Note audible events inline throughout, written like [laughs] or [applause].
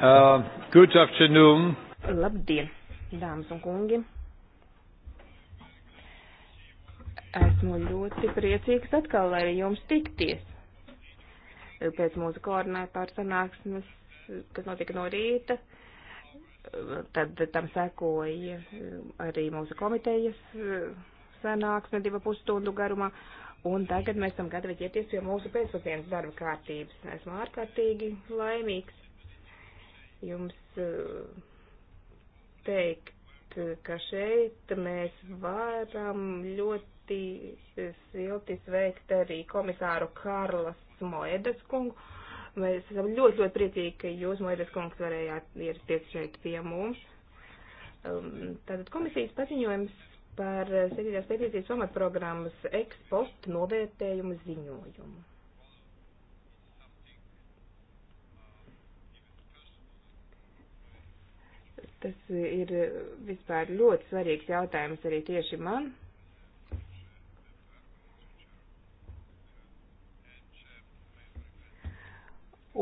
Uh, good afternoon. Labdien, dāmas un kungi. Esmu ļoti priecīgs atkal ar jums tikties. Pēc mūsu koordinētāju sanāksmes, kas notika no rīta, tad tam sekoja uh, arī mūsu komitejas uh, sanāksme divu pusstundu garumā. Un tagad mēs esam gatavi ķerties pie mūsu pēcpusdienas darba kārtības. Esmu ārkārtīgi laimīgs jums eh, teikt, ka šeit mēs varam ļoti eh, silti sveikt arī komisāru Karlas Moedas kungu. Mēs esam ļoti, ļoti priecīgi, ka jūs, Moedas kungs, varējāt ierasties šeit pie mums. Um, tātad komisijas paziņojums par 7. pētniecības pamatprogrammas ekspostu novērtējumu ziņojumu. Tas ir vispār ļoti svarīgs jautājums arī tieši man.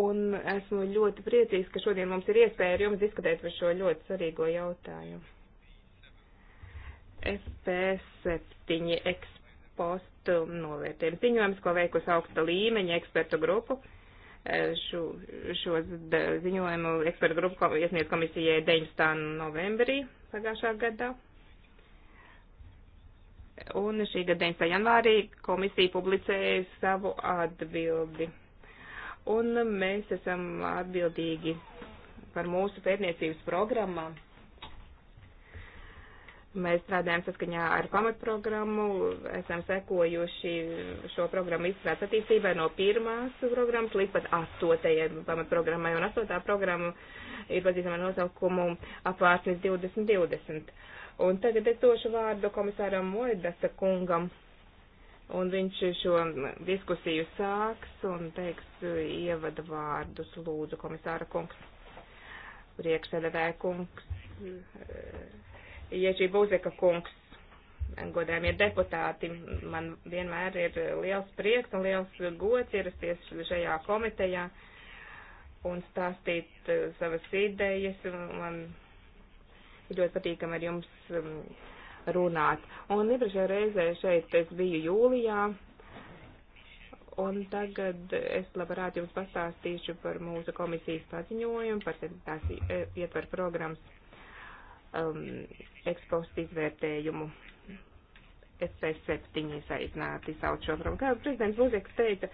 Un esmu ļoti priecīgs, ka šodien mums ir iespēja ar jums diskutēt par šo ļoti svarīgo jautājumu. FP7 ekspostu novērtējums ziņojums, ko veikusi augsta līmeņa ekspertu grupu. Uh, Šo, šo ziņojumu ekspertu grupu iesniedz komisijai 19. novembrī pagājušā gadā. Un šī gada 19. janvārī komisija publicēja savu atbildi. Un mēs esam atbildīgi par mūsu pētniecības programmām Mēs strādājam saskaņā ar pamatprogrammu, esam sekojuši šo programmu izstrādes attīstībai no pirmās programmas līdz pat astotajai pamatprogrammai, un astotā programma ir pazīstama nosaukumu apvārsnes 2020. Un tagad es došu vārdu komisāram Moidasa kungam, un viņš šo diskusiju sāks un teiks ievada vārdus lūdzu komisāra kungs, priekšsēdētāja kungs Ježi Buzeka kungs, godējumie deputāti, man vienmēr ir liels prieks un liels gods ierasties šajā komitejā un stāstīt eh, savas idejas. Man ļoti patīkam ar jums mm, runāt. Un iepriekšējā reizē šeit es biju jūlijā, un tagad es labprāt jums pastāstīšu par mūsu komisijas paziņojumu, par tās eh, ietver programmas um, ekspostu izvērtējumu. SP7 saīsnāti sauc šo programmu. Kā prezidents Buzeks teica,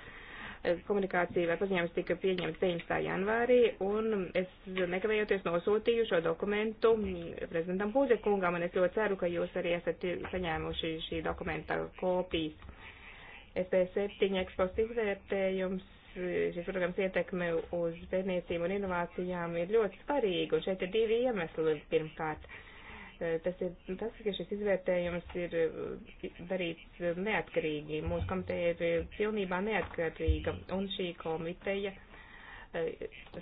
eh, komunikācija vai paziņojums tika pieņemts 9. janvārī, un es nekavējoties nosūtīju šo dokumentu prezidentam Buzekungam, un es ļoti ceru, ka jūs arī esat saņēmuši šī dokumenta kopijas. SP7 ekspostu izvērtējums šis programmas ietekme uz pētniecību un inovācijām ir ļoti svarīga, un šeit ir divi iemesli. Pirmkārt, e, tas ir tas, ka šis izvērtējums ir e, darīts neatkarīgi. Mūsu komiteja ir pilnībā neatkarīga, un šī komiteja e,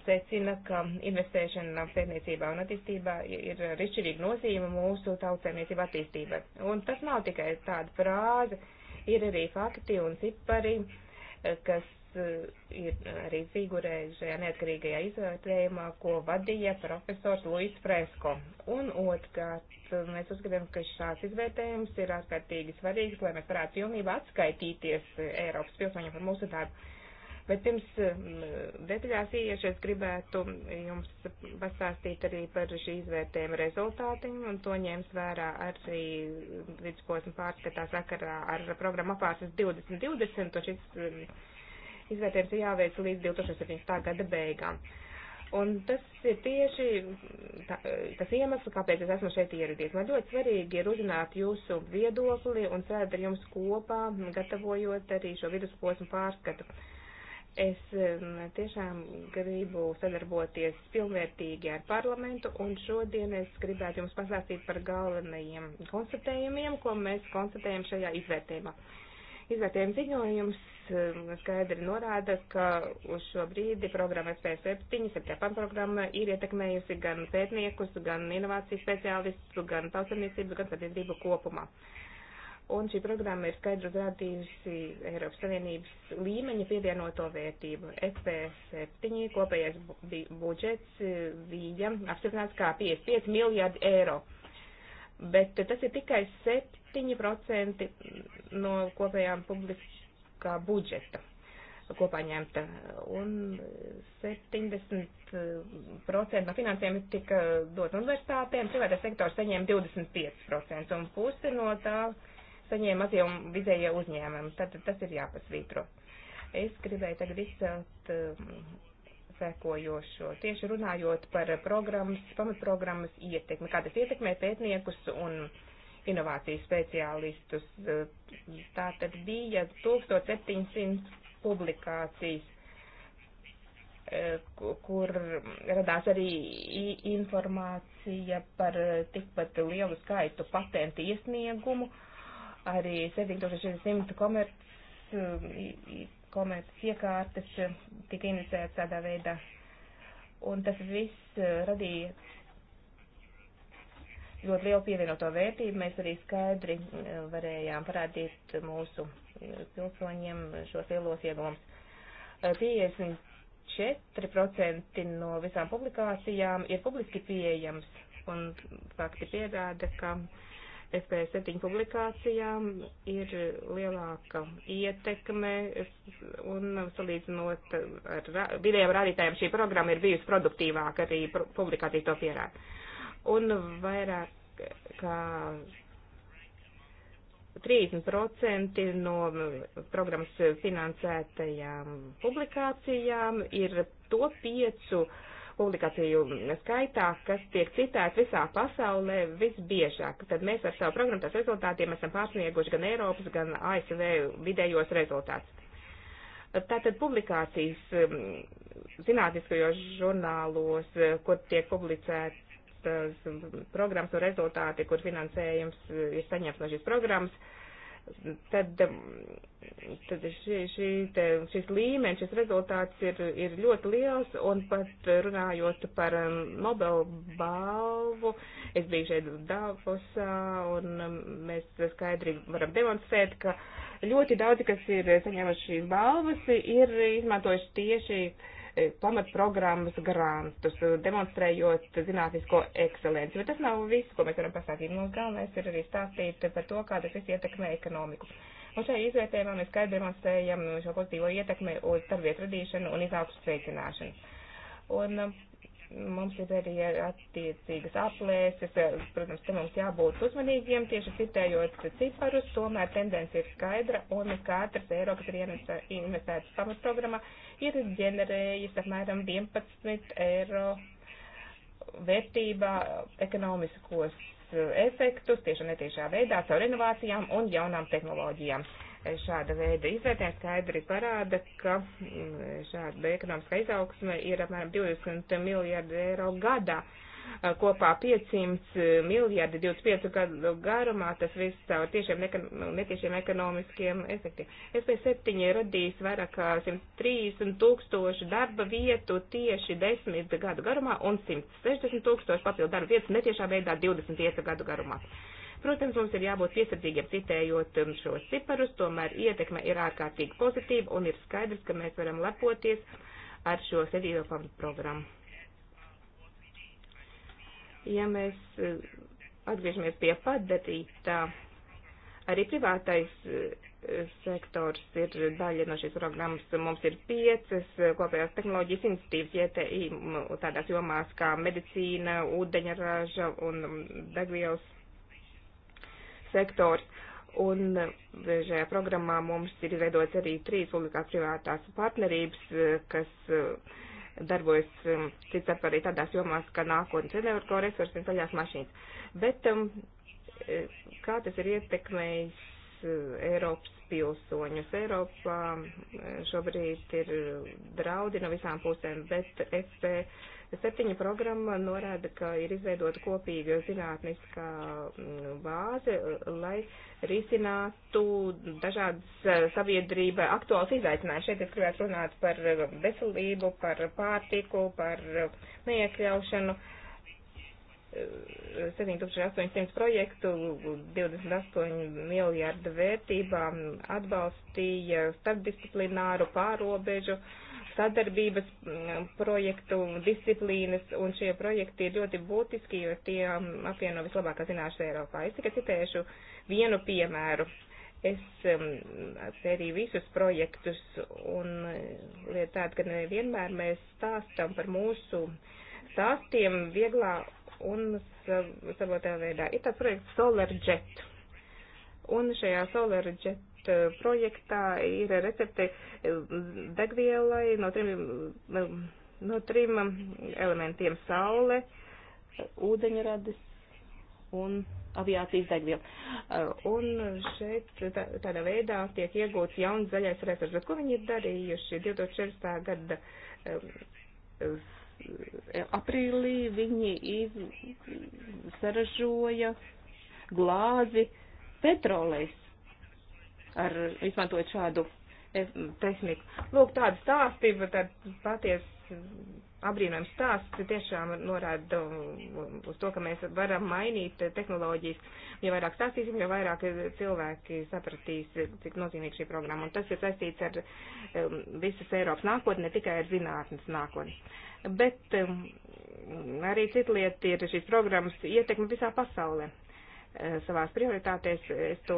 secina, ka investēšana pētniecībā un attīstībā ir izšķirīga nozīme mūsu tautsēmniecību attīstībai. Un tas nav tikai tāda frāze, ir arī fakti un cipari, kas Eh, ir arī figurēja šajā neatkarīgajā izvērtējumā, ko vadīja profesors Luis Fresko. Un otrkārt, mēs uzskatām, ka šāds izvērtējums ir ārkārtīgi svarīgs, lai mēs varētu pilnībā atskaitīties eh, Eiropas pilsoņiem par mūsu darbu. Bet pirms mm, detaļās ieiešies gribētu jums pastāstīt arī par šī izvērtējuma rezultātiem, un to ņēms vērā arī vidusposma pārskatā sakarā ar programmu apārsas 2020, un šis mm, izvērtējums ir jāveic līdz 2017. gada beigām. Un tas ir tieši tā, tas iemesls, kāpēc es esmu šeit ieradies. Man ļoti svarīgi ir uzzināt jūsu viedokli un sēdēt ar jums kopā, gatavojot arī šo vidusposmu pārskatu. Es um, tiešām gribu sadarboties pilnvērtīgi ar parlamentu, un šodien es gribētu jums pastāstīt par galvenajiem konstatējumiem, ko mēs konstatējam šajā izvērtējumā. Izvērtējuma ziņojums Um, skaidri norāda, ka uz šo brīdi programma SP7, 7. programma ir ietekmējusi gan pētniekus, gan inovāciju speciālistus, gan tautsamiesības, gan sabiedrību kopumā. Un šī programma ir skaidri uzrādījusi Eiropas Savienības līmeņa pievienoto vērtību. SP7 kopējais budžets bija apstiprināts kā 55 miljārdi eiro bet tas ir tikai 7% no kopējām publiski kā budžeta kopā ņemta. Un 70% no finansēm tika dot universitātēm, privātais sektors saņēma 25% un pusi no tā saņēma mazie un vidējie uzņēmumi. Tad tas ir jāpasvītro. Es gribēju tagad izcelt um, sekojošo. Tieši runājot par programmas, pamatprogrammas ietekmi, kā tas ietekmē pētniekus un uh, inovāciju speciālistus. Tā tad bija 1700 publikācijas, kur radās arī informācija par tikpat lielu skaitu patentu iesniegumu, arī 7600 komerc, komerc iekārtas tika inicētas tādā veidā. Un tas viss radīja ļoti lielu pievienoto vērtību. Mēs arī skaidri e, varējām parādīt mūsu e, pilsoņiem šos lielos ieguvumus. 54% e, no visām publikācijām ir publiski pieejams, un fakti pierāda, ka SP7 publikācijām ir lielāka ietekme, un salīdzinot ar vidējiem rādītājiem šī programma ir bijusi produktīvāka, arī publikācija to pierāda un vairāk kā 30% no programmas finansētajām publikācijām ir to piecu publikāciju skaitā, kas tiek citēt visā pasaulē visbiežāk. Tad mēs ar savu programmu tās rezultātiem esam pārsnieguši gan Eiropas, gan ASV vidējos rezultātus. Tātad publikācijas mm, zinātniskajos žurnālos, kur tiek publicēti programmas un rezultāti, kur finansējums e, ir saņemts no šīs programmas, tad, tad šī, šī te, šis līmenis, šis rezultāts ir, ir ļoti liels, un pat runājot par Nobel balvu, es biju šeit Davosā, un mēs skaidri varam demonstrēt, ka ļoti daudzi, kas ir saņēmuši šīs balvas, ir izmantojuši tieši uh, E, pamatprogrammas grantus, demonstrējot zinātnisko ekscelenci. Bet tas nav viss, ko mēs varam pasakīt. Mums galvenais ir arī stāstīt par to, kā tas viss ietekmē ekonomiku. Un šajā izvērtējumā mēs skaidri demonstrējam šo pozitīvo ietekmi uz darbvietu radīšanu un izaugsmu sveicināšanu. Un um, mums ir arī attiecīgas aplēses, protams, te mums jābūt uzmanīgiem, tieši citējot ciparus, tomēr tendence ir skaidra un katrs eiro, kas ir investēts pamatprogrammā, ir ģenerējis apmēram 11 eiro vērtībā ekonomiskos eh, efektus tiešā netiešā veidā caur inovācijām un jaunām tehnoloģijām. Eh, šāda veida izvērtējums skaidri parāda, ka mm, eh, šāda ekonomiskā izaugsme ir apmēram 20 miljardi eiro gadā. Uh, Eh, kopā 500 eh, miljardi 25 gadu garumā, tas viss caur tiešiem netiešiem ekonomiskiem efektiem. SP7 ir radījis vairāk kā 130 tūkstoši darba vietu tieši 10 gadu garumā un 160 tūkstoši papildu darba vietas netiešā veidā 25 gadu garumā. Protams, mums ir jābūt piesardzīgiem citējot um, šos ciparus, tomēr ietekme ir ārkārtīgi pozitīva un ir skaidrs, ka mēs varam lepoties ar šo sedīto pamatu programmu. Ja mēs eh, atgriežamies pie padarītā, arī privātais eh, sektors ir daļa no šīs programmas. Mums ir piecas eh, kopējās tehnoloģijas institīvas, ITI, tādās jomās kā medicīna, ūdeņraža un degvielas sektors. Un šajā programmā mums ir izveidots arī trīs publikās privātās partnerības, kas uh, darbojas um, citstarp arī tādās jomās, kā nākotnes energoresursi un zaļās mašīnas. Bet um, eh, kā tas ir ietekmējis eh, Eiropas pilsoņus? Eiropā eh, šobrīd ir draudi no visām pusēm, bet FP Septiņa programma norāda, ka ir izveidota kopīga zinātniskā mm, bāze, lai risinātu dažādas eh, sabiedrība aktuāls izaicinājums. Šeit es gribētu runāt par eh, veselību, par pārtiku, par eh, neiekļaušanu. 7800 projektu, 28 miljārdu vērtībām atbalstīja starpdisciplināru pārobežu uh, sadarbības mm, projektu disciplīnas, un šie projekti ir ļoti būtiski, jo tie apvieno vislabākā zināšanas Eiropā. Es tikai citēšu vienu piemēru. Es pētīju mm, visus projektus, un mm, lieta tāda, ka nevienmēr mēs stāstam par mūsu stāstiem vieglā un savotā veidā. Ir tāds projekts SolarJet, un šajā SolarJet Eh, projektā ir recepte eh, degvielai no trim, eh, no trim elementiem - saule, ūdeņradis un aviācijas degviela. Un šeit tādā veidā tiek iegūts jauns zaļais resurs. Bet ko viņi ir darījuši 2014. gada aprīlī? Viņi saražoja glāzi petrolejas ar izmantojot šādu eh, tehniku. Lūk, tāda stāstība, tad paties apbrīnojams stāsts tiešām norāda uz to, ka mēs varam mainīt tehnoloģijas. Jo vairāk stāstīsim, jo vairāk cilvēki sapratīs, cik nozīmīga šī programma. Un tas ir saistīts ar um, visas Eiropas nākotni, ne tikai ar zinātnes nākotni. Bet um, arī cita lieta ir šīs programmas ietekme visā pasaulē. Eh, savās prioritātēs. Es to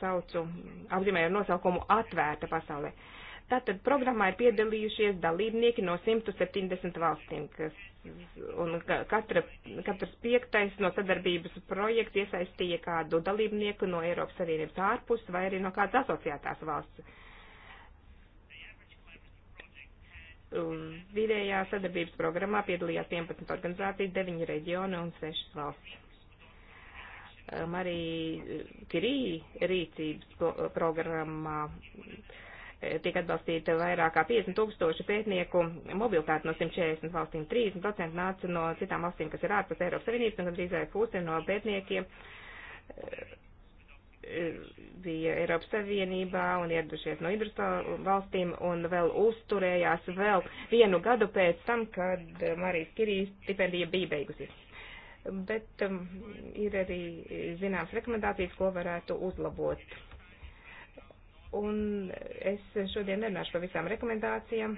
saucu apzīmēju ar nosaukumu atvērta pasaulē. Tātad programmā ir piedalījušies dalībnieki no 170 valstīm, kas, un katra, katrs piektais no sadarbības projekta iesaistīja kādu dalībnieku no Eiropas Savienības ārpus vai arī no kādas asociētās valsts. Vidējā sadarbības programmā piedalījās 11 organizācijas, 9 reģioni un 6 valsts. Um, arī Kirī eh, rīcības programmā eh, tiek atbalstīta vairāk kā 50 tūkstoši pētnieku mobilitāti no 140 valstīm. 30% nāca no citām valstīm, kas ir ārpus Eiropas Savienības, un gandrīz vai pusi no pētniekiem eh, bija Eiropas Savienībā un ieradušies no Idrus valstīm un vēl uzturējās vēl vienu gadu pēc tam, kad Marijas Kirijas stipendija bija beigusies bet um, ir arī zināmas rekomendācijas, ko varētu uzlabot. Un es šodien nerunāšu par visām rekomendācijām.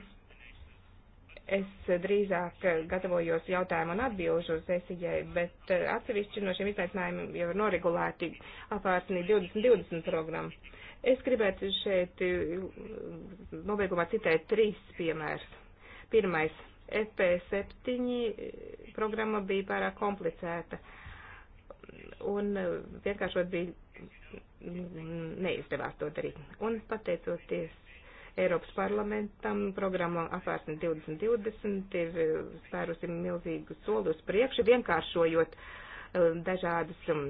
Es drīzāk gatavojos jautājumu un atbilžu sesijai, bet uh, atsevišķi no šiem izaicinājumiem jau ir noregulēti apvārsnī 2020 programma. Es gribētu šeit uh, nobeigumā citēt trīs piemērus. Pirmais FP7 eh, programma bija pārāk komplicēta un eh, vienkāršot bija mm, neizdevās to darīt. Un pateicoties Eiropas parlamentam, programma apvērsne 2020 ir eh, spērusi milzīgu soli uz priekšu, vienkāršojot uh, Um, dažādas um,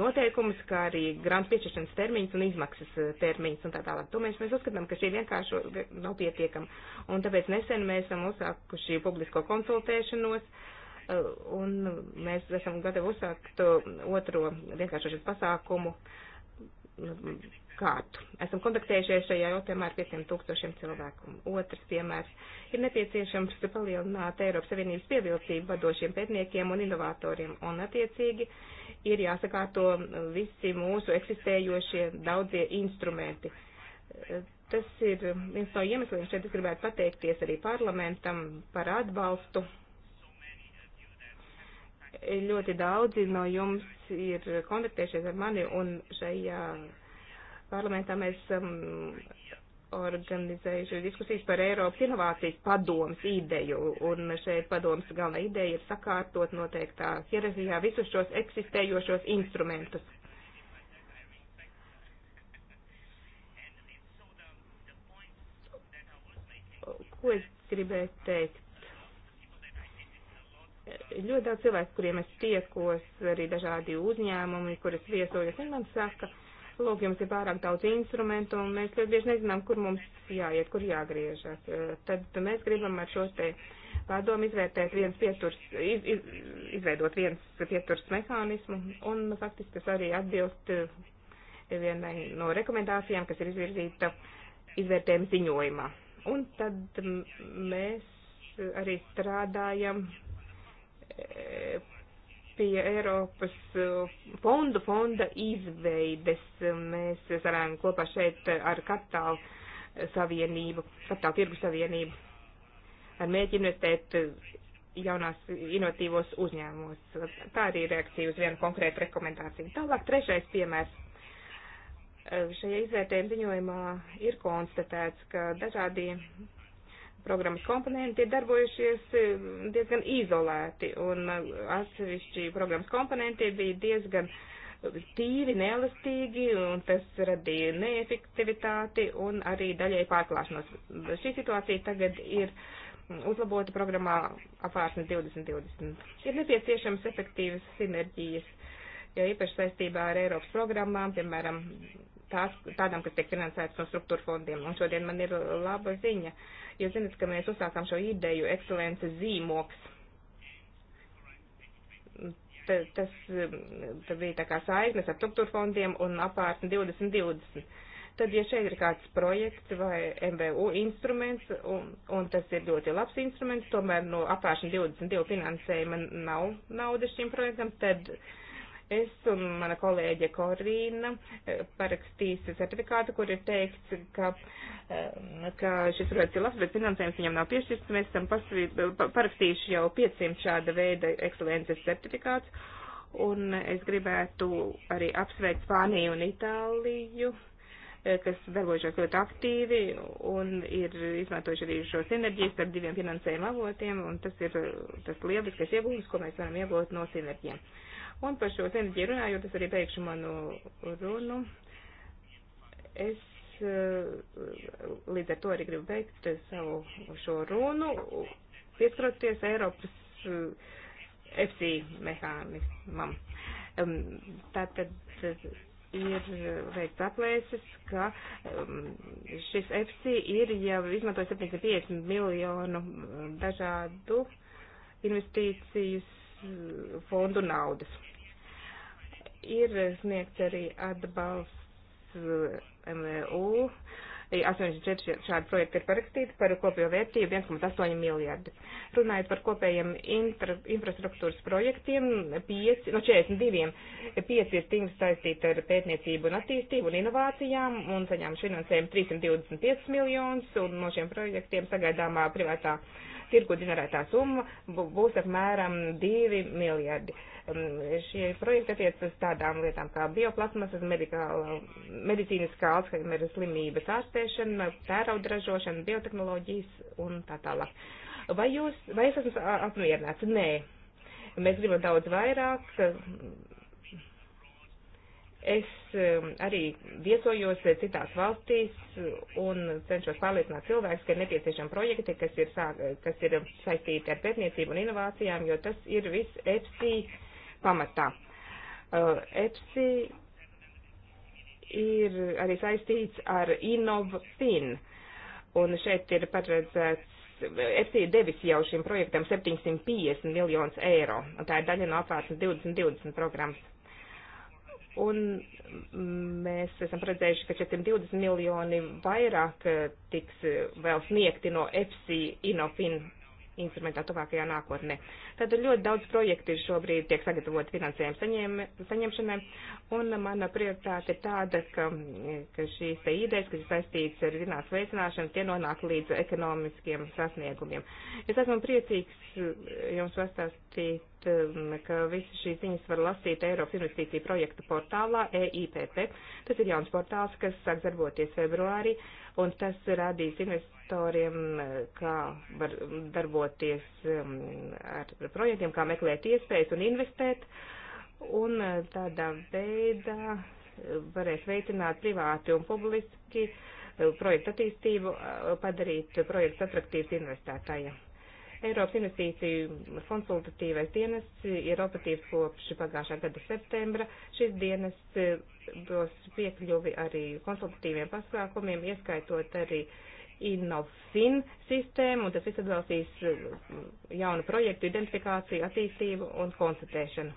noteikumus, kā arī grāmatu piešķiršanas termiņus un izmaksas uh, termiņus un tā tālāk. To mēs, mēs uzskatām, ka šī vienkārši nav pietiekama. Un tāpēc nesen mēs esam uzsākuši publisko konsultēšanos. Uh, un mēs esam gatavi uzsākt uh, otro vienkāršošanas pasākumu nu, gadu. Esam kontaktējušies šajā jautājumā ar 500 tūkstošiem cilvēku. Otrs piemērs ir nepieciešams palielināt Eiropas Savienības pievilcību vadošiem pētniekiem un inovatoriem, un attiecīgi ir jāsakārto visi mūsu eksistējošie daudzie instrumenti. Tas ir viens no iemesliem, šeit es gribētu pateikties arī parlamentam par atbalstu ļoti daudzi no jums ir kontaktējušies ar mani, un šajā parlamentā mēs esam um, organizējuši diskusijas par Eiropas inovācijas padomas ideju, un šeit padomas galvenā ideja ir sakārtot noteiktā hierarhijā visus šos eksistējošos instrumentus. Ko es gribēju teikt? Ļoti daudz cilvēku, kuriem es tiekos, arī dažādi uzņēmumi, kuras viesojos, un man saka, ka lūk, jums ir pārāk daudz instrumentu, un mēs ļoti bieži nezinām, kur mums jāiet, kur jāgriežas. Eh, tad mēs gribam ar šo te pārdomu izvērtēt viens pieturs, iz, iz, izveidot viens pieturs mehānismu, un faktiski tas arī atbilst eh, vienai no rekomendācijām, kas ir izvirzīta izvērtējuma ziņojumā. Un tad mēs arī strādājam eh, pie Eiropas uh, fondu fonda izveides. Mēs sarājam kopā šeit ar kapitālu savienību, kapitāla tirgu savienību, ar mēģi investēt uh, jaunās inovatīvos uzņēmumos. Tā arī ir reakcija uz vienu konkrētu rekomendāciju. Tālāk trešais piemērs. Uh, šajā izvērtējuma ziņojumā ir konstatēts, ka dažādi programmas komponenti ir darbojušies e, diezgan izolēti, un e, atsevišķi programmas komponenti bija diezgan tīri, neelastīgi, un tas radīja neefektivitāti un arī daļai pārklāšanos. Šī situācija tagad ir uzlabota programmā apvārsnes 2020. Ir nepieciešams efektīvas sinerģijas, jo īpaši saistībā ar Eiropas programmām, piemēram, tās, tādām, kas tiek finansētas no struktūra fondiem. Un šodien man ir laba ziņa. Uh, ja zinat, ka mēs uzsākām šo ideju ekscelences zīmoks. T tas um, t bija tā kā saiknes ar struktūrfondiem un apārsni 2020. Tad, ja šeit ir kāds projekts vai MVU instruments, un, un tas ir ļoti labs instruments, tomēr no apāršņa 22 finansējuma nav naudas šim projektam, tad uh, Es un mana kolēģe Korīna eh, parakstīs certifikātu, kur ir teikts, ka, eh, ka šis projekts ir labs, bet finansējums viņam nav piešķirts. Mēs esam pasvī, parakstījuši jau 500 šāda veida ekscelences certifikāts. Un es gribētu arī apsveikt Spāniju un Itāliju, eh, kas darbojušās ļoti aktīvi un ir izmantojuši arī šo sinerģiju starp diviem finansējuma avotiem. Un tas ir tas lieliskais iegūms, ko mēs varam iegūt no sinerģiem. Uh, Un par šo sinerģiju runājot, es arī beigšu manu runu. Es eh, līdz ar to arī gribu beigt savu šo runu, pieskaroties Eiropas eh, FC mehānismam. Um, tātad eh, ir veikts aplēses, ka um, šis FC ir jau izmantojis 750 miljonu um, dažādu investīcijas fondu naudas ir sniegts arī atbalsts eh, MVU. 84 šādi projekti ir parakstīti par kopējo vērtību 1,8 miljardi. Runājot par kopējiem intra, infrastruktūras projektiem, 5, no 42, 5 ir tīms saistīti ar pētniecību un attīstību un inovācijām un saņēmuši finansējumu 325 miljonus un no šiem projektiem sagaidāmā privātā uh, tirgu ģenerētā summa būs apmēram 2 miljardi. Um, šie projekti attiec uz tādām lietām kā bioplasmasas, medicīniskā Alzheimera slimības ārstēšana, tērauda ražošana, biotehnoloģijas un tā tālāk. Vai jūs, vai es esmu apmierināts? Nē. Mēs gribam daudz vairāk Es um, arī viesojos citās valstīs un cenšos pārliecināt cilvēkus, ka ir nepieciešami projekti, kas ir, sā, kas ir saistīti ar pētniecību un inovācijām, jo tas ir viss EPSI pamatā. Uh, EPSI ir arī saistīts ar InnovFin, un šeit ir paredzēts FC e devis jau šim projektam 750 miljonus eiro, un tā ir daļa no apvārsnes 2020 programmas. Un mēs esam redzējuši, ka 420 miljoni vairāk eh, tiks eh, vēl sniegti no EFSI Inofin instrumentā tuvākajā nākotnē. Tad ļoti daudz projektu ir šobrīd tiek sagatavot finansējumu saņem, saņemšanai, un mana prioritāte ir tāda, ka, ka šīs te idejas, kas ir saistītas ar zinātnes veicināšanu, tie nonāk līdz ekonomiskiem sasniegumiem. Es esmu priecīgs eh, jums pastāstīt, eh, ka visas šīs ziņas var lasīt Eiropas investīciju projektu portālā EIPP. Tas ir jauns portāls, kas sāk darboties februārī un tas rādīs investoriem, eh, kā var darboties um, ar projektiem, kā meklēt iespējas un investēt, un eh, tādā veidā eh, varēs veicināt privāti un publiski projektu attīstību, padarīt projekts atraktīvs investētājiem. Eiropas investīciju konsultatīvais dienests ir operatīvs kopš pagājušā gada septembra. Šis dienests eh, dos piekļuvi arī konsultatīviem pasākumiem, ieskaitot arī InnoFin sistēmu, un tas viss atbalstīs eh, jaunu projektu identifikāciju, attīstību un konstatēšanu.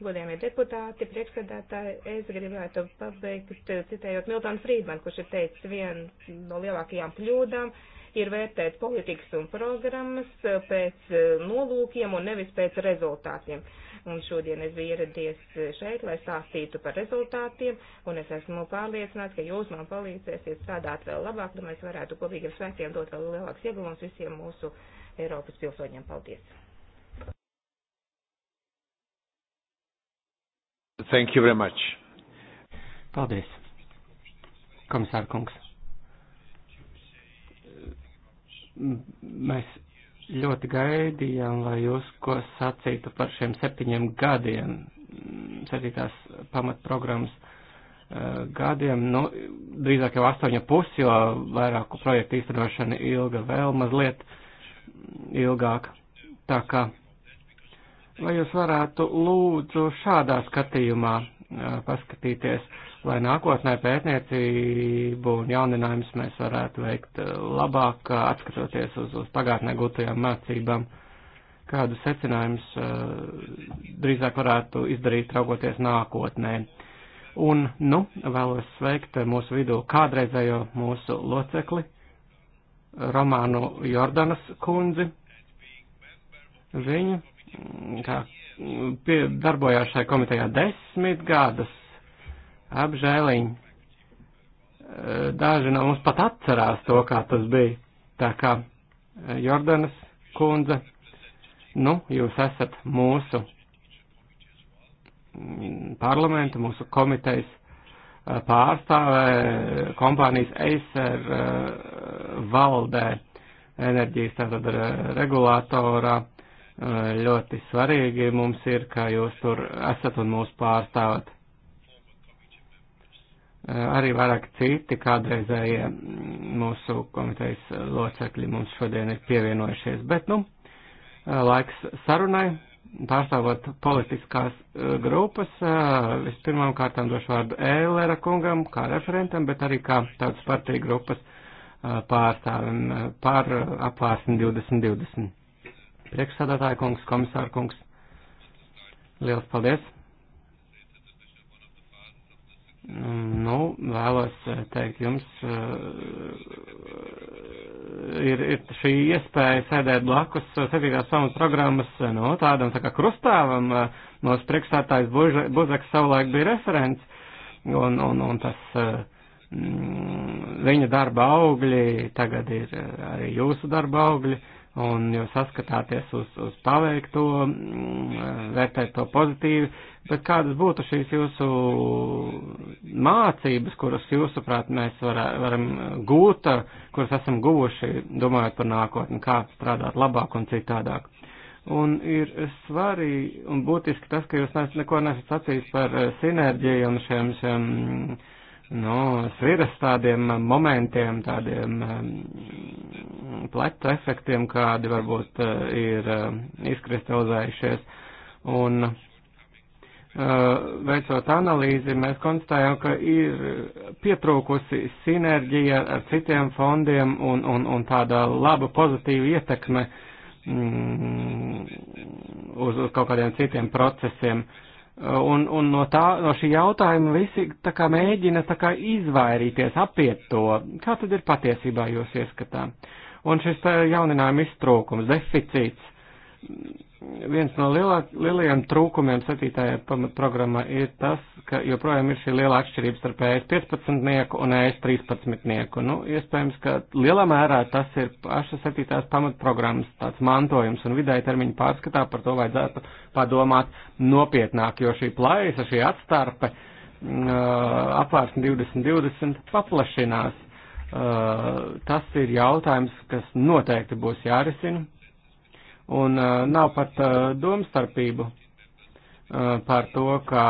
Godējumie deputāti, priekšsēdētāji, es gribētu pabeigt citējot Miltonu Frīdmanu, kurš ir teicis vienu no lielākajām kļūdām, uh, ir vērtēt politikas un programmas eh, pēc eh, nolūkiem un nevis pēc rezultātiem. Un šodien es biju ieradies eh, šeit, lai stāstītu par rezultātiem, un es esmu pārliecināts, ka jūs man palīdzēsiet strādāt vēl labāk, lai mēs varētu kopīgiem spēkiem dot vēl lielāks ieguvums visiem mūsu Eiropas pilsoņiem. Paldies! Thank you very much. Paldies. Komisāra kungs. Mēs ļoti gaidījām, lai jūs ko sacītu par šiem septiņiem gadiem, septītās pamatprogrammas eh, gadiem, nu, drīzāk jau astoņa pusi, jo vairāku projektu īstenošana ilga vēl mazliet ilgāk. Tā kā, vai jūs varētu lūdzu šādā skatījumā eh, paskatīties? lai nākotnē pētniecību un jauninājumus mēs varētu veikt eh, labāk, eh, atskatoties uz, uz pagātnē gūtajām mācībām, kādu secinājumus uh, drīzāk varētu izdarīt raugoties nākotnē. Un, nu, vēlos sveikt mūsu vidū kādreizējo mūsu locekli, Romānu Jordanas kundzi. Viņa mm, kā mm, pie, darbojās šai komitejā desmit gadus apžēliņ. Eh, daži no mums pat atcerās to, kā tas bija. Tā kā eh, Jordanas kundze, nu, jūs esat mūsu mm, parlamenta, mūsu komitejas eh, pārstāvē kompānijas Acer valdē enerģijas tātad regulātorā. Ļoti svarīgi mums ir, ka jūs tur esat un mūs pārstāvat. Eh, arī vairāk citi kādreizējie mm, mūsu komitejas locekļi mums šodien ir pievienojušies. Bet, nu, eh, laiks sarunai, pārstāvot politiskās eh, grupas, vispirmām kārtām došu vārdu Ēlera kungam kā referentam, bet arī kā tāds partija grupas pārstāvim par apvārsni 2020. Priekšsādātāja kungs, komisāra kungs, liels paldies! Nu, vēlos eh, teikt jums, eh, ir, ir šī iespēja sēdēt blakus 7. samas programmas, eh, nu, tādam tā kā krustāvam, mūsu priekšstātājs Buzeks savulaik bija referents, un, un, un tas mm, viņa darba augļi tagad ir arī jūsu darba augļi, un jūs saskatāties uz, uz paveikto, mm, vērtēt to pozitīvi Bet kādas būtu šīs jūsu mācības, kuras jūsuprāt mēs varē, varam gūt, kuras esam guvuši, domājot par nākotni, kā strādāt labāk un citādāk? Un ir svarīgi un būtiski tas, ka jūs nes, neko nesat sacījis par eh, sinerģiju un šiem, šiem nu, sviras tādiem momentiem, tādiem mm, pletu efektiem, kādi varbūt eh, ir eh, izkristalizējušies. Un, uh, Eh, veicot analīzi, mēs konstatējam, ka ir pietrūkusi sinerģija ar citiem fondiem un, un, un tāda laba pozitīva ietekme mm, uz, uz kaut kādiem citiem procesiem. Eh, un, un no, tā, no šī jautājuma visi tā kā mēģina tā kā izvairīties, apiet to. Kā tad ir patiesībā jūs ieskatā? Un šis eh, jauninājuma iztrūkums, deficīts viens no lielā, lielajiem trūkumiem septītajā pamatprogrammā ir tas, ka joprojām ir šī liela atšķirība starp ES 15 un ES 13. Nu, iespējams, ka lielā mērā tas ir paša septītās pamatprogrammas tāds mantojums un vidēji termiņu pārskatā par to vajadzētu padomāt nopietnāk, jo šī plaisa, šī atstarpe mm, apvērsni 2020 paplašinās. Tas ir jautājums, kas noteikti būs jārisina un uh, nav pat uh, domstarpību uh, par to, ka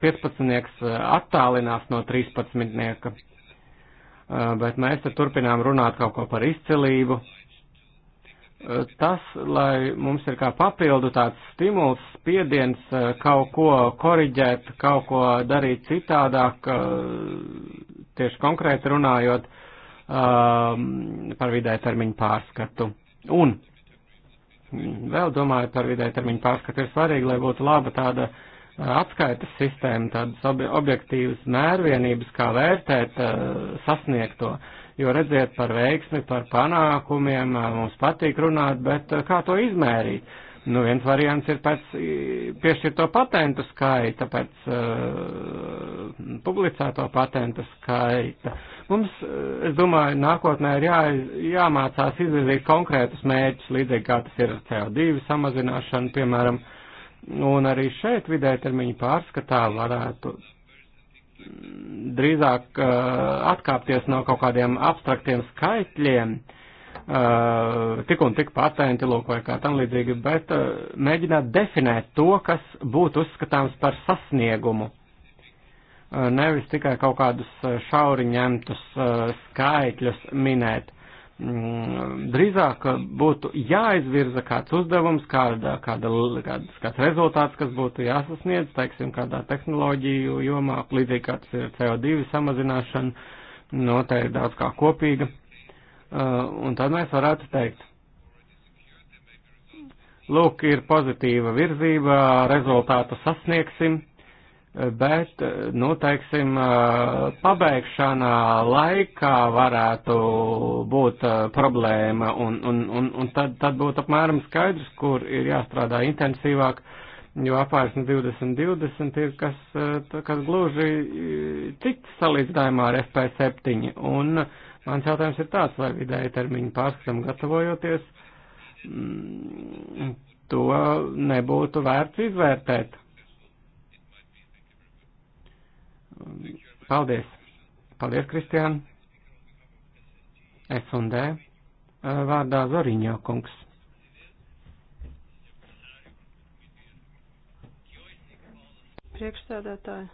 15. attālinās no 13. Uh, bet mēs te turpinām runāt kaut ko par izcilību. Uh, tas, lai mums ir kā papildu tāds stimuls, spiediens uh, kaut ko koriģēt, kaut ko darīt citādāk, uh, tieši konkrēti runājot par vidē termiņu pārskatu. Un uh, vēl domāju par vidēja termiņu pārskatu. Ir svarīgi, lai būtu laba tāda atskaitas sistēma, tādas objektīvas mērvienības, kā vērtēt sasniegto. Jo redziet par veiksmi, par panākumiem, mums patīk runāt, bet kā to izmērīt? Nu, viens variants ir pēc piešķirto patentu skaita, pēc uh, publicēto patentu skaita. Uh, Mums, es domāju, nākotnē ir jā, jāmācās izvirzīt konkrētus mērķus, līdzīgi kā tas ir ar CO2 samazināšanu, piemēram, un arī šeit vidē termiņu pārskatā varētu drīzāk uh, atkāpties no kaut kādiem abstraktiem skaitļiem, uh, tik un tik patenti, lūk, vai kā tam līdzīgi, bet uh, mēģināt definēt to, kas būtu uzskatāms par sasniegumu Eh, nevis tikai kaut kādus eh, šauri ņemtus eh, skaitļus minēt. Mm, drīzāk būtu jāizvirza kāds uzdevums, kāda, kāda, kāds, kāds rezultāts, kas būtu jāsasniedz, teiksim, kādā tehnoloģiju jomā, līdzīgi kā tas ir CO2 samazināšana, no nu, tā ir daudz kā kopīga. Un tad mēs varētu teikt, lūk, ir pozitīva virzība, rezultātu sasniegsim bet, nu, teiksim, pabeigšanā laikā varētu būt uh, problēma, un, un, un, un tad, tad būtu apmēram skaidrs, kur ir jāstrādā intensīvāk, jo apvērsni 2020 ir kas, uh, kas gluži uh, cits salīdzinājumā ar FP7, un mans jautājums ir tāds, vai vidēji termiņu pārskatam gatavojoties, mm, to nebūtu vērts izvērtēt. Paldies! Paldies, Kristiāna! Es un D. Eh, vārdā Zoriņo kungs. Priekšstādātāji,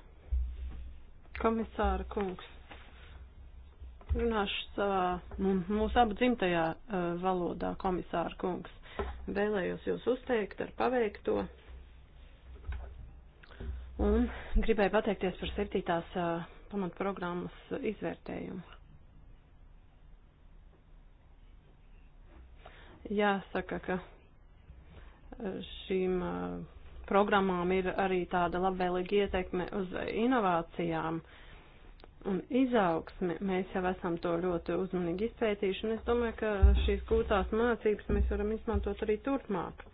komisāra kungs, runāšu savā, nu, mūsu abu dzimtajā uh, valodā, komisāra kungs. Vēlējos jūs uzteikt ar paveikto, un gribēju pateikties par septītās pamatprogrammas izvērtējumu. Jāsaka, ka šīm programmām ir arī tāda labvēlīga ietekme uz inovācijām un izaugsmi. Mēs jau esam to ļoti uzmanīgi izpētījuši, un es domāju, ka šīs gūtās mācības mēs varam izmantot arī turpmāk.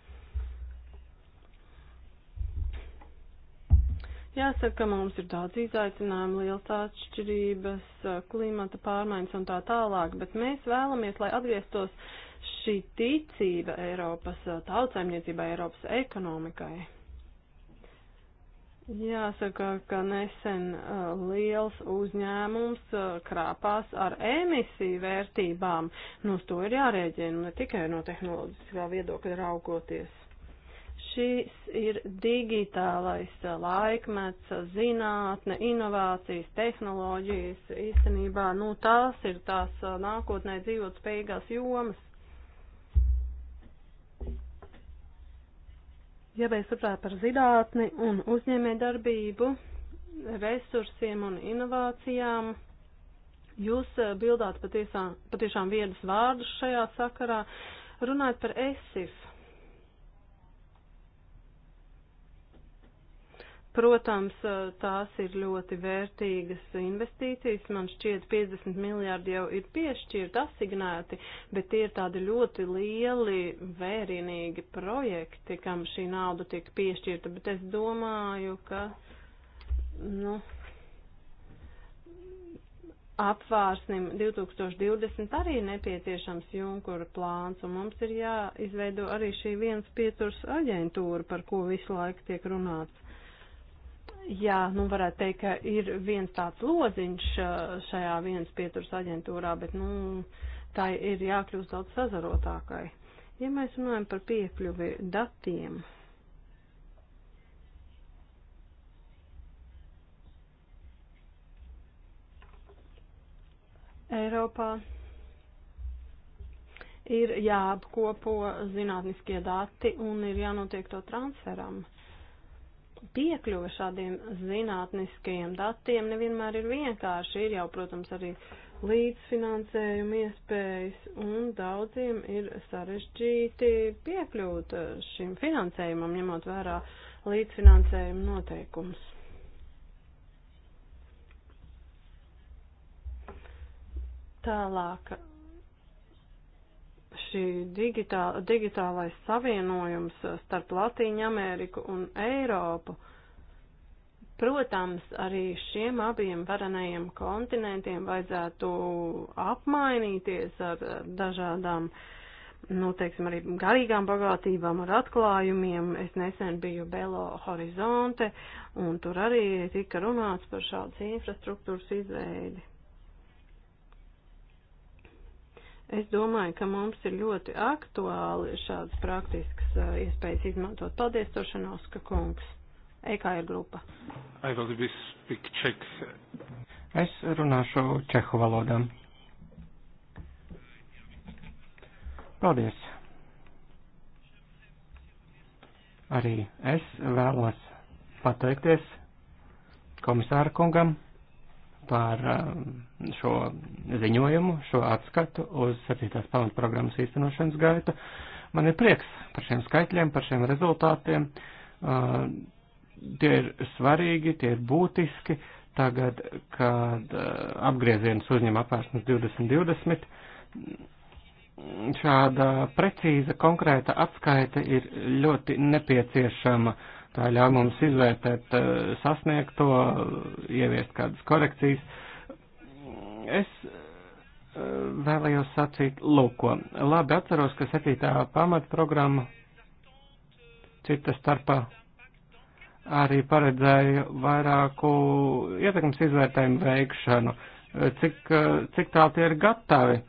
Jāsaka, mums ir daudz izaicinājumu, liels atšķirības, klimata pārmaiņas un tā tālāk, bet mēs vēlamies, lai atgrieztos šī ticība Eiropas tautsaimniecībai, Eiropas ekonomikai. Jāsaka, ka nesen uh, liels uzņēmums uh, krāpās ar emisiju vērtībām. Nu, uz to ir jārēģina, nu, ne tikai no tehnoloģiskā viedokļa raugoties. Šis ir digitālais laikmets, zinātne, inovācijas, tehnoloģijas, īstenībā, nu, tās ir tās nākotnē dzīvot spējīgās jomas. Ja mēs runājam par zinātni un uzņēmē darbību, resursiem un inovācijām, jūs bildāt patiesā, patiešām viedus vārdus šajā sakarā, runājot par ESIF Protams, tās ir ļoti vērtīgas investīcijas. Man šķiet, 50 miljārdi jau ir piešķirti, asignēti, bet tie ir tādi ļoti lieli, vērienīgi projekti, kam šī nauda tiek piešķirta. Bet es domāju, ka. Nu, apvārsnim 2020 arī nepieciešams Junkura plāns, un mums ir jāizveido arī šī viens pieturs aģentūra, par ko visu laiku tiek runāts. Jā, nu varētu teikt, ka ir viens tāds lodziņš šajā vienas pieturas aģentūrā, bet nu, tā ir jākļūst daudz sazarotākai. Ja mēs runājam par piekļuvi datiem, Eiropā ir jāapkopo zinātniskie dati un ir jānotiek to transferam. Uh, piekļuva šādiem zinātniskajiem datiem nevienmēr ir vienkārši. Ir jau, protams, arī līdzfinansējuma iespējas, un daudziem ir sarežģīti piekļūt eh, šim finansējumam, ņemot vērā līdzfinansējuma noteikumus. Tālāk tieši digitā, digitālais savienojums starp Latīņu Ameriku un Eiropu. Protams, arī šiem abiem varanajiem kontinentiem vajadzētu apmainīties ar dažādām, nu, teiksim, arī garīgām bagātībām, ar atklājumiem. Es nesen biju Belo Horizonte, un tur arī tika runāts par šādas infrastruktūras izveidi. Es domāju, ka mums ir ļoti aktuāli šādas praktiskas uh, iespējas izmantot. Paldies, Tošanovska kungs. EKR grupa. Es runāšu čehu valodā. Paldies. Arī es vēlos pateikties komisāra kungam par um, šo ziņojumu, šo atskatu uz 7. pamatprogrammas īstenošanas gaitu. Man ir prieks par šiem skaitļiem, par šiem rezultātiem. Uh, tie ir svarīgi, tie ir būtiski. Tagad, kad uh, apgrieziens uzņem apvērsnes 2020, šāda precīza, konkrēta atskaita ir ļoti nepieciešama uh, Tā ļauj mums izvērtēt eh, sasniegto, ieviest kādas korekcijas. Es eh, vēlējos sacīt, lūko, labi atceros, ka septītā pamatprogramma cita starpā arī paredzēja vairāku ietekmes izvērtējumu veikšanu, eh, cik, cik tā tie ir gatavi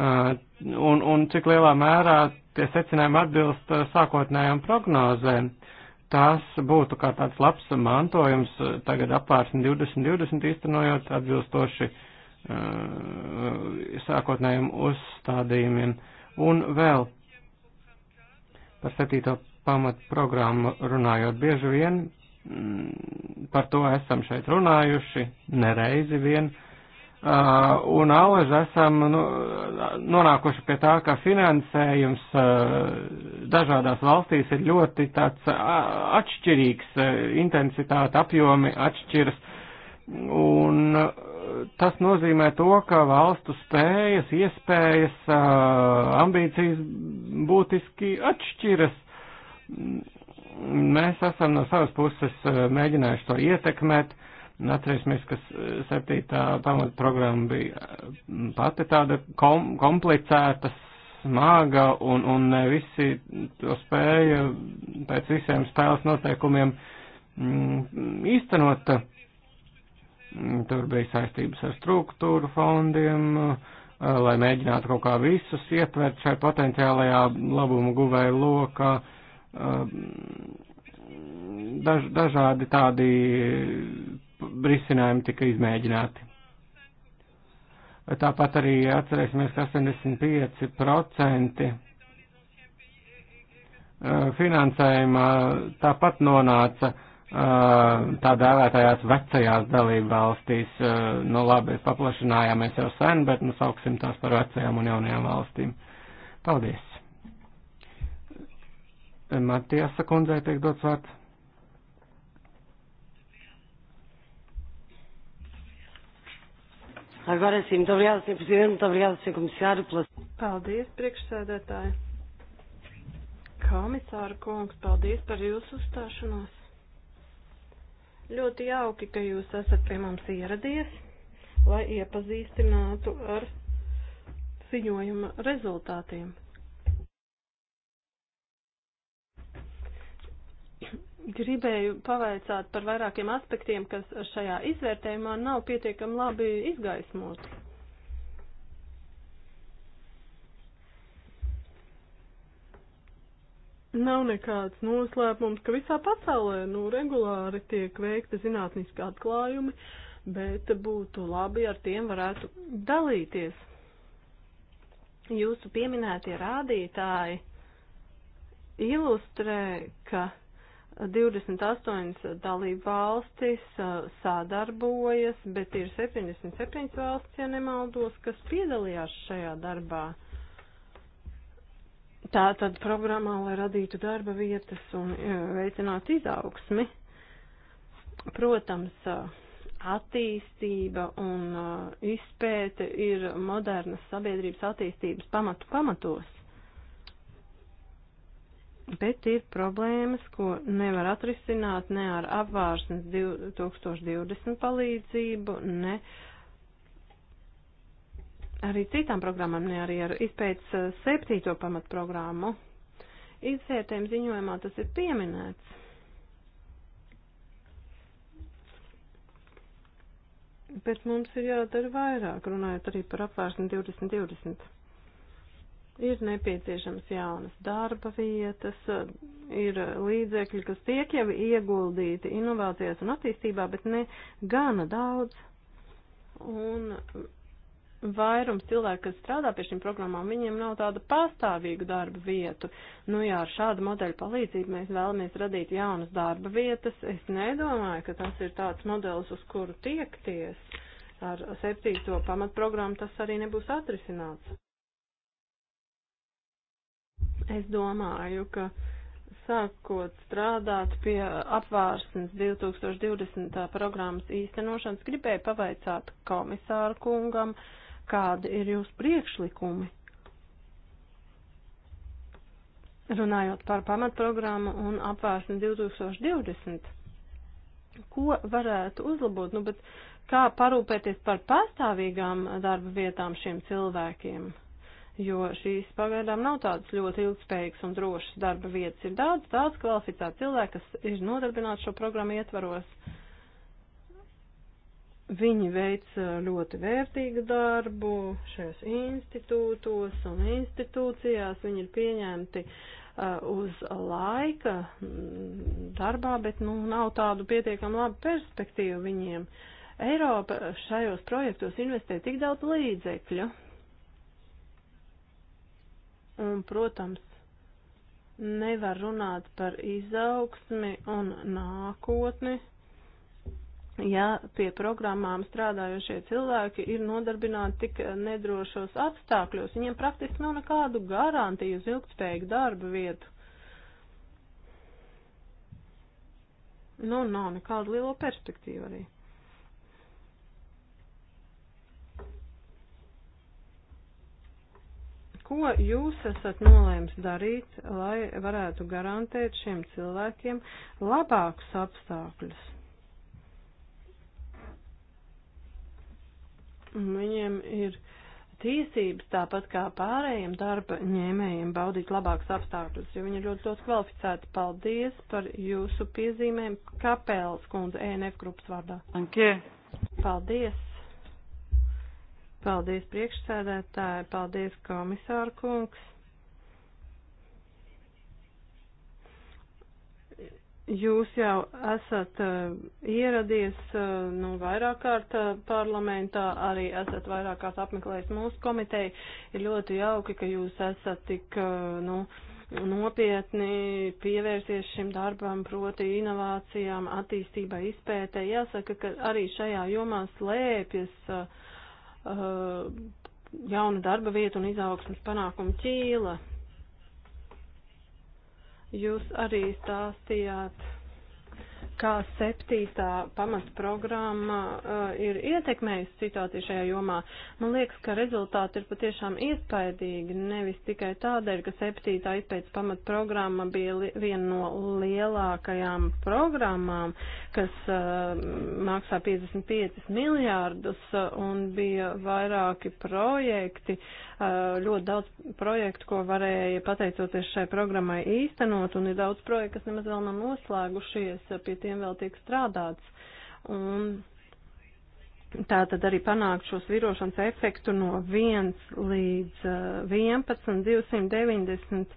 un, un cik lielā mērā tie secinājumi atbilst eh, sākotnējām prognozēm. Tās būtu kā tāds labs mantojums eh, tagad apvārsni 2020 īstenojot atbilstoši uh, sākotnējiem uzstādījumiem. Un vēl par septīto pamatprogrammu runājot bieži vien, mm, par to esam šeit runājuši, nereizi vien. Uh, Uh, un alaži esam nu, nonākuši pie tā, ka finansējums uh, dažādās valstīs ir ļoti tāds uh, atšķirīgs, intensitāte, apjomi atšķiras. Un tas nozīmē to, ka valstu spējas, iespējas, ambīcijas būtiski atšķiras. Mēs esam no savas puses mēģinājuši to ietekmēt, uh, Nu, atcerēsimies, ka septītā pamatprogramma bija pati tāda kom komplicēta, smaga un, un ne visi to spēja pēc visiem spēles noteikumiem īstenot. Tur bija saistības ar struktūru fondiem, lai mēģinātu kaut kā visus ietvert šai potenciālajā labumu guvēju lokā daž, dažādi tādi risinājumi tika izmēģināti. Tāpat arī atcerēsimies, ka 85% finansējuma tāpat nonāca tā dēvētajās vecajās dalību valstīs. Nu labi, paplašinājāmies jau sen, bet nu sauksim tās par vecajām un jaunajām valstīm. Paldies! Matiasa kundzei tiek dots vārds. Agora sim, muito obrigada, Sr. Presidente, muito obrigada, Sr. Comissário. Pela... Paldies, priekšsēdētāji. Komisāra kungs, paldies par jūsu uzstāšanos. Ļoti jauki, ka jūs esat pie mums ieradies, lai iepazīstinātu ar ziņojuma rezultātiem. Gribēju pavaicāt par vairākiem aspektiem, kas šajā izvērtējumā nav pietiekami labi izgaismoti. Nav nekāds noslēpums, ka visā pasaulē nu, regulāri tiek veikta zinātniska atklājumi, bet būtu labi ar tiem varētu dalīties. Jūsu pieminētie rādītāji ilustrē, ka 28 dalību valstis uh, sadarbojas, bet ir 77 valsts, ja nemaldos, kas piedalījās šajā darbā. Tā tad programmā, lai radītu darba vietas un uh, veicinātu izaugsmi. Protams, uh, attīstība un izpēte ir modernas sabiedrības attīstības pamatu pamatos bet ir problēmas, ko nevar atrisināt ne ar apvārsnes 2020 palīdzību, ne arī citām programmām, ne arī ar izpētes eh, septīto pamatprogrammu. Izvērtējuma ziņojumā tas ir pieminēts. Bet mums ir jādara vairāk, runājot arī par apvērsni 2020 ir nepieciešams jaunas darba vietas, ir līdzekļi, kas tiek jau ieguldīti inovācijās un attīstībā, bet ne gana daudz. Un vairums cilvēku, kas strādā pie šīm programmām, viņiem nav tādu pastāvīgu darba vietu. Nu jā, ar šādu modeļu palīdzību mēs vēlamies radīt jaunas darba vietas. Es nedomāju, ka tas ir tāds modelis, uz kuru tiekties. Ar septīto pamatprogrammu tas arī nebūs atrisināts. Es domāju, ka sākot strādāt pie apvārsnes 2020. programmas īstenošanas, gribēju pavaicāt komisāru kungam, kādi ir jūsu priekšlikumi. Runājot par pamatprogrammu un apvārsni 2020, ko varētu uzlabot, nu, bet kā parūpēties par pastāvīgām darba vietām šiem cilvēkiem? jo šīs pagaidām nav tādas ļoti ilgspējīgas un drošas darba vietas. Ir daudz tāds kvalificēts cilvēki, kas ir nodarbināti šo programmu ietvaros. Viņi veic ļoti vērtīgu darbu šajos institūtos un institūcijās. Viņi ir pieņemti uz laika darbā, bet nu, nav tādu pietiekam labu perspektīvu viņiem. Eiropa šajos projektos investē tik daudz līdzekļu, Un, protams, nevar runāt par izaugsmi un nākotni, ja pie programmām strādājošie cilvēki ir nodarbināti tik nedrošos apstākļos. Viņiem praktiski nav nekādu garantiju uz ilgspējīgu darba vietu. Nu, nav nekādu lielo perspektīvu arī. Ko jūs esat nolēms darīt, lai varētu garantēt šiem cilvēkiem labākus apstākļus? Viņiem ir tiesības, tāpat kā pārējiem darba ņēmējiem, baudīt labākus apstākļus, jo viņi ir ļoti, ļoti kvalificēti. Paldies par jūsu piezīmēm Kapēls kundze ENF grupas vārdā. Ankie. Paldies. Paldies priekšsēdētāji, paldies komisāra kungs. Jūs jau esat uh, ieradies uh, nu, vairāk kārt uh, parlamentā, arī esat vairāk kārt apmeklējis mūsu komiteju. Ir ļoti jauki, ka jūs esat tik uh, nu, nopietni pievērsies šim darbam, proti inovācijām, attīstībai, izpētē. Jāsaka, ka arī šajā jomā slēpjas. Uh, Uh, jauna darba vieta un izaugsmas panākuma ķīla. Jūs arī stāstījāt kā septītā pamatprogramma uh, ir ietekmējusi situāciju šajā jomā. Man liekas, ka rezultāti ir patiešām iespaidīgi, nevis tikai tādēļ, ka septītā izpētes pamatprogramma bija li, viena no lielākajām programmām, kas uh, maksā 55 miljārdus uh, un bija vairāki projekti. Uh, ļoti daudz projektu, ko varēja pateicoties šai programmai īstenot, un ir daudz projektu, kas nemaz vēl nav noslēgušies, pie tiem vēl tiek strādāts. Un tā tad arī panākt šos virošanas efektu no 1 līdz 11, 290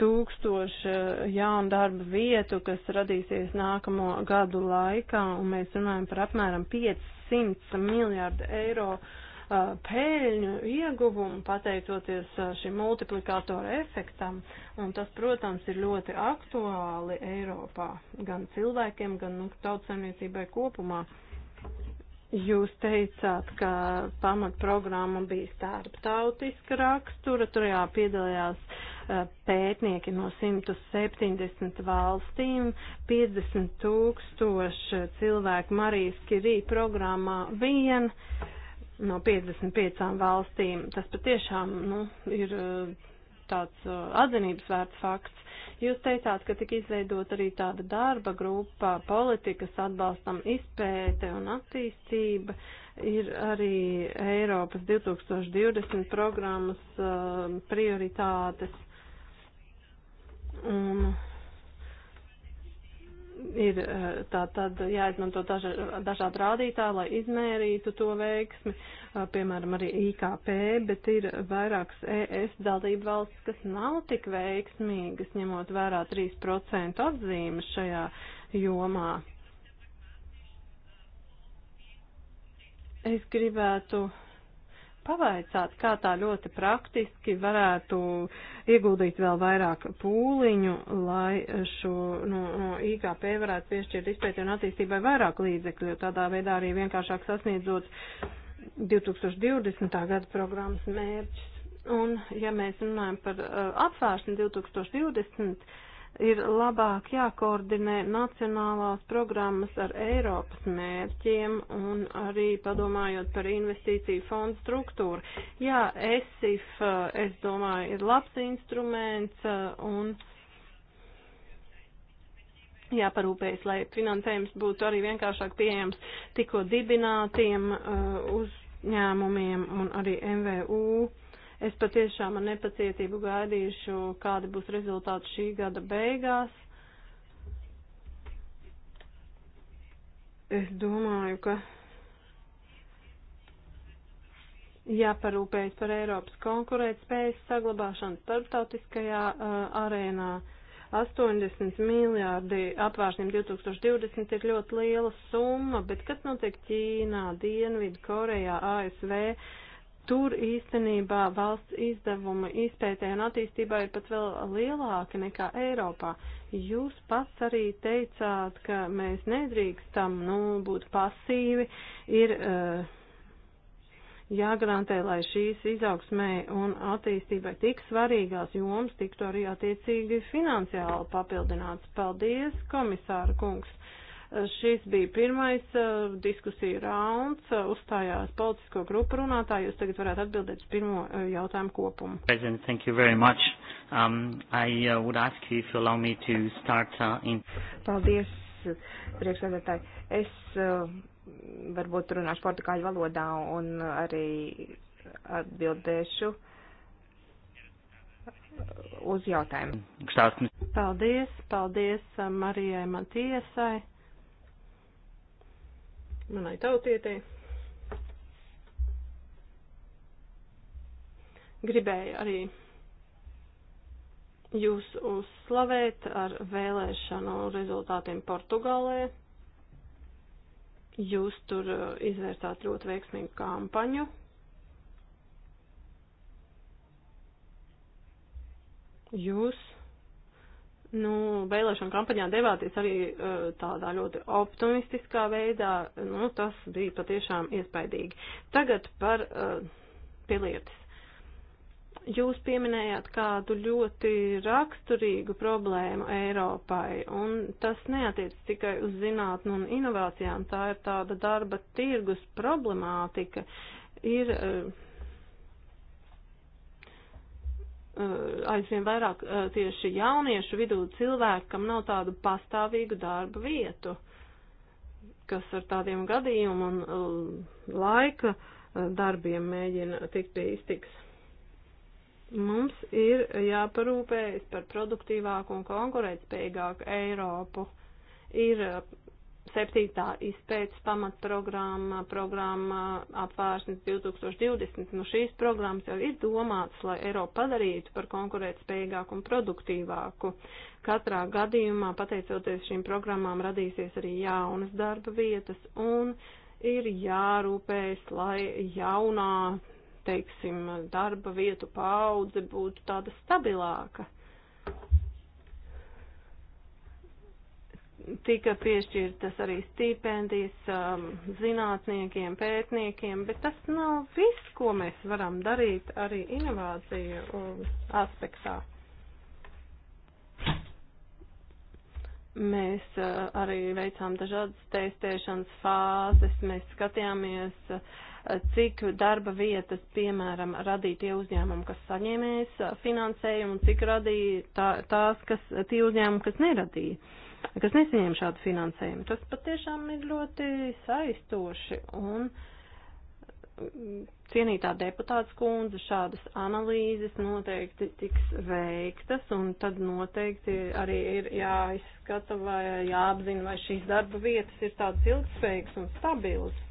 tūkstoši jaunu darba vietu, kas radīsies nākamo gadu laikā, un mēs runājam par apmēram 500 miljārdu eiro uh, pēļņu ieguvumu pateicoties šim multiplikātora efektam, un tas, protams, ir ļoti aktuāli Eiropā, gan cilvēkiem, gan nu, tautsaimniecībai kopumā. Jūs teicāt, ka pamatprogramma bija starptautiska rakstura, turjā piedalījās pētnieki no 170 valstīm, 50 tūkstoši cilvēku Marijas Kirī programmā vien. Uh, no 55 valstīm. Tas patiešām nu, ir eh, tāds eh, atzinības vērts fakts. Jūs teicāt, ka tika izveidot arī tāda darba grupa, politikas atbalstam izpēte un attīstība. Ir arī Eiropas 2020 programmas eh, prioritātes. Un ir eh, tā tad jāizmanto daža, dažādi rādītāji, lai izmērītu to veiksmi, eh, piemēram, arī IKP, bet ir vairākas ES dalību valsts, kas nav tik veiksmīgas, ņemot vērā 3% atzīmes šajā jomā. Es gribētu pavaicāt, kā tā ļoti praktiski varētu ieguldīt vēl vairāk pūliņu, lai šo nu, no, no IKP varētu piešķirt izpētē un attīstībai vairāk līdzekļu, tādā veidā arī vienkāršāk sasniedzot 2020. gada programmas mērķis. Un, ja mēs runājam par uh, apvārsni 2020, ir labāk jākoordinē nacionālās programmas ar Eiropas mērķiem un arī padomājot par investīciju fondu struktūru. Jā, ESIF, eh, es domāju, ir labs instruments eh, un jāparūpējas, lai finansējums būtu arī vienkāršāk pieejams tikko dibinātiem eh, uzņēmumiem un arī MVU. Es patiešām ar nepacietību gaidīšu, kādi būs rezultāti šī gada beigās. Es domāju, ka jāparūpējas par Eiropas konkurētspējas saglabāšanu starptautiskajā uh, arēnā. 80 miljārdi apvāršaniem 2020 ir ļoti liela summa, bet kas notiek Ķīnā, Dienvidu, Korejā, ASV? Uh, Tur īstenībā valsts izdevumi izpētē un attīstībā ir pat vēl lielāki nekā Eiropā. Jūs pats arī teicāt, ka mēs nedrīkstam nu, būt pasīvi. Ir, uh, jāgarantē, lai šīs izaugsmē un attīstībai tik svarīgās jomas tiktu arī attiecīgi finansiāli papildināts. Paldies, komisāra kungs! Šis bija pirmais uh, diskusija rauns, uh, uzstājās politisko grupu runātāji. Jūs tagad varētu atbildēt uz pirmo uh, jautājumu kopumu. President, thank you very much. Um, I uh, would ask you if you allow me to start uh, in. Paldies, priekšsēdētāji. Es uh, varbūt runāšu portugāļu valodā un arī atbildēšu uz jautājumu. Paldies, paldies Marijai Matiesai manai tautietei. Gribēju arī jūs uzslavēt ar vēlēšanu rezultātiem Portugālē. Jūs tur uh, izvērtāt ļoti veiksmīgu kampaņu. Jūs nu, vēlēšana kampaņā devāties arī uh, tādā ļoti optimistiskā veidā. Nu, tas bija patiešām iespaidīgi. Tagad par uh, eh, pilietis. Jūs pieminējāt kādu ļoti raksturīgu problēmu Eiropai, un tas neatiec tikai uz zinātnu un inovācijām, tā ir tāda darba tirgus problemātika. Ir uh, Eh, aizvien vairāk eh, tieši jauniešu vidū cilvēku, kam nav tādu pastāvīgu darba vietu, kas ar tādiem gadījumu un eh, laika darbiem mēģina tikt pie iztiks. Mums ir jāparūpējas par produktīvāku un konkurētspējīgāku Eiropu. Ir septītā izpētes pamatprogramma, programma apvārsnes 2020. Nu, šīs programmas jau ir domātas, lai Eiropu padarītu par konkurētspējīgāku un produktīvāku. Katrā gadījumā, pateicoties šīm programmām, radīsies arī jaunas darba vietas un ir jārūpējas, lai jaunā, teiksim, darba vietu paudze būtu tāda stabilāka. tika piešķirtas arī stipendijas um, zinātniekiem, pētniekiem, bet tas nav viss, ko mēs varam darīt arī inovāciju um, aspektā. Mēs uh, arī veicām dažādas testēšanas fāzes, mēs skatījāmies, uh, cik darba vietas, piemēram, radīja tie uzņēmumi, kas saņēmēs uh, finansējumu, un cik radīja tā, tās, kas, tie uzņēmumi, kas neradīja. Uh, kas nesaņem šādu finansējumu. Tas patiešām ir ļoti saistoši un mm, cienītā deputāts kundze šādas analīzes noteikti tiks veiktas un tad noteikti arī ir jāizskata vai jāapzina, vai šīs darba vietas ir tādas ilgspējīgas un stabilas.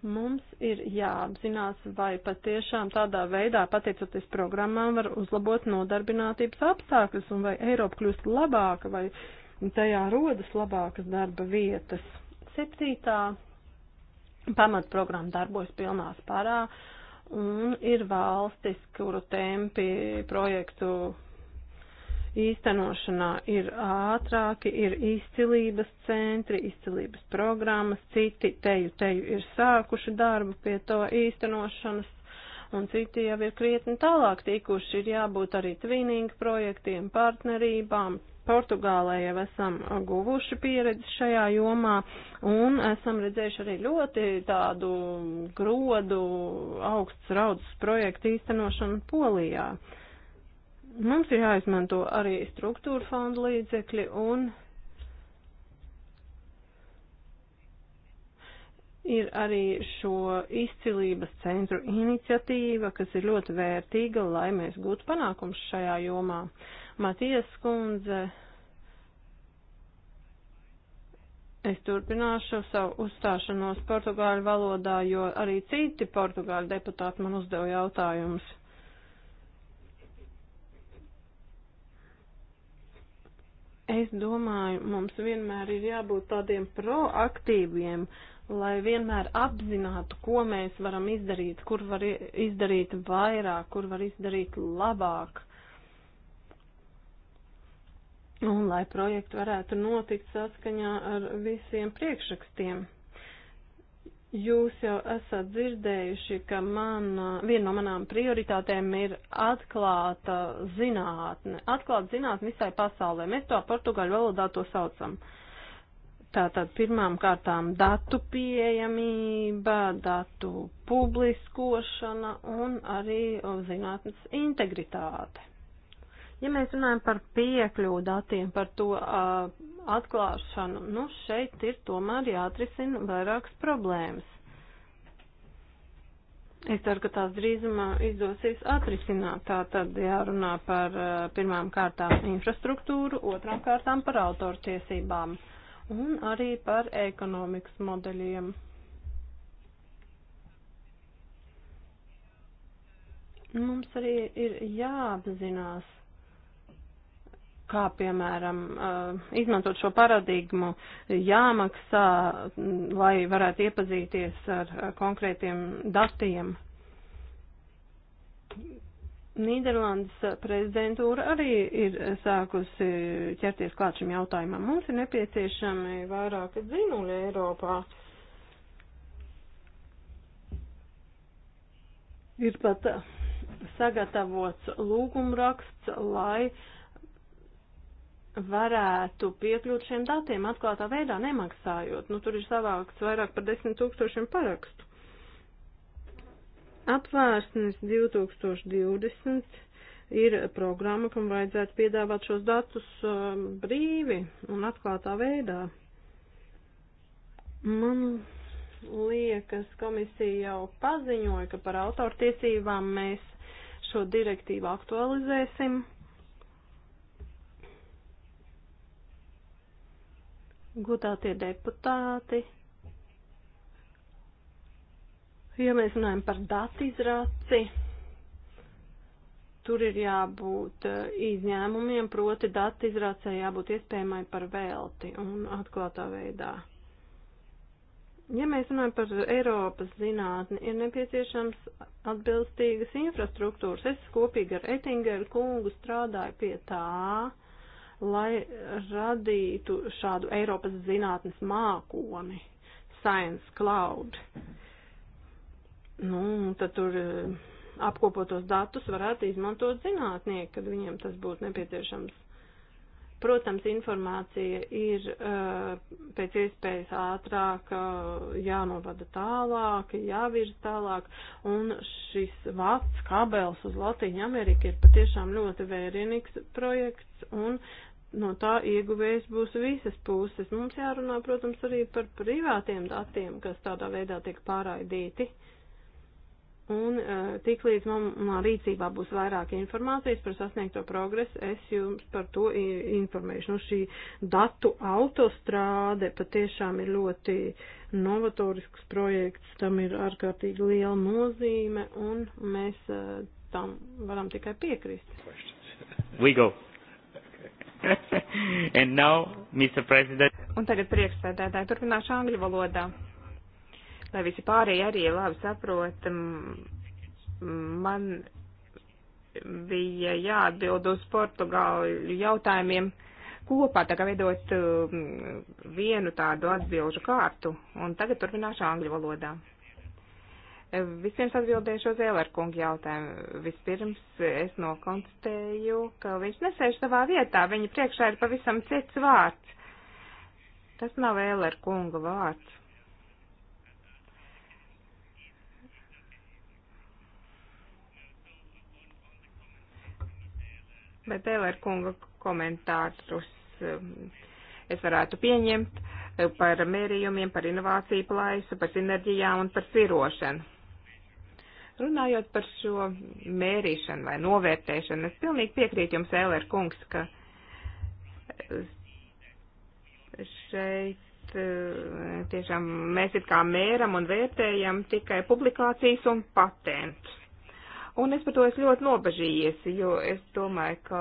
Mums ir jāapzinās, vai patiešām tādā veidā, pateicoties programmām, var uzlabot nodarbinātības apstākļus un vai Eiropa kļūst labāka vai tajā rodas labākas darba vietas. Septītā pamatprogramma darbojas pilnā spārā un ir valstis, kuru tempi projektu īstenošanā ir ātrāki, ir izcilības centri, izcilības programmas, citi teju teju ir sākuši darbu pie to īstenošanas, un citi jau ir krietni tālāk tikuši, ir jābūt arī twinning projektiem, partnerībām. Portugālē jau esam guvuši pieredzi šajā jomā un esam redzējuši arī ļoti tādu grodu augsts raudas projektu īstenošanu Polijā. Uh, Mums ir jāizmanto arī struktūra fonda līdzekļi un ir arī šo izcilības centru iniciatīva, kas ir ļoti vērtīga, lai mēs gūtu panākums šajā jomā. Matijas kundze, es turpināšu savu uzstāšanos portugāļu valodā, jo arī citi portugāļu deputāti man uzdeva jautājumus. Es domāju, mums vienmēr ir jābūt tādiem proaktīviem, lai vienmēr apzinātu, ko mēs varam izdarīt, kur var izdarīt vairāk, kur var izdarīt labāk. Un lai projekti varētu notikt saskaņā ar visiem priekšrakstiem. Jūs jau esat dzirdējuši, ka man, viena no manām prioritātēm ir atklāta zinātne. Atklāt zinātne visai pasaulē. Mēs to portugāļu valodā to saucam. Tātad pirmām kārtām datu pieejamība, datu publiskošana un arī zinātnes integritāte. Ja mēs runājam par piekļuvu datiem, par to uh, atklāšanu, nu šeit ir tomēr jāatrisina vairākas problēmas. Es ceru, ka tās drīzumā izdosies atrisināt. Tā tad jārunā par pirmām kārtām infrastruktūru, otrām kārtām par autortiesībām un arī par ekonomikas modeļiem. Mums arī ir jāapzinās, kā piemēram eh, izmantot šo paradigmu, jāmaksā, lai varētu iepazīties ar eh, konkrētiem datiem. Nīderlandes prezidentūra arī ir sākusi ķerties klāt šim jautājumam. Mums ir nepieciešami vairāki dzinuļi Eiropā. Ir pat eh, sagatavots lūgumraksts, lai uh, varētu piekļūt šiem datiem atklātā veidā, nemaksājot. Nu, tur ir savākts vairāk par desmit tūkstošiem parakstu. Apvērsnes 2020 ir programma, kam vajadzētu piedāvāt šos datus um, brīvi un atklātā veidā. Man liekas, komisija jau paziņoja, ka par autortiesībām mēs šo direktīvu aktualizēsim. Godātie deputāti, ja mēs runājam par datu izraci, tur ir jābūt eh, izņēmumiem, proti datu izrācē jābūt iespējamai par velti un atklātā veidā. Ja mēs runājam par Eiropas zinātni, ir nepieciešams atbilstīgas infrastruktūras. Es kopīgi ar Ettingeru kungu strādāju pie tā, lai radītu šādu Eiropas zinātnes mākoni, Science Cloud. Nu, tad tur eh, apkopotos datus varētu izmantot zinātnieki, kad viņiem tas būtu nepieciešams. Protams, informācija ir eh, pēc iespējas ātrāk eh, jānovada tālāk, jāvirz tālāk, un šis vats kabels uz Latīņu Ameriku ir patiešām ļoti vērienīgs projekts, un no tā ieguvējis būs visas puses. Mums jārunā, protams, arī par privātiem datiem, kas tādā veidā tiek pārraidīti. Un e, tik līdz manā rīcībā būs vairāk informācijas par sasniegto progresu, es jums par to informēšu. Nu, šī datu autostrāde patiešām ir ļoti novatorisks projekts, tam ir ārkārtīgi liela nozīme, un mēs e, tam varam tikai piekrist. We go. [laughs] And now, Mr. President. Un tagad priekšsēdētāji turpināšu angļu valodā. Lai visi pārējie arī labi saprot, man bija jāatbild uz portugāļu jautājumiem kopā, tā kā veidot vienu tādu atbilžu kārtu. Un tagad turpināšu angļu valodā. Vispirms atbildēšu uz Ēlerkunga jautājumu. Vispirms es nokonstatēju, ka viņš nesēž savā vietā, viņa priekšā ir pavisam cits vārds. Tas nav Ēlerkunga vārds. bet Tēlērkunga komentārus um, es varētu pieņemt par mērījumiem, par inovāciju plaisu, par sinerģijām un par svirošanu. Runājot par šo mērīšanu vai novērtēšanu, es pilnīgi piekrītu jums, Ēlēr kungs, ka šeit eh, tiešām mēs it kā mēram un vērtējam tikai publikācijas un patentus. Un es par to esmu ļoti nobežījies, jo es domāju, ka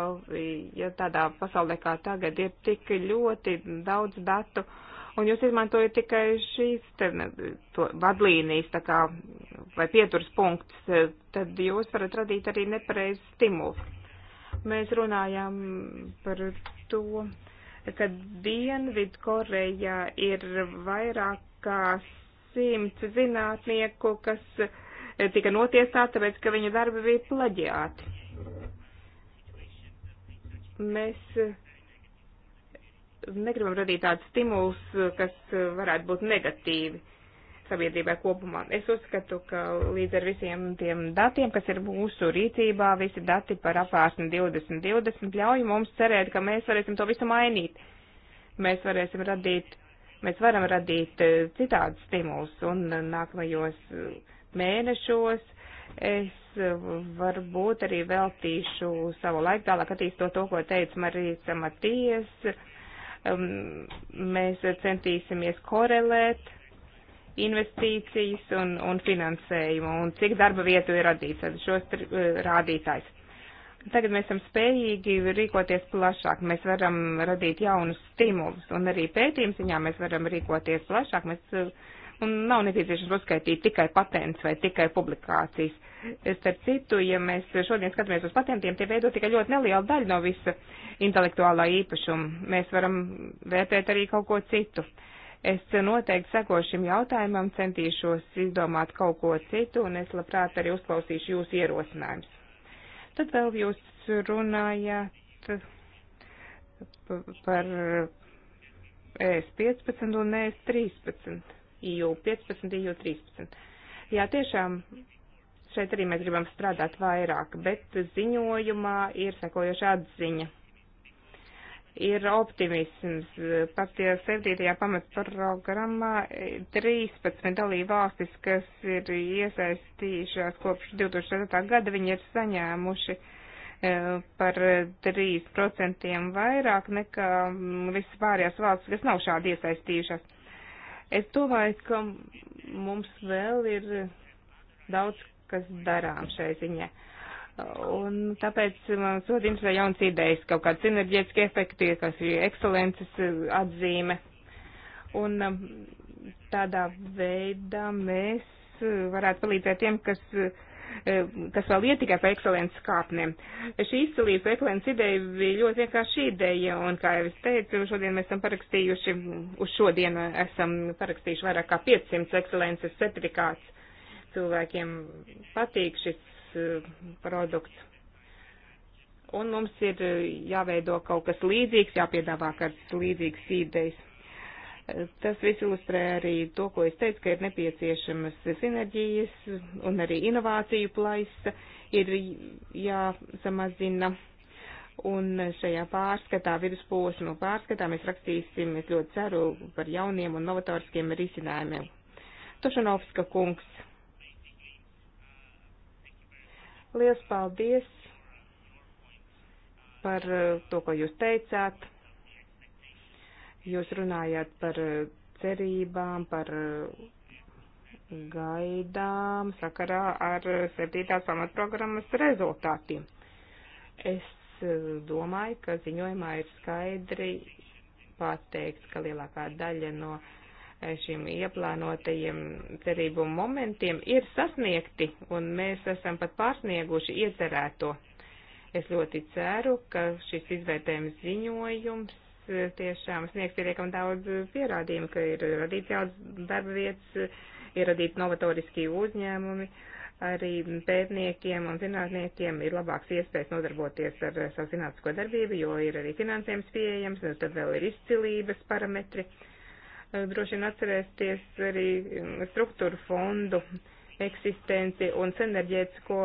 ja tādā pasaulē kā tagad ir tik ļoti daudz datu, uh, un jūs izmantojat tikai šīs te, to, vadlīnijas, tā kā, vai pieturas punkts, tad jūs varat radīt arī nepareizi stimulu. Mēs runājām par to, ka Dienvidkorejā ir vairāk kā simts zinātnieku, kas tika notiesāti, tāpēc, ka viņu darbi bija plaģiāti. Mēs negribam radīt tādus stimulus, kas varētu būt negatīvi sabiedrībai kopumā. Es uzskatu, ka līdz ar visiem tiem datiem, kas ir mūsu rīcībā, visi dati par apvārsni 2020 ļauj mums cerēt, ka mēs varēsim to visu mainīt. Mēs varēsim radīt, mēs varam radīt eh, citādus stimulus un nākamajos eh, mēnešos es eh, varbūt arī veltīšu savu laiku tālāk attīstot to, ko teica Marīca Matijas Um, mēs centīsimies korelēt investīcijas un, un finansējumu un cik darba vietu ir radīts ar šos uh, rādītājs. Tagad mēs esam spējīgi rīkoties plašāk, mēs varam radīt jaunus stimulus un arī pētījums ziņā mēs varam rīkoties plašāk. Mēs, uh, un nav nepieciešams uzskaitīt tikai patents vai tikai publikācijas. Starp citu, ja mēs šodien skatāmies uz patentiem, tie veido tikai ļoti nelielu daļu no visa intelektuālā īpašuma. Mēs varam vērtēt arī kaut ko citu. Es noteikti sekošu šim jautājumam, centīšos izdomāt kaut ko citu, un es labprāt arī uzklausīšu jūsu ierosinājumus. Tad vēl jūs runājāt par ES 15 un ES 13. EU 15, EU 13. Jā, tiešām šeit arī mēs gribam strādāt vairāk, bet ziņojumā ir sekojoša atziņa. Ir optimisms. Pat 7. pamatprogrammā 13 dalība valstis, kas ir iesaistījušās kopš 2004. gada, viņi ir saņēmuši e, par 3% vairāk nekā visas pārējās valsts, kas nav šādi iesaistījušās. Es domāju, ka mums vēl ir daudz, kas darām šai ziņā. Un tāpēc man sodījums vai jauns idejas, kaut kāds enerģētiski efekti, kas ir ekscelences atzīme. Un um, tādā veidā mēs varētu palīdzēt tiem, kas uh, kas e, vēl iet tikai pa ekscelences kāpnēm. Šī izcilības ekscelences ideja bija ļoti vienkārši ideja, un, kā jau es teicu, šodien mēs esam parakstījuši, uz šodienu esam parakstījuši vairāk kā 500 ekscelences certifikāts. Cilvēkiem patīk šis e, produkts. Un mums ir e, jāveido kaut kas līdzīgs, jāpiedāvā kāds līdzīgs idejas Tas viss ilustrē arī to, ko es teicu, ka ir nepieciešamas sinerģijas un arī inovāciju plaisa ir jāsamazina. Un šajā pārskatā, vidusposmu pārskatā, mēs rakstīsim, es ļoti ceru, par jauniem un novatoriskiem risinājumiem. Tušanovska kungs. Liels paldies par uh, to, ko jūs teicāt. Jūs runājāt par e, cerībām, par e, gaidām sakarā ar 7. E, pamatprogrammas rezultātiem. Es domāju, ka ziņojumā ir skaidri pateikts, ka lielākā daļa no šiem ieplānotajiem cerību momentiem ir sasniegti, un mēs esam pat pārsnieguši iecerēto. Es ļoti ceru, ka šis izvērtējums ziņojums tiešām sniegs pietiekami daudz eh, pierādījumu, ka ir radīts jauns darba vietas, ir radīti novatoriski uzņēmumi, arī pētniekiem un zinātniekiem ir labāks iespējas nodarboties ar eh, savu zinātnisko darbību, jo ir arī finansējums pieejams, tad vēl ir izcilības parametri. Eh, Droši vien atcerēsties arī mm, struktūru fondu eksistenci un enerģētisko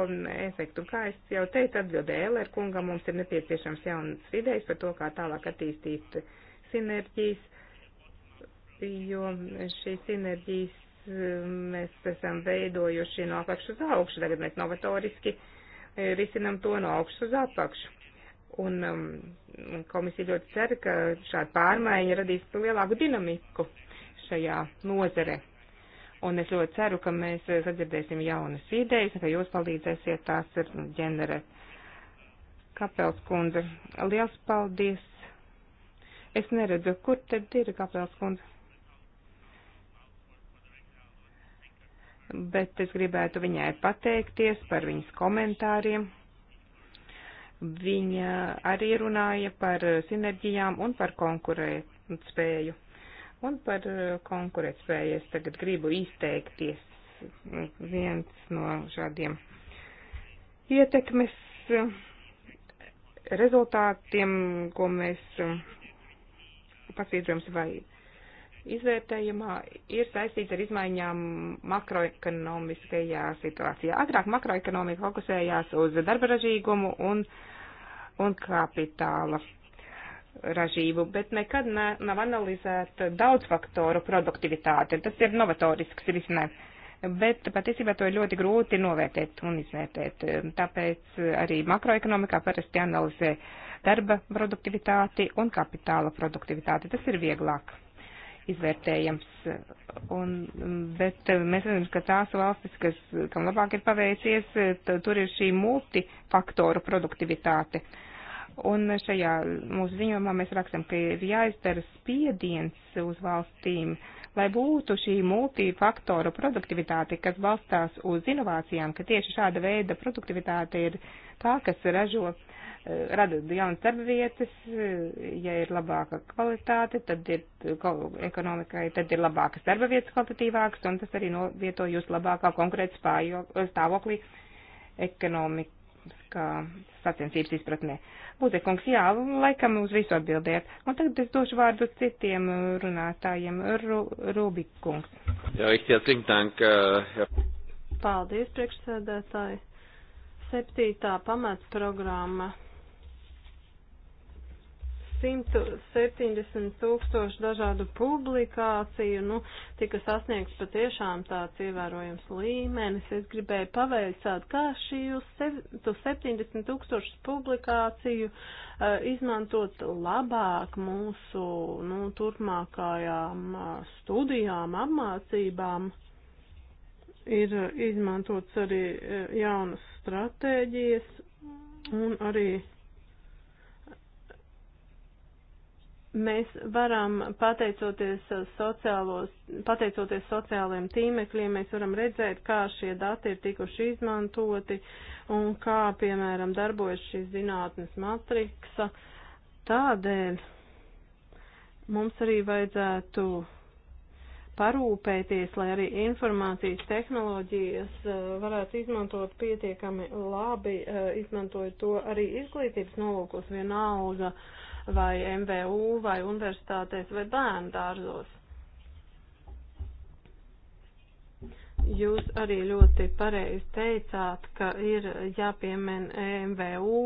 efektu. Kā es jau teicu, atbildēja Eller kungam, mums ir nepieciešams jaunas idejas par to, kā tālāk attīstīt sinerģijas, jo šīs sinerģijas um, mēs esam veidojuši no apakšas uz augšu, tagad mēs novatoriski eh, risinam to no augšas uz apakšu. Un um, komisija ļoti cer, ka šāda pārmaiņa radīs lielāku dinamiku šajā nozare. Un es ļoti ceru, ka mēs eh, sadzirdēsim jaunas idejas, ka jūs palīdzēsiet tās ir eh, ģenerēt. Kapels kundze, liels paldies. Es neredzu, kur tad ir Kapels kundze. Bet es gribētu viņai pateikties par viņas komentāriem. Viņa arī runāja par sinerģijām un par konkurētspēju. Un par eh, konkurētspēju es tagad gribu izteikties. Eh, viens no šādiem ietekmes eh, rezultātiem, ko mēs pasvītrojums vai izvērtējumā, ir saistīts ar izmaiņām makroekonomiskajā situācijā. Agrāk makroekonomika fokusējās uz darba ražīgumu un, un kapitāla ražību, bet nekad ne, nav analizēta daudz faktoru produktivitāte. Tas ir novatorisks risinājums. Bet patiesībā to ir ļoti grūti novērtēt un izvērtēt. Tāpēc arī makroekonomikā parasti analizē darba produktivitāti un kapitāla produktivitāti. Tas ir vieglāk izvērtējams. Un, bet mēs redzam, ka tās valstis, kas, kam labāk ir paveicies, tur ir šī multifaktoru produktivitāte. Uh, Un šajā mūsu ziņojumā mēs rakstam, ka ir jāizdara spiediens uz valstīm, lai būtu šī multifaktoru produktivitāte, kas balstās uz inovācijām, ka tieši šāda veida produktivitāte ir tā, kas ražo, eh, rada jaunas darba vietas, eh, ja ir labāka kvalitāte, tad ir ekonomikai, tad ir labākas darba vietas kvalitatīvākas, un tas arī novieto jūs labākā konkrēta eh, stāvoklī ekonomika kā sacensības izpratnē. Būzekungs, jā, laikam uz visu atbildēt. Un tagad es došu vārdu citiem runātājiem. Ru, Rubikungs. Jā, izcietīm tank. Paldies, priekšsēdētāji. Septītā pamatprogramma 170 tūkstoši dažādu publikāciju, nu, tika sasniegts patiešām tāds ievērojams līmenis. Es gribēju paveicāt, kā šī 170 tūkstošus publikāciju uh, izmantot labāk mūsu, nu, turpmākajām eh, studijām, apmācībām. Ir izmantots arī eh, jaunas stratēģijas un arī Mēs varam, pateicoties, sociālos, pateicoties sociālajiem tīmekļiem, mēs varam redzēt, kā šie dati ir tikuši izmantoti un kā, piemēram, darbojas šī zinātnes matriksa. Tādēļ mums arī vajadzētu parūpēties, lai arī informācijas tehnoloģijas eh, varētu izmantot pietiekami labi, eh, izmantojot to arī izglītības nolūkos vienalga. Uh, vai MVU, vai universitātēs, vai bērnu dārzos. Jūs arī ļoti pareizi teicāt, ka ir jāpiemin MVU,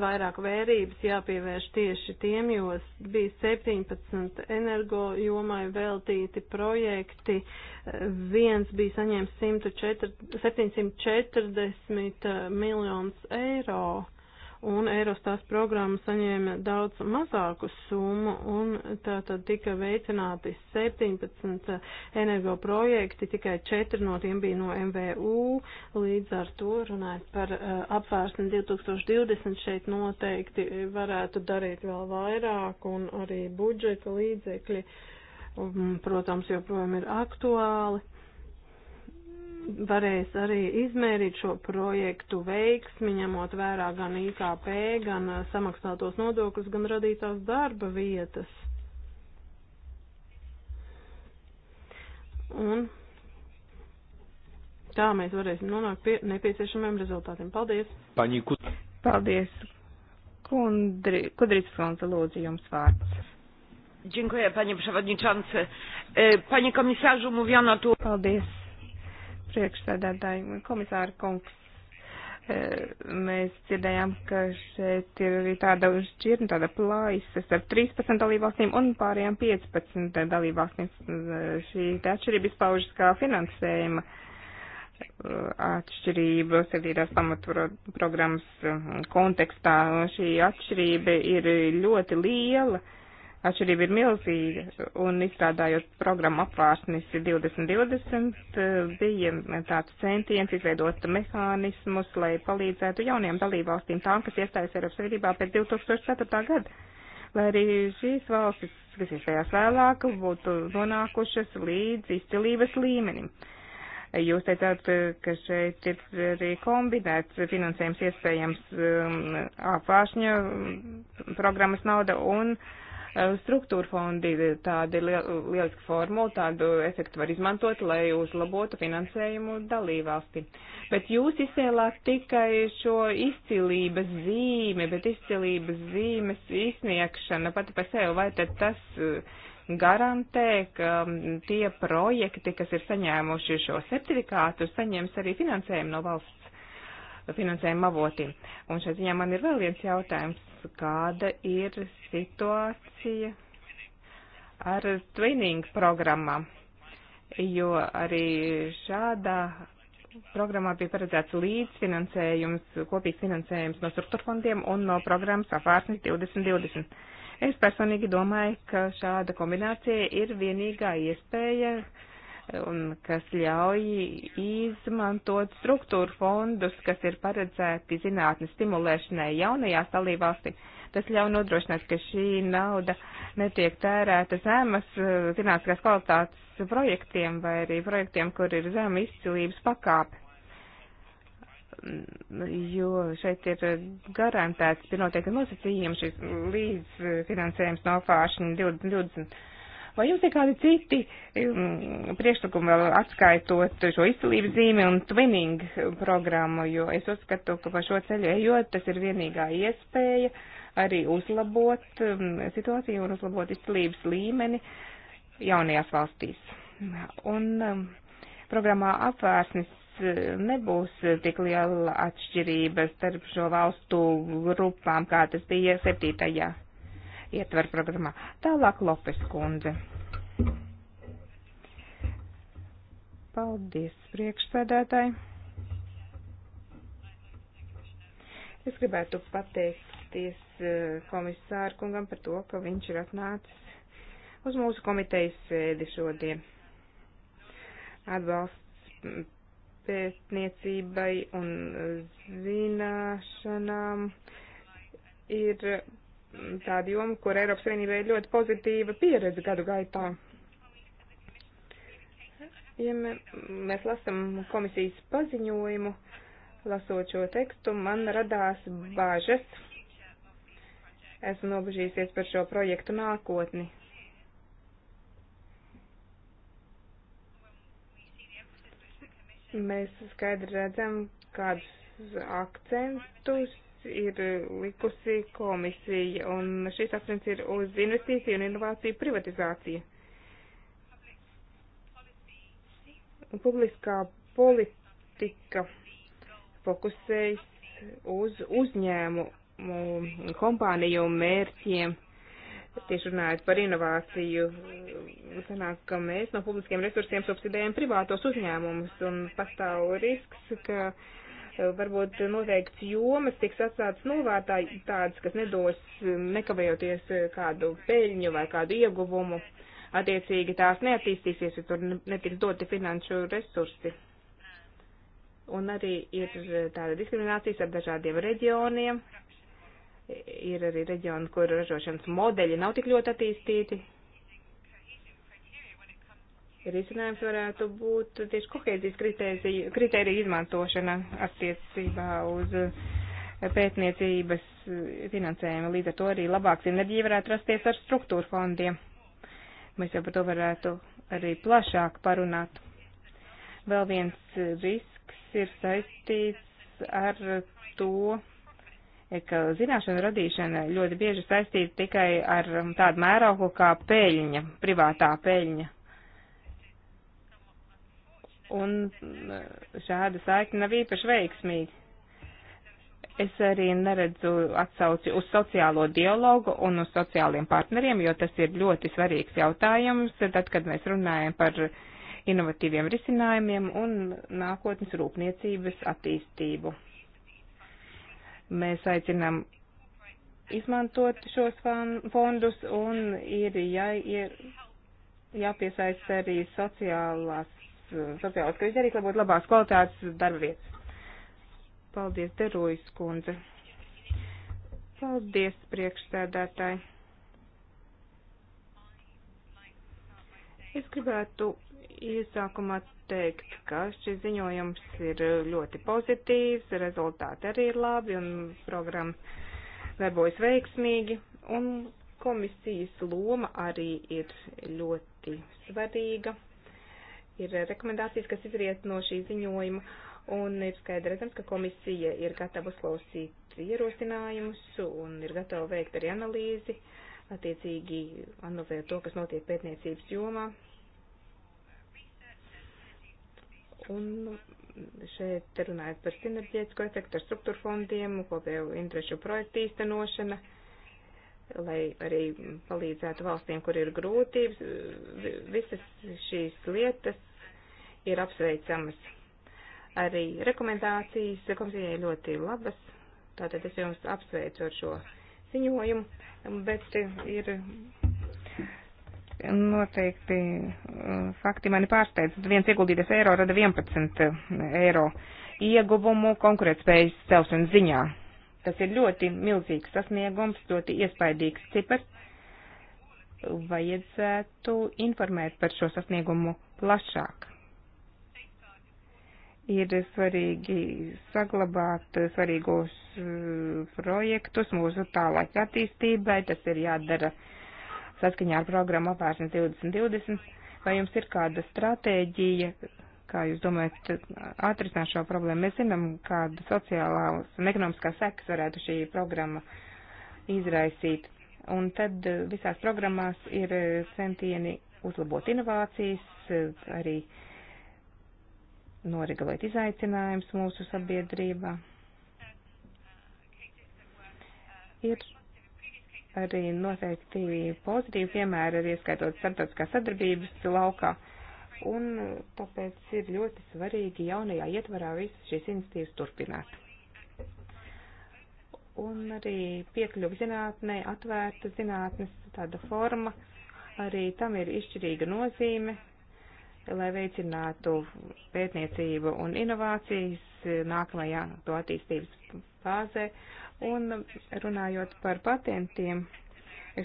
vairāk vērības jāpievērš tieši tiem, jo bija 17 energo jomai veltīti projekti, viens bija saņēmis 740 miljonus eiro un Eirostās programma saņēma daudz mazāku summu, un tā tad tika veicināti 17 eh, energo projekti, tikai 4 no tiem bija no MVU, līdz ar to runājot par eh, apvērsni 2020 šeit noteikti varētu darīt vēl vairāk, un arī budžeta līdzekļi, protams, joprojām ir aktuāli varēs arī izmērīt šo projektu veiksmi, ņemot vērā gan IKP, gan uh, samaksātos nodokļus, gan radītās darba vietas. Un tā mēs varēsim nonākt pie nepieciešamiem rezultātiem. Paldies! Paņiku. Paldies! Kundri, Kudrīs Konza, lūdzu, jums vārds. Dziękuję, panie przewodniczący. E, panie komisarzu, mówiono tu... Paldies, priekšsēdētāji, komisāra kungs. E, mēs dzirdējām, ka šeit ir arī tāda šķirna, tāda plājas starp 13 dalībvalstīm un pārējām 15 dalībvalstīm. E, šī atšķirība izpaužas kā finansējuma e, atšķirība sevīrās pamatprogrammas kontekstā. Šī atšķirība ir ļoti liela. Uh, atšķirība ir milzīga, un izstrādājot programmu apvārsnis 2020, eh, bija tāds centiens izveidot mehānismus, lai palīdzētu jaunajām dalībvalstīm, tām, kas iestājas Eiropas Savienībā pēc 2004. gada, lai arī šīs valstis, kas iestājās vēlāk, būtu nonākušas līdz izcilības līmenim. Jūs teicāt, ka šeit ir arī kombinēts finansējums iespējams um, apvāršņa programmas nauda un uh, Eh, struktūra fondi tāda ir lieliska formula, tādu efektu var izmantot, lai uzlabotu finansējumu dalībvalsti. Bet jūs izcēlāt tikai šo izcilības zīmi, bet izcilības zīmes izsniegšana pati par sevi, vai tad tas eh, garantē, ka mm, tie projekti, kas ir saņēmuši šo certifikātu, saņems arī finansējumu no valsts? finansējuma avotiem. Un šai ziņā man ir vēl viens jautājums, kāda ir situācija ar twinning programmām, jo arī šādā programmā bija paredzēts līdzfinansējums, kopīgs finansējums no struktūrfondiem un no programmas apvārsnes 2020. Es personīgi domāju, ka šāda kombinācija ir vienīgā iespēja uh, un kas ļauj izmantot struktūru fondus, kas ir paredzēti zinātnes stimulēšanai jaunajās dalībvalstī. Tas ļauj nodrošināt, ka šī nauda netiek tērēta zemes eh, zinātniskās kvalitātes projektiem vai arī projektiem, kur ir zema izcilības pakāpe. Jo šeit ir garantēts, ir noteikti nosacījumi šis līdzfinansējums no fāšņa 2020. 20 Vai jums ir kādi citi um, priekšlikumi vēl atskaitot šo izcilības zīmi un twinning programmu, jo es uzskatu, ka pa šo ceļu ejot, tas ir vienīgā iespēja arī uzlabot um, situāciju un uzlabot izcilības līmeni jaunajās valstīs. Un um, programmā apvērsnis uh, nebūs tik liela atšķirība starp šo valstu grupām, kā tas bija septītajā ietver programmā. Tālāk Lopes kundze. Paldies priekšsēdētāji. Es gribētu pateikties eh, komisāru kungam par to, ka viņš ir atnācis uz mūsu komitejas sēdi šodien. Atbalsts pētniecībai un eh, zināšanām ir tāda joma, kur Eiropas Savienībai ir ļoti pozitīva pieredze gadu gaitā. Ja mēs lasam komisijas paziņojumu, lasot šo tekstu, man radās bāžas. Esmu nobežīsies par šo projektu nākotni. Mēs skaidri redzam, kādus akcentus ir likusi komisija, un šis akcents ir uz investīciju un inovāciju privatizāciju. Publiskā politika fokusējas uz uzņēmumu kompāniju mērķiem. Tieši runājot par inovāciju, sanāk, ka mēs no publiskiem resursiem subsidējam privātos uzņēmumus, un pastāv risks, ka uh, varbūt noteikts jomas tiks atstātas novārtā tādas, kas nedos um, nekavējoties uh, kādu peļņu vai kādu ieguvumu. Attiecīgi tās neattīstīsies, ja tur netiks doti finanšu resursi. Un arī ir uh, tāda diskriminācijas ar dažādiem reģioniem. Ir arī reģioni, kur ražošanas modeļi nav tik ļoti attīstīti, risinājums varētu būt tieši kohēzijas kritērija izmantošana attiecībā uz eh, pētniecības eh, finansējumu. Līdz ar to arī labāk sinerģija varētu rasties ar struktūra fondiem. Mēs jau par to varētu arī plašāk parunāt. Vēl viens eh, risks ir saistīts ar to, ka zināšanu radīšana ļoti bieži saistīta tikai ar um, tādu mērogu kā peļņa, privātā peļņa un eh, šāda saikne nav īpaši veiksmīga. Es arī neredzu atsauci uz sociālo dialogu un uz sociāliem partneriem, jo tas ir ļoti svarīgs jautājums, tad, kad mēs runājam par inovatīviem risinājumiem un nākotnes rūpniecības attīstību. Mēs aicinām izmantot šos fondus un ir jāiesaist jā, arī sociālās sociālās krīzes darīt, lai būtu labās kvalitātes darba vietas. Paldies, Derojas kundze. Paldies, priekšsēdētāji. Es gribētu iesākumā teikt, ka šis ziņojums ir ļoti pozitīvs, rezultāti arī ir labi un programma darbojas veiksmīgi. Un komisijas loma arī ir ļoti svarīga ir rekomendācijas, kas izriet no šī ziņojuma, un ir skaidri redzams, ka komisija ir gatava uzklausīt ierosinājumus un ir gatava veikt arī analīzi, attiecīgi analizēt to, kas notiek pētniecības jomā. Un šeit runājot par sinerģētisko efektu ar struktūru fondiem, kopēju interešu projektu īstenošana, lai arī palīdzētu valstīm, kur ir grūtības. Visas šīs lietas ir apsveicamas. Arī rekomendācijas komisijai ļoti labas, tātad es jums apsveicu ar šo ziņojumu, bet ir noteikti uh, fakti mani pārsteidz. Viens ieguldīties eiro rada 11 uh, eiro ieguvumu konkurētspējas celšanas ziņā. Tas ir ļoti milzīgs sasniegums, ļoti iespaidīgs cipars. Vajadzētu informēt par šo sasniegumu plašāk ir svarīgi saglabāt svarīgos eh, projektus mūsu tālāk attīstībai. Tas ir jādara saskaņā ar programmu apvērsnes 2020. Vai jums ir kāda stratēģija, kā jūs domājat, atrisināt šo problēmu? Mēs zinām, kāda sociālā un ekonomiskā sekas varētu šī programma izraisīt. Un tad eh, visās programmās ir eh, centieni uzlabot inovācijas, arī uh, noregulēt izaicinājums mūsu sabiedrībā. Ir arī noteikti pozitīvi piemēri, arī ieskaitot starptautiskā sadarbības laukā. Un tāpēc ir ļoti svarīgi jaunajā ietvarā visas šīs institīvas turpināt. Un arī piekļuvi zinātnē, atvērta zinātnes tāda forma, arī tam ir izšķirīga nozīme, lai veicinātu pētniecību un inovācijas nākamajā to attīstības fāzē. Un runājot par patentiem,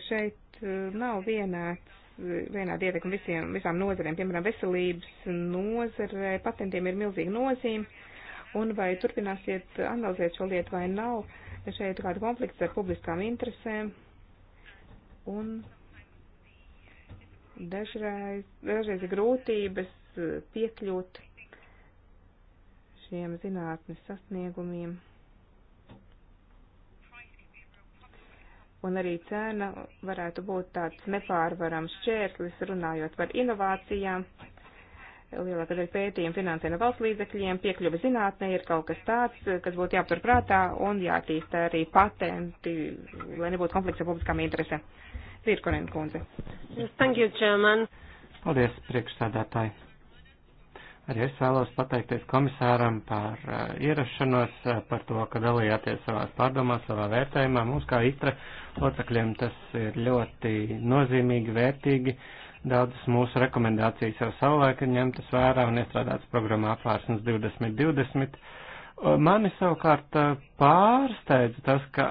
šeit uh, nav vienāds, vienādi ietekmi visiem, visām nozarēm. Piemēram, veselības nozarē patentiem ir milzīga nozīme. Un vai turpināsiet analizēt šo lietu vai nav, šeit kāda konflikts ar publiskām interesēm. Un Dažreiz, dažreiz ir grūtības e, piekļūt šiem zinātnes sasniegumiem. Un arī cena varētu būt tāds nepārvarams šķērslis, runājot par inovācijām. Lielākā daļa pētījumu finansē no valsts līdzekļiem, piekļuva zinātnē ir kaut kas tāds, e, kas būtu jāaptur prātā un jātīsta arī patenti, lai nebūtu konflikts ar publiskām interesēm. Pirkonen kundze. Yes, thank you, Chairman. Paldies, priekšsādātāji. Arī es vēlos pateikties komisāram par uh, ierašanos, uh, par to, ka dalījāties savās pārdomās, savā vērtējumā. Mums kā itra locekļiem tas ir ļoti nozīmīgi, vērtīgi. Daudzas mūsu rekomendācijas jau savulaik ir ņemtas vērā un iestrādātas programmā apvārsnes 2020 Eh, mani savukārt eh, pārsteidz tas, ka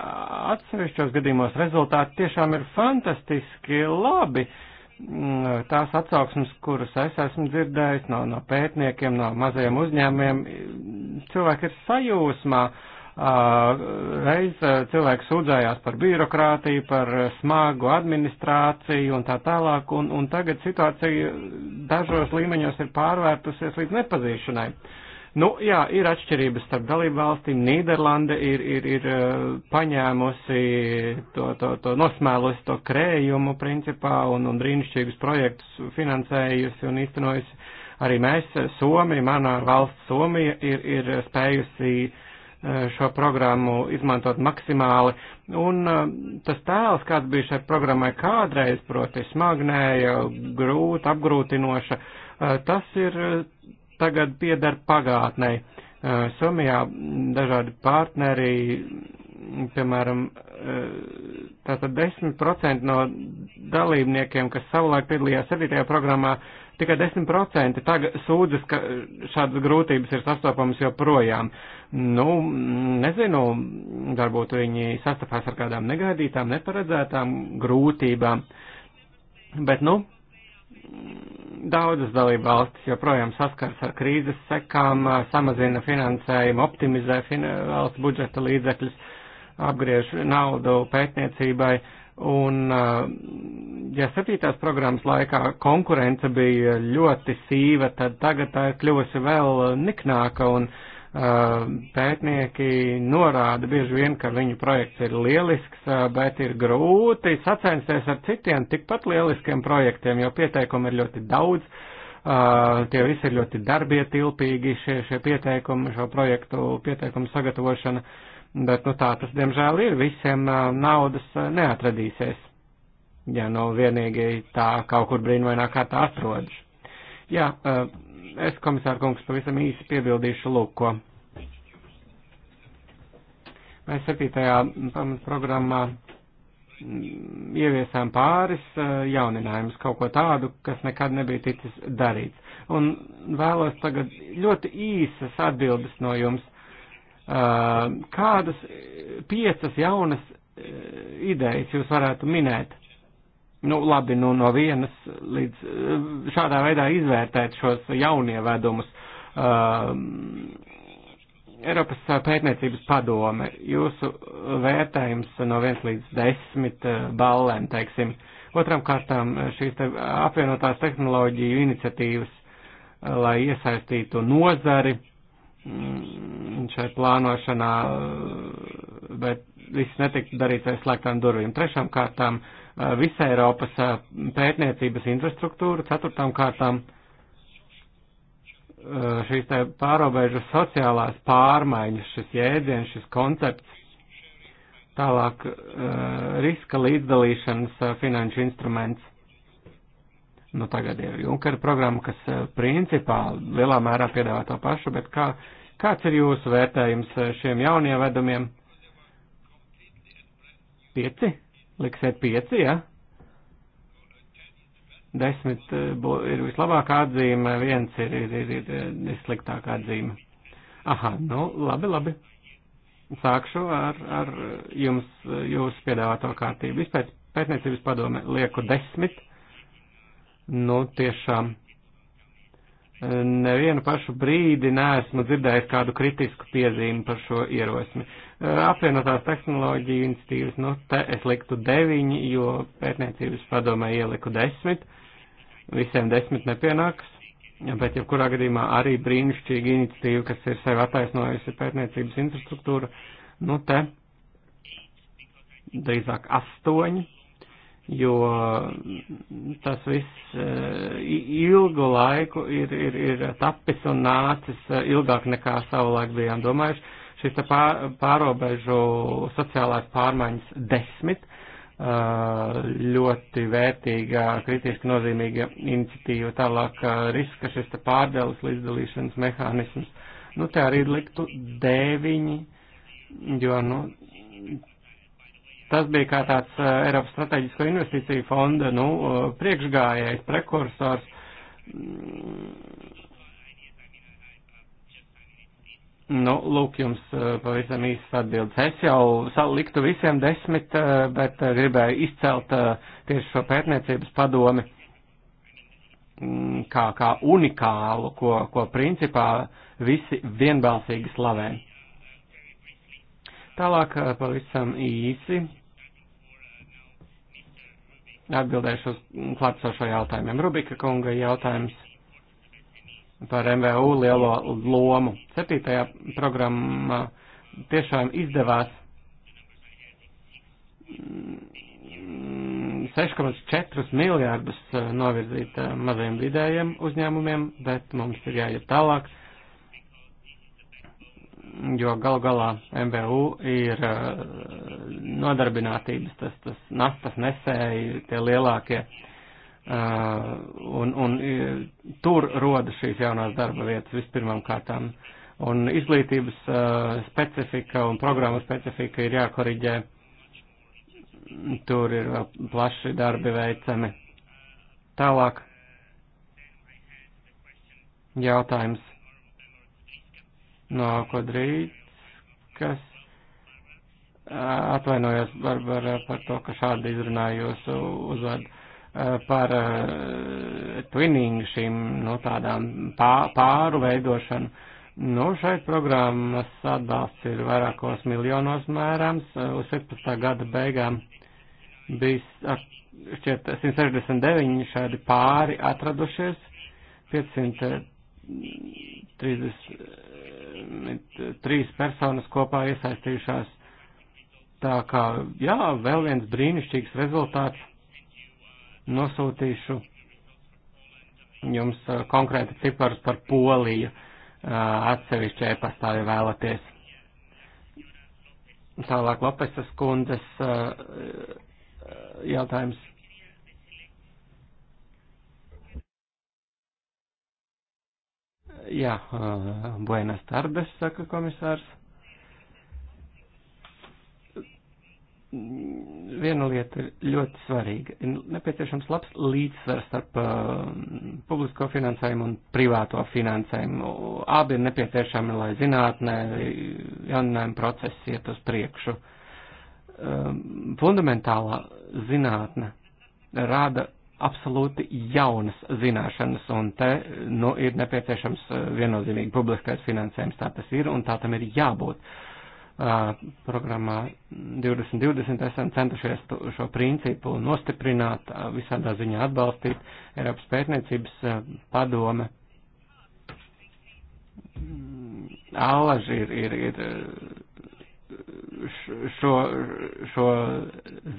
atsevišķos gadījumos rezultāti tiešām ir fantastiski labi. Mm, eh, tās atsauksmes, kuras es esmu dzirdējis no, no pētniekiem, no mazajiem uzņēmumiem, cilvēki ir sajūsmā. Reiz cilvēki sūdzējās par birokrātiju, par smagu administrāciju un tā tālāk, un, un tagad situācija dažos līmeņos ir pārvērtusies līdz nepazīšanai. Uh, Nu, jā, ir atšķirības starp dalību valstīm. Nīderlanda ir, ir, ir eh, paņēmusi to, to, to nosmēlusi to krējumu principā un, un brīnišķīgus projektus finansējusi un īstenojusi. Arī mēs, Somija, manā valsts Somija, ir, ir spējusi eh, šo programmu izmantot maksimāli. Un eh, tas tēls, kāds bija šai programmai kādreiz, proti smagnēja, grūta, apgrūtinoša, tas ir tagad piedara pagātnei. Somijā dažādi partneri, piemēram, tātad 10% no dalībniekiem, kas savulaik piedalījās 7. programmā, tikai 10% tagad sūdzas, ka šādas grūtības ir sastopamas joprojām. Nu, nezinu, varbūt viņi sastapās ar kādām negaidītām, neparedzētām grūtībām. Bet, nu, Daudzas dalība valstis joprojām saskars ar krīzes sekām, samazina finansējumu, optimizē fin valsts budžeta līdzekļus, apgriež naudu pētniecībai. Un, ja septītās programmas laikā konkurence bija ļoti sīva, tad tagad tā ir kļuvusi vēl niknāka un uh, pētnieki norāda bieži vien, ka viņu projekts ir lielisks, bet ir grūti sacensties ar citiem tikpat lieliskiem projektiem, jo pieteikumu ir ļoti daudz. Tie visi ir ļoti darbietilpīgi, šie, šie pieteikumi, šo projektu pieteikumu sagatavošana, bet nu tā tas diemžēl ir, visiem naudas neatradīsies, ja nu vienīgi tā kaut kur brīnumainā kārtā atrodas. Jā, Es, komisāra kungs, pavisam īsi piebildīšu lūko. Mēs 7. pamatprogrammā mm, ieviesām pāris eh, jauninājumus, kaut ko tādu, kas nekad nebija ticis darīts. Un vēlos tagad ļoti īsas atbildes no jums. Eh, kādas piecas jaunas eh, idejas jūs varētu minēt? nu, labi, nu, no vienas līdz eh, šādā veidā izvērtēt šos jaunievedumus. Uh, Eiropas eh, pētniecības padome, jūsu vērtējums no 1 līdz 10 ballēm, teiksim, otram kārtām šīs te apvienotās tehnoloģiju iniciatīvas, lai iesaistītu nozari mm, šai plānošanā, bet viss netika darīts aiz slēgtām durvīm. Trešām kārtām uh, Uh, visai Eiropas uh, pētniecības infrastruktūru, ceturtām kārtām uh, šīs tā pārobežu sociālās pārmaiņas, šis jēdziens, šis koncepts, tālāk riska līdzdalīšanas finanšu instruments. Nu, tagad ir Junkera programma, kas principā lielā mērā piedāvā to pašu, bet kā, kāds ir jūsu vērtējums šiem jauniem vedumiem? Pieci? Liksiet pieci, ja? Desmit eh, ir vislabākā atzīme, viens ir, ir, ir, ir, eh, ir sliktākā atzīme. Aha, nu, labi, labi. Sākšu ar, ar jums, eh, jūsu piedāvāto kārtību. Vispēc pētniecības padome lieku desmit. Nu, tiešām nevienu pašu brīdi neesmu dzirdējis kādu kritisku piezīmi par šo ierosmi. Apvienotās tehnoloģiju institīvas, nu, te es liktu deviņi, jo pētniecības padomē ieliku desmit. Visiem desmit nepienāks, bet jebkurā gadījumā arī brīnišķīga iniciatīva, kas ir sev attaisnojusi pētniecības infrastruktūra, nu, te drīzāk astoņi jo tas viss e, ilgu laiku ir, ir, ir tapis un nācis e, ilgāk nekā savulaik bijām domājuši. Šis pār, pārobežu sociālās pārmaiņas desmit e, ļoti vērtīga, kritiski nozīmīga iniciatīva, tālāk riska šis pārdeles līdzdalīšanas mehānisms. Nu, te arī liktu deviņi, jo, nu, Tas bija kā tāds uh, Eiropas strateģisko investīciju fonda nu, uh, priekšgājējs, prekursors. Mm. Nu, lūk, jums uh, pavisam īsts atbildes. Es jau saliktu visiem desmit, bet gribēju izcelt tieši šo pētniecības padomi mm, kā, kā unikālu, ko, ko principā visi vienbalsīgi slavē. Tālāk pavisam īsi atbildēšu uz klātsošo jautājumiem. Rubika kunga jautājums par MVU lielo lomu. Septītajā programmā tiešām izdevās 6,4 miljārdus novirzīt mazajiem vidējiem uzņēmumiem, bet mums ir jāiet tālāk jo gal galā MBU ir eh, nodarbinātības, tas, tas nastas nesēji, tie lielākie, eh, un, un eh, tur roda šīs jaunās darba vietas vispirmām kārtām. Un izglītības specifika un programma specifika ir jākoriģē, tur ir vēl plaši darbi veicami. Tālāk jautājums nāko drīz, kas atvainojos Barbara par to, ka šādi izrunājos uzvārdu par twinning šīm, nu, tādām pāru veidošanu. Nu, šai programmas atbalsts ir vairākos miljonos mērams. Uz 17. gada beigām bija šķiet 169 šādi pāri atradušies, 530 trīs personas kopā iesaistījušās. Tā kā, jā, vēl viens brīnišķīgs rezultāts nosūtīšu jums uh, konkrēti ciparus par Poliju uh, atsevišķi e-pastā, ja vēlaties. Tālāk Lopesas kundzes uh, jautājums. Jā, buenas tardes, saka komisārs. Viena lieta ir ļoti svarīga. Ir nepieciešams labs līdzsvars starp uh, publisko finansējumu un privāto finansējumu. Abi ir nepieciešami, lai zinātnē jauninājuma process iet uz priekšu. Um, fundamentālā zinātne rāda absolūti jaunas zināšanas, un te nu, ir nepieciešams eh, viennozīmīgi publiskais finansējums. Tā tas ir, un tā tam ir jābūt. Uh, programmā 2020 esam centušies šo principu nostiprināt, eh, visādā ziņā atbalstīt Eiropas pētniecības padome. Ālaži mm, ir, ir, ir šo, šo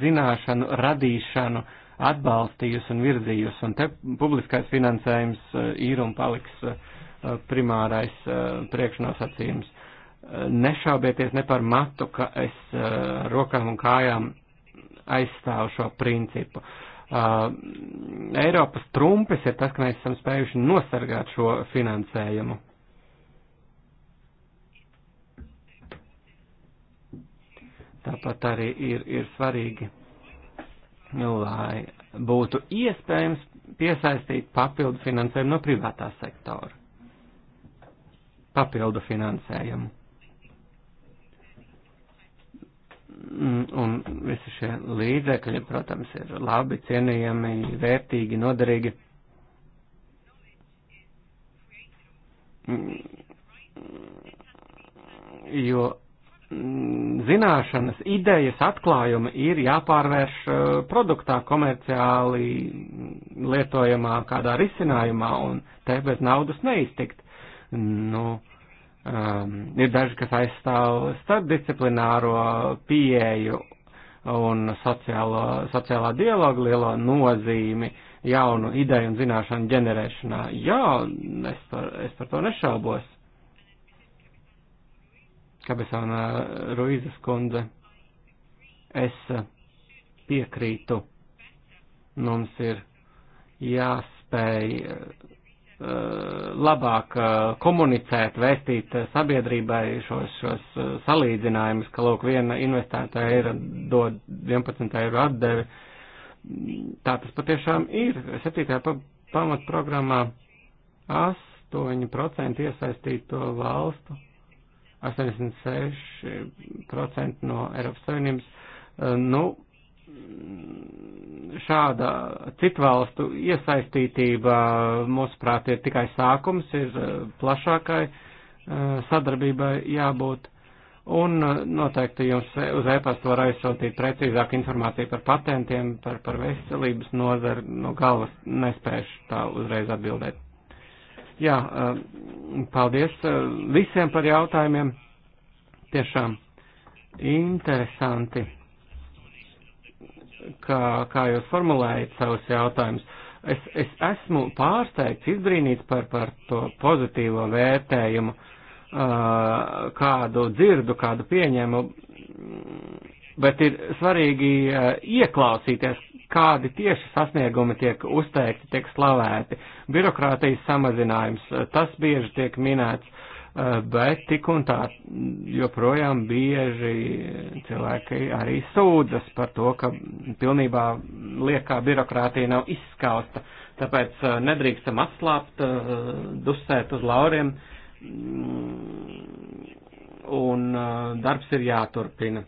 zināšanu radīšanu uh, atbalstījusi un virzījusi, un te publiskais finansējums eh, ir un paliks eh, primārais eh, priekšnosacījums. Nešaubieties ne par matu, ka es rokām un kājām aizstāvu šo principu. Eiropas trumpis ir tas, ka mēs esam spējuši nosargāt šo finansējumu. Tāpat arī ir, ir svarīgi lai būtu iespējams piesaistīt papildu finansējumu no privātā sektora. Papildu finansējumu. Mm, un visi šie līdzekļi, protams, ir labi, cienījami, vērtīgi, noderīgi. Mm, jo Mm, zināšanas, idejas atklājumi ir jāpārvērš eh, produktā, komerciāli mm, lietojamā kādā risinājumā, un te bez naudas neiztikt. Nu, um, ir daži, kas aizstāv starpdisciplināro pieeju un sociālo, sociālā dialoga lielo nozīmi jaunu ideju un zināšanu ģenerēšanā. Jā, es par, es par to nešaubos Kabesona Ruizas kundze, es piekrītu. Mums ir jāspēj eh, labāk eh, komunicēt, vēstīt sabiedrībai šos, šos eh, salīdzinājumus, ka lūk, viena investētā eira dod 11 eiro atdevi. Tā tas patiešām ir. 7. pamatprogrammā 8% iesaistīto valstu 86% no Eiropas Savienības. Eh, nu, šāda citu valstu iesaistītība, mūsuprāt, ir tikai sākums, ir eh, plašākai eh, sadarbībai jābūt. Un noteikti jums uz e-pastu var aizsūtīt precīzāku informāciju par patentiem, par, par veselības nozari, no galvas nespēšu tā uzreiz atbildēt. Jā, paldies visiem par jautājumiem. Tiešām interesanti, kā, kā jūs formulējat savus jautājumus. Es, es esmu pārsteigts, izbrīnīts par, par to pozitīvo vērtējumu, kādu dzirdu, kādu pieņemu, bet ir svarīgi ieklausīties, kādi tieši sasniegumi tiek uzteikti, tiek slavēti. Birokrātijas samazinājums, eh, tas bieži tiek minēts, eh, bet tik un tā joprojām bieži cilvēki arī sūdzas par to, ka pilnībā liekā birokrātija nav izskausta. Tāpēc eh, nedrīkstam atslāpt, dusēt uz lauriem mm, un darbs ir jāturpina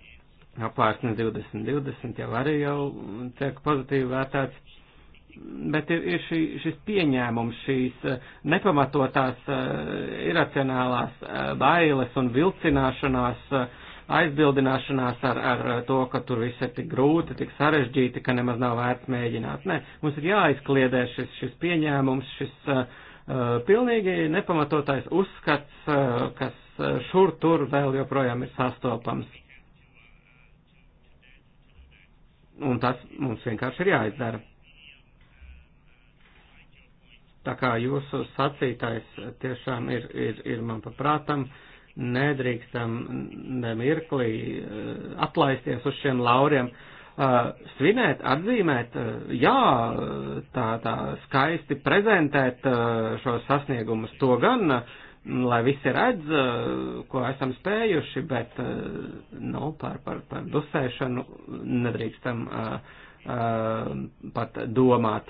apvārsne 2020 jau arī jau tiek pozitīvi vērtēts. Bet ir, ir šī, šis pieņēmums, šīs eh, nepamatotās, eh, iracionālās eh, bailes un vilcināšanās, aizbildināšanās ar, ar to, ka tur viss ir tik grūti, tik sarežģīti, ka nemaz nav vērts mēģināt. Nē, mums ir jāizkliedē šis, šis pieņēmums, šis uh, pilnīgi nepamatotais uzskats, uh, kas šur tur vēl joprojām ir sastopams Un tas mums vienkārši ir jāizdara. Tā kā jūsu sacītais tiešām ir, ir, ir man paprātam, nedrīkstam nemirklī eh, atlaisties uz šiem lauriem. Eh, svinēt, atzīmēt, eh, jā, tā, tā skaisti prezentēt šos sasniegumus, to gan, uh, lai visi redz, eh, ko esam spējuši, bet eh, nu, par, par, par dusēšanu nedrīkstam uh, uh, pat domāt,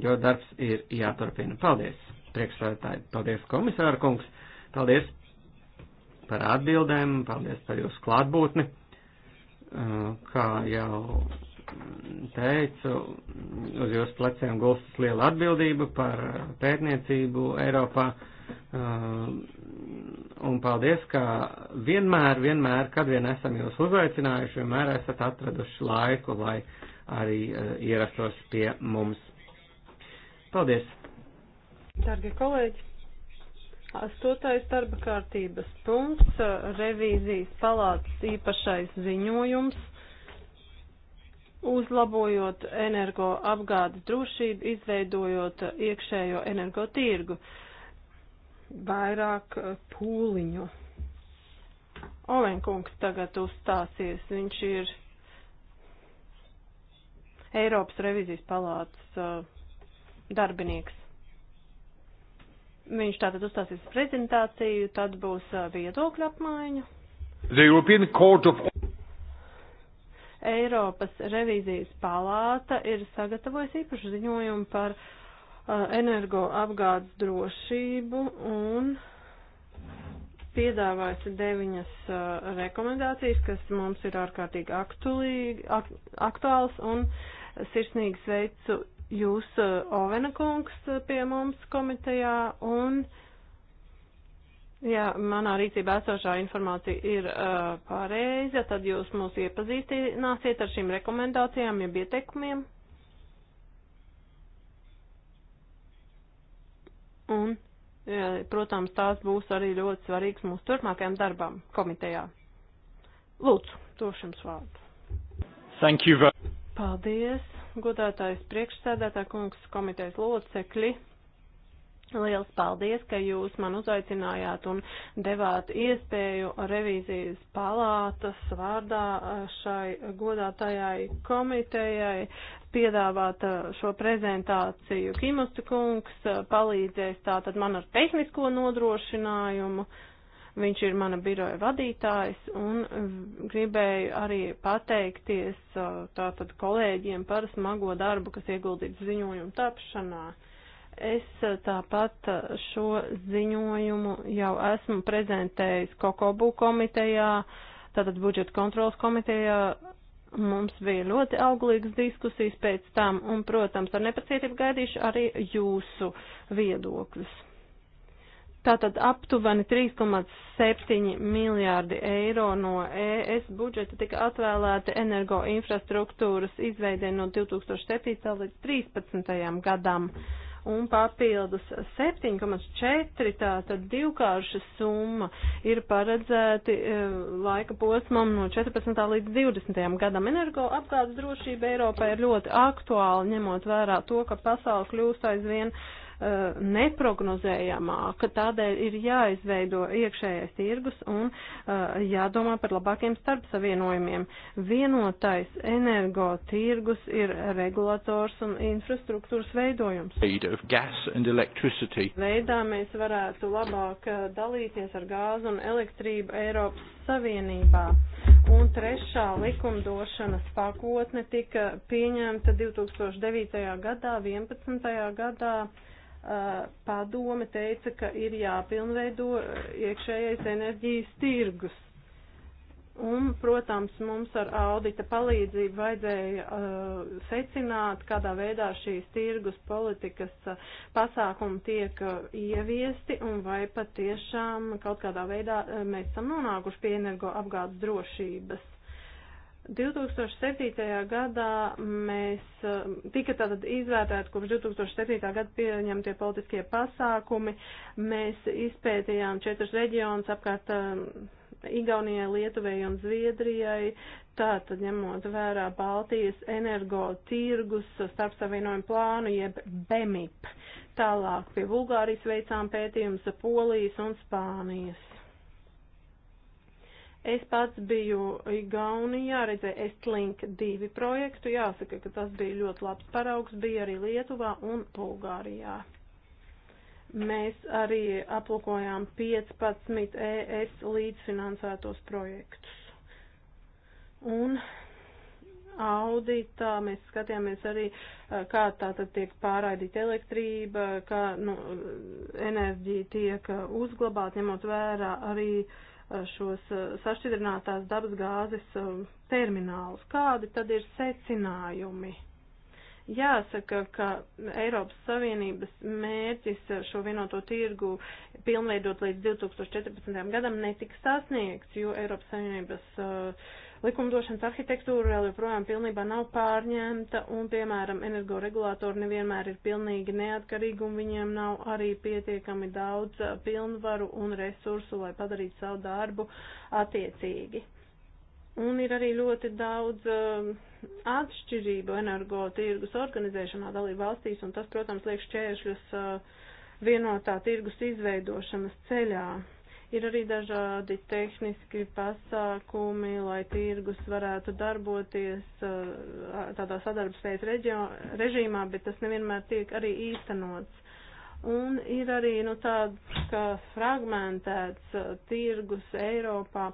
jo darbs ir jāturpina. Paldies, priekšsētāji, paldies komisāra kungs, paldies par atbildēm, paldies par jūsu klātbūtni. Uh, kā jau teicu, uz jūsu pleciem gulstas liela atbildība par pētniecību Eiropā. Uh, Uh, un paldies, ka vienmēr, vienmēr, kad vien esam jūs uzaicinājuši, vienmēr esat atraduši laiku, lai arī uh, ierastos pie mums. Paldies! Dargie kolēģi! Astotais darba kārtības punkts uh, - revīzijas palātas īpašais ziņojums uzlabojot energoapgādes drošību, izveidojot iekšējo energotirgu. tirgu vairāk eh, pūliņu. Ovenkungs tagad uzstāsies, viņš ir Eiropas revizijas palātas uh, darbinieks. Viņš tātad uzstāsies prezentāciju, tad būs uh, eh, viedokļa apmaiņa. Of... Eiropas revīzijas palāta ir sagatavojusi īpašu ziņojumu par uh, Uh, energoapgādes drošību un piedāvājusi deviņas uh, rekomendācijas, kas mums ir ārkārtīgi aktuāli, aktuāls un sirsnīgi sveicu jūs, uh, Ovena kungs, pie mums komitejā un Jā, manā rīcībā esošā informācija ir uh, pareiza, tad jūs mūs iepazīstināsiet ar šīm rekomendācijām, jeb ieteikumiem. Un, e, protams, tās būs arī ļoti svarīgas mūsu turpmākajam darbam komitejā. Lūdzu, došu jums vārdu. Thank you. Very... Paldies, godātājs priekšsēdētā kungs komitejas locekļi. Liels paldies, ka jūs man uzaicinājāt un devāt iespēju revīzijas palātas vārdā šai godātajai komitejai piedāvāt uh, šo prezentāciju. Kimosta kungs uh, palīdzēs tātad man ar tehnisko nodrošinājumu. Viņš ir mana biroja vadītājs un uh, gribēju arī pateikties tātad kolēģiem par smago darbu, kas ieguldīts ziņojumu tapšanā. Es tāpat šo ziņojumu jau esmu prezentējis Kokobu komitejā, tātad budžeta kontrolas komitejā Mums bija ļoti auglīgas diskusijas pēc tam, un, protams, ar nepacietību gaidīšu arī jūsu viedokļus. Tātad aptuveni 3,7 miljārdi eiro no ES budžeta tika atvēlēti energoinfrastruktūras izveidē no 2007. līdz 2013. gadam. Uh, un papildus 7,4, tātad divkārša summa ir paredzēti e, laika posmam no 14. līdz 20. gadam. Energo apgādes drošība Eiropā ir ļoti aktuāla, ņemot vērā to, ka pasauli kļūst aizvien uh, Eh, neprognozējamāka, tādēļ ir jāizveido iekšējais tirgus un eh, jādomā par labākiem starpsavienojumiem. Vienotais energo tirgus ir regulators un infrastruktūras veidojums. Veidā mēs varētu labāk eh, dalīties ar gāzu un elektrību Eiropas Savienībā. Un trešā likumdošanas pakotne tika pieņemta 2009. gadā, 11. gadā Eh, padome teica, ka ir jāpilnveido eh, iekšējais enerģijas tirgus. Un, protams, mums ar audita palīdzību vajadzēja uh, secināt, kādā veidā šīs tirgus politikas uh, pasākumi tiek uh, ieviesti un vai patiešām kaut kādā veidā uh, mēs esam nonākuši pie energoapgādes drošības. 2007. gadā mēs um, tika tātad izvērtēti kopš 2007. gada pieņemtie politiskie pasākumi. Mēs izpētījām četrus reģionus apkārt um, Igaunijai, Lietuvai un Zviedrijai, tātad ņemot vērā Baltijas energo tirgus starpsavienojumu plānu jeb BEMIP. Tālāk pie Bulgārijas veicām pētījumus Polijas un Spānijas Es pats biju Igaunijā, redzēju Estlink 2 projektu, jāsaka, ka tas bija ļoti labs paraugs, bija arī Lietuvā un Bulgārijā. Mēs arī aplūkojām 15 ES līdzfinansētos projektus. Un auditā mēs skatījāmies arī, eh, kā tā tad tiek pārraidīta elektrība, kā nu, enerģija tiek eh, uzglabāta, ņemot vērā arī uh, Eh, šos eh, sašķidrinātās dabas gāzes eh, terminālus. Kādi tad ir secinājumi? Jāsaka, ka Eiropas Savienības mērķis šo vienoto tirgu pilnveidot līdz 2014. gadam netika sasniegts, jo Eiropas Savienības uh, likumdošanas arhitektūra vēl joprojām pilnībā nav pārņemta un, piemēram, energoregulātori nevienmēr ir pilnīgi neatkarīgi un viņiem nav arī pietiekami daudz pilnvaru un resursu, lai padarītu savu darbu attiecīgi. Un ir arī ļoti daudz uh, atšķirību energotirgus organizēšanā dalību valstīs, un tas, protams, liek šķēršļus uh, vienotā tirgus izveidošanas ceļā. Ir arī dažādi tehniski pasākumi, lai tirgus varētu darboties uh, tādā sadarbspējas režīmā, bet tas nevienmēr tiek arī īstenots. Un ir arī nu, tāds kā fragmentēts uh, tirgus Eiropā,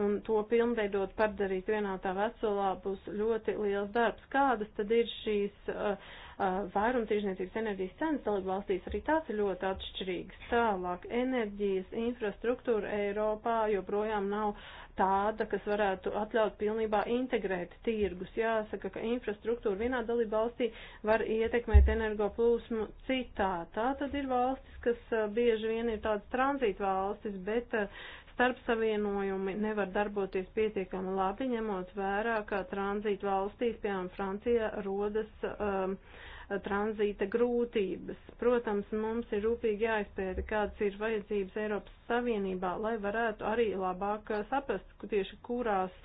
un to pilnveidot padarīt vienā tā veselā būs ļoti liels darbs. Kādas tad ir šīs uh, uh, vairumtirdzniecības enerģijas cenas dalību valstīs? Arī tās ir ļoti atšķirīgas. Tālāk enerģijas infrastruktūra Eiropā joprojām nav uh, tāda, kas varētu atļaut pilnībā integrēt tirgus. Jāsaka, ka infrastruktūra vienā dalība valstī var ietekmēt energoplūsmu citā. Tā tad ir valstis, kas eh, bieži vien ir tādas tranzīta valstis, bet eh, starp savienojumi nevar darboties pietiekami labi, ņemot vērā, ka tranzīta valstīs, piemēram, Francijā, rodas. Um, tranzīta grūtības. Protams, mums ir rūpīgi jāizpēta, kādas ir vajadzības Eiropas Savienībā, lai varētu arī labāk saprast, tieši kurās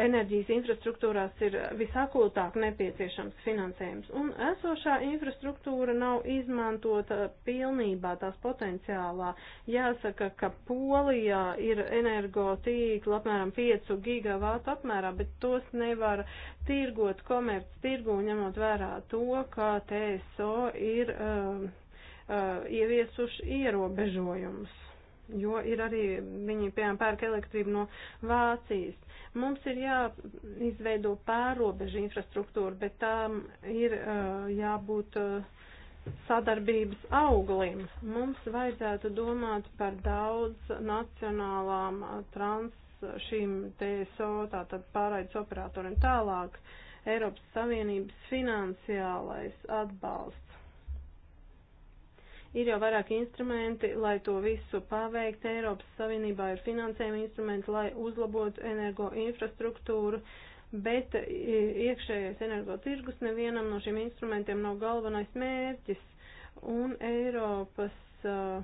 enerģijas infrastruktūrās ir visakūtāk nepieciešams finansējums, un esošā infrastruktūra nav izmantota pilnībā tās potenciālā. Jāsaka, ka Polijā ir energotīkla apmēram 5 gigavātu apmērā, bet tos nevar tirgot komerc tirgu, ņemot vērā to, ka TSO ir uh, uh, ieviesuši ierobežojumus jo ir arī viņi, piemēram, pērk elektrību no Vācijas. Mums ir jāizveido pārobežu infrastruktūra, bet tām ir uh, jābūt uh, sadarbības auglim. Mums vajadzētu domāt par daudz nacionālām uh, trans šīm TSO, tātad pārraides operatoriem tālāk. Eiropas Savienības finansiālais atbalsts Ir jau vairāk instrumenti, lai to visu paveikt. Eiropas Savienībā ir finansējuma instrumenti, lai uzlabotu energo infrastruktūru, bet iekšējais energo tirgus nevienam no šiem instrumentiem nav galvenais mērķis. Un Eiropas uh,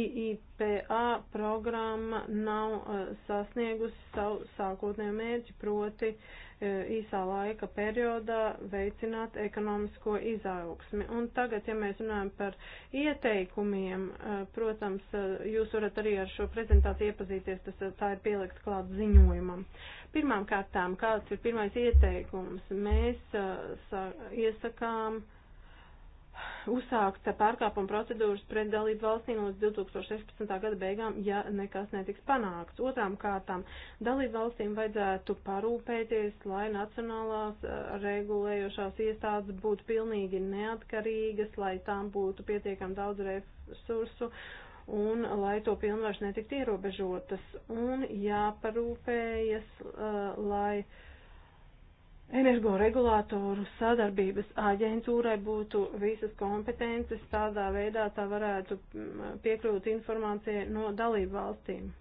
IIPA programma nav uh, sasniegusi savu sākotnējo mērķi, proti uh, E, īsā laika periodā veicināt ekonomisko izaugsmi. Un tagad, ja mēs runājam par ieteikumiem, e, protams, e, jūs varat arī ar šo prezentāciju iepazīties, tas tā ir pielikt klāt ziņojumam. Pirmām kārtām, kāds ir pirmais ieteikums? Mēs iesakām. Uh, uzsākt pārkāpuma procedūras pret dalību valstīm līdz 2016. gada beigām, ja nekas netiks panākts. Otrām kārtām dalību valstīm vajadzētu parūpēties, lai nacionālās eh, regulējošās iestādes būtu pilnīgi neatkarīgas, lai tām būtu pietiekami daudz resursu un lai to pilnvars netikt ierobežotas un jāparūpējas, eh, lai. Uh, energoregulātoru sadarbības aģentūrai būtu visas kompetences, tādā veidā tā varētu mm, piekļūt informācijai no dalību valstīm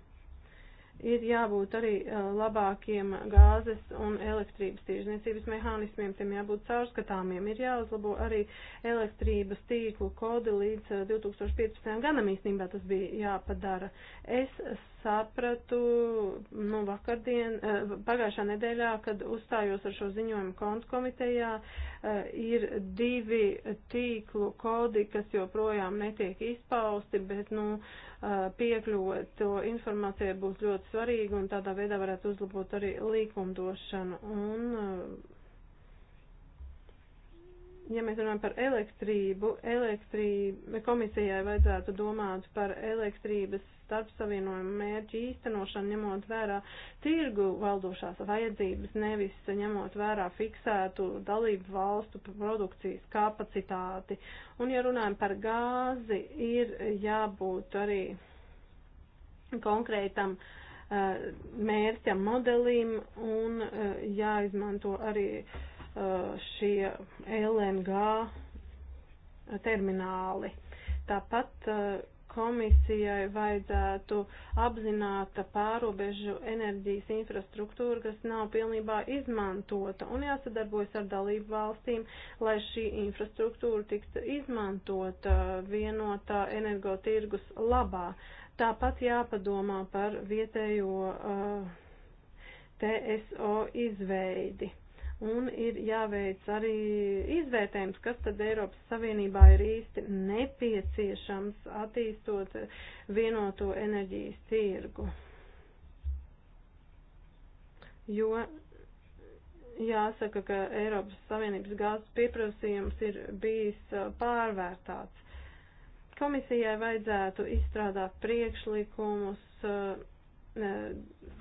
ir jābūt arī labākiem gāzes un elektrības tīrzniecības mehānismiem, tiem jābūt caurskatāmiem, ir jāuzlabo arī elektrības tīklu kodi līdz 2015. gadam īstenībā tas bija jāpadara. Es sapratu, nu, vakardien, pagājušā nedēļā, kad uzstājos ar šo ziņojumu kontu komitejā, uh, Eh, ir divi tīklu kodi, kas joprojām netiek izpausti, bet nu, eh, piekļuva to informācijai būs ļoti svarīga un tādā veidā varētu uzlabot arī likumdošanu. Un, eh, ja mēs runājam par elektrību, elektrība, komisijai vajadzētu domāt par elektrības starp savienojumu mērķu īstenošanu, ņemot vērā tirgu valdošās vajadzības, nevis ņemot vērā fiksētu dalību valstu produkcijas kapacitāti. Un, ja runājam par gāzi, ir jābūt arī konkrētam eh, mērķam, modelim un eh, jāizmanto arī eh, šie LNG termināli. Tāpat komisijai vajadzētu apzināta pārobežu enerģijas infrastruktūra, kas nav pilnībā izmantota, un jāsadarbojas ar dalību valstīm, lai šī infrastruktūra tiktu izmantota vienotā energotirgus labā. Tāpat jāpadomā par vietējo uh, TSO izveidi un ir jāveic arī izvērtējums, kas tad Eiropas Savienībā ir īsti nepieciešams attīstot vienoto enerģijas tirgu. Jo jāsaka, ka Eiropas Savienības gāzes pieprasījums ir bijis pārvērtāts. Komisijai vajadzētu izstrādāt priekšlikumus, uh, E,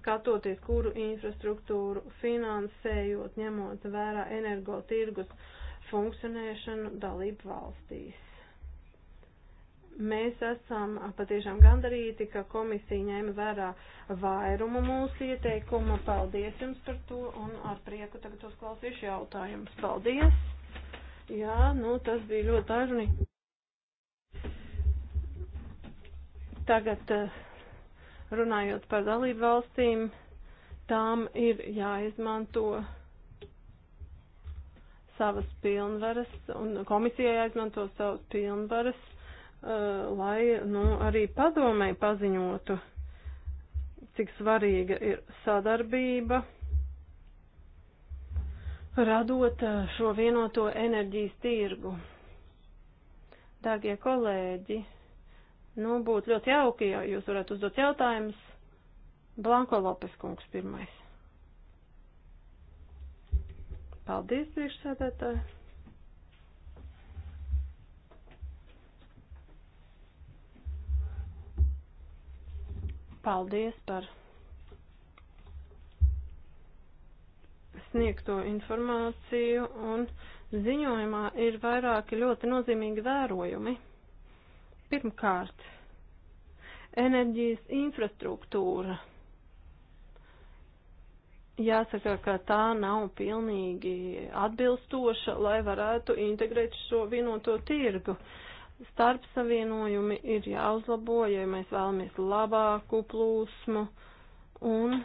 skatoties, kuru infrastruktūru finansējot, ņemot vērā energotirgus funkcionēšanu dalību valstīs. Mēs esam patiešām gandarīti, ka komisija ņēma vērā vairumu mūsu ieteikumu. Paldies jums par to un ar prieku tagad uzklausīšu jautājumus. Paldies! Jā, nu tas bija ļoti aizrunīgi. Tagad uh, Runājot par dalību valstīm, tām ir jāizmanto savas pilnvaras un komisijai jāizmanto savas pilnvaras, eh, lai nu, arī padomē paziņotu, cik svarīga ir sadarbība radot eh, šo vienoto enerģijas tirgu. Dārgie kolēģi, Nu, būtu ļoti jauki, ja jūs varētu uzdot jautājumus. Blanko Lopes kungs pirmais. Paldies, priekšsēdētāji. Paldies par sniegto informāciju un ziņojumā ir vairāki ļoti nozīmīgi vērojumi. Pirmkārt, enerģijas infrastruktūra. Jāsaka, ka tā nav pilnīgi atbilstoša, lai varētu integrēt šo vienoto tirgu. Starp savienojumi ir jāuzlabo, ja mēs vēlamies labāku plūsmu un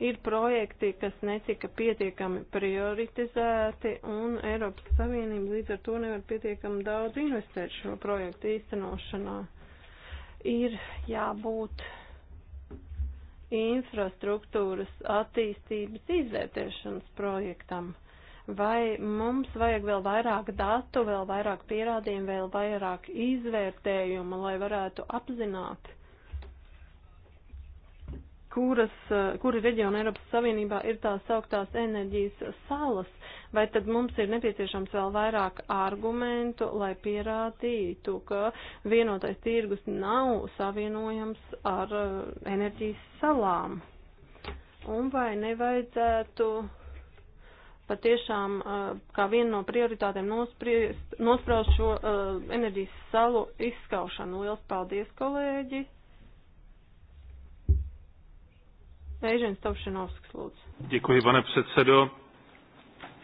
Ir projekti, kas netika pietiekami prioritizēti, un Eiropas Savienība līdz ar to nevar pietiekami daudz investēt šo projektu īstenošanā. Ir jābūt infrastruktūras attīstības izvērtēšanas projektam vai mums vajag vēl vairāk datu, vēl vairāk pierādījumu, vēl vairāk izvērtējumu, lai varētu apzināti kuras, eh, kuri reģiona Eiropas Savienībā ir tās sauktās enerģijas salas, vai tad mums ir nepieciešams vēl vairāk argumentu, lai pierādītu, ka vienotais tirgus nav savienojams ar eh, enerģijas salām? Un vai nevajadzētu patiešām eh, kā vienu no prioritātēm nospraust šo enerģijas salu izskaušanu? Liels paldies, kolēģi! Ežens Tovšanovskis, lūdzu. Děkuji, pane předsedo.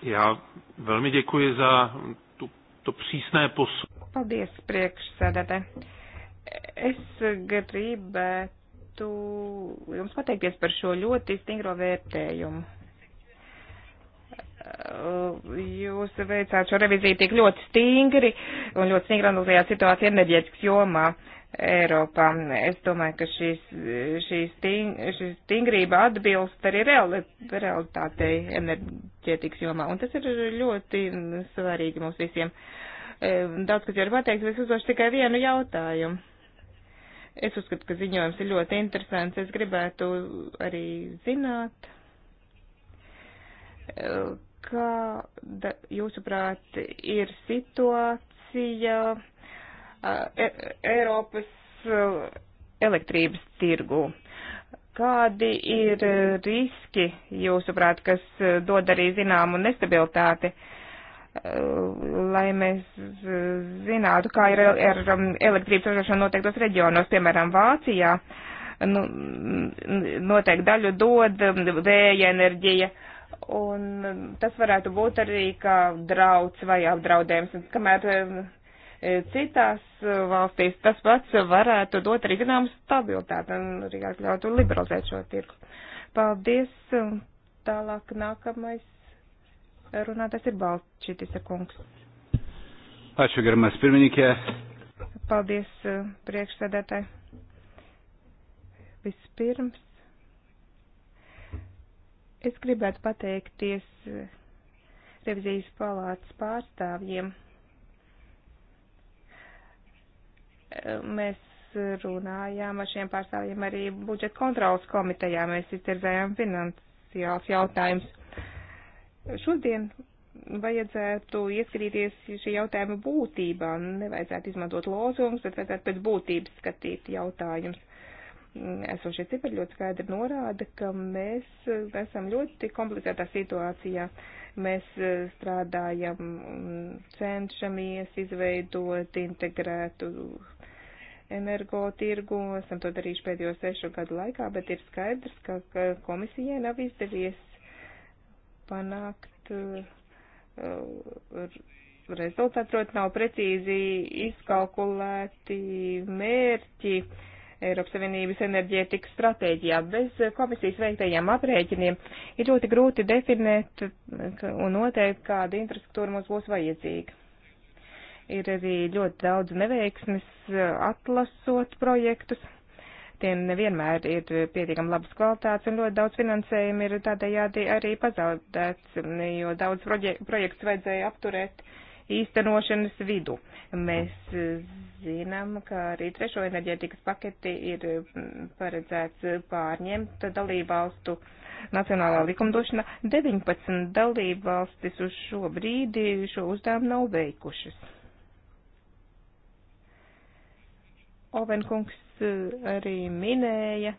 Jā, velmi děkuji za tu, tu přísné posu. Paldies, priekšsēdētē. Es gribētu jums pateikties par šo ļoti stingro vērtējumu. Jūs veicāt šo reviziju tik ļoti stingri un ļoti stingri analizējāt situāciju enerģētikas jomā. Uh, Eiropā. Es domāju, ka šīs, šīs, ting, šī stingrība atbilst arī reali, realitātei enerģētikas jomā, un tas ir ļoti svarīgi mums visiem. E, daudz, kas jau ir pateikts, bet es uzdošu tikai vienu jautājumu. Es uzskatu, ka ziņojums ir ļoti interesants. Es gribētu arī zināt, e, kā jūsuprāt ir situācija E, Eiropas e, elektrības tirgu. Kādi ir e, riski, jūsuprāt, kas dod arī zināmu nestabilitāti, lai mēs zinātu, kā ir ar elektrības ražošanu noteiktos reģionos, piemēram, Vācijā, nu, noteikti daļu dod vēja enerģija. Un tas varētu būt arī kā drauds vai apdraudējums, kamēr E, citās e, valstīs tas pats varētu dot arī zināmu stabilitāti un arī ļautu liberalizēt šo tirgu. Paldies. Tālāk nākamais runātājs ir Balčitis kungs. Ačiū, gerbiamas pirmininkė. Paldies, e, priekšsēdētāji. Vispirms es gribētu pateikties revizijas palātas pārstāvjiem Mēs runājām ar šiem pārstāvjiem arī budžeta kontrolas komitejā. Mēs iztirzējām finansiāls jautājums. Šodien vajadzētu ieskrīties šī jautājuma būtībā. Nevajadzētu izmantot lozungus, bet vajadzētu pēc būtības skatīt jautājumus. Esošie cipari ļoti skaidri norāda, ka mēs esam ļoti komplicētā situācijā. Uh, Mēs e, strādājam un cenšamies izveidot integrētu energotirgu. Esam to darījuši pēdējo sešu gadu laikā, bet ir skaidrs, ka komisijai nav izdevies panākt e, rezultātu, proti nav precīzi izkalkulēti mērķi Eiropas Savienības enerģētikas stratēģijā. Bez komisijas veiktajiem aprēķiniem ir ļoti grūti definēt un noteikt, kāda infrastruktūra mums būs vajadzīga. Ir arī ļoti daudz neveiksmes atlasot projektus. Tie nevienmēr ir pietiekami labas kvalitātes un ļoti daudz finansējumi ir tādējādi arī pazaudēts, jo daudz projekts vajadzēja apturēt īstenošanas vidu. Mēs zinām, ka arī trešo enerģētikas paketi ir mm, paredzēts pārņemt dalībvalstu nacionālā likumdošana. 19 dalībvalstis uz šo brīdi šo uzdevumu nav veikušas. Ovenkungs eh, arī minēja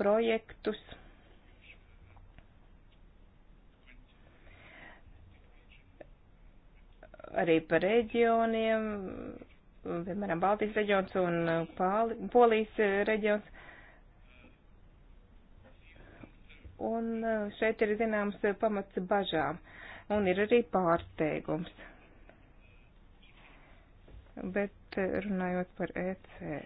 projektus. arī par reģioniem piemēram, Baltijas reģions un uh, Pāli, Polijas uh, reģions. Un uh, šeit ir zināms pamats bažām, un ir arī pārsteigums. Bet runājot par ECR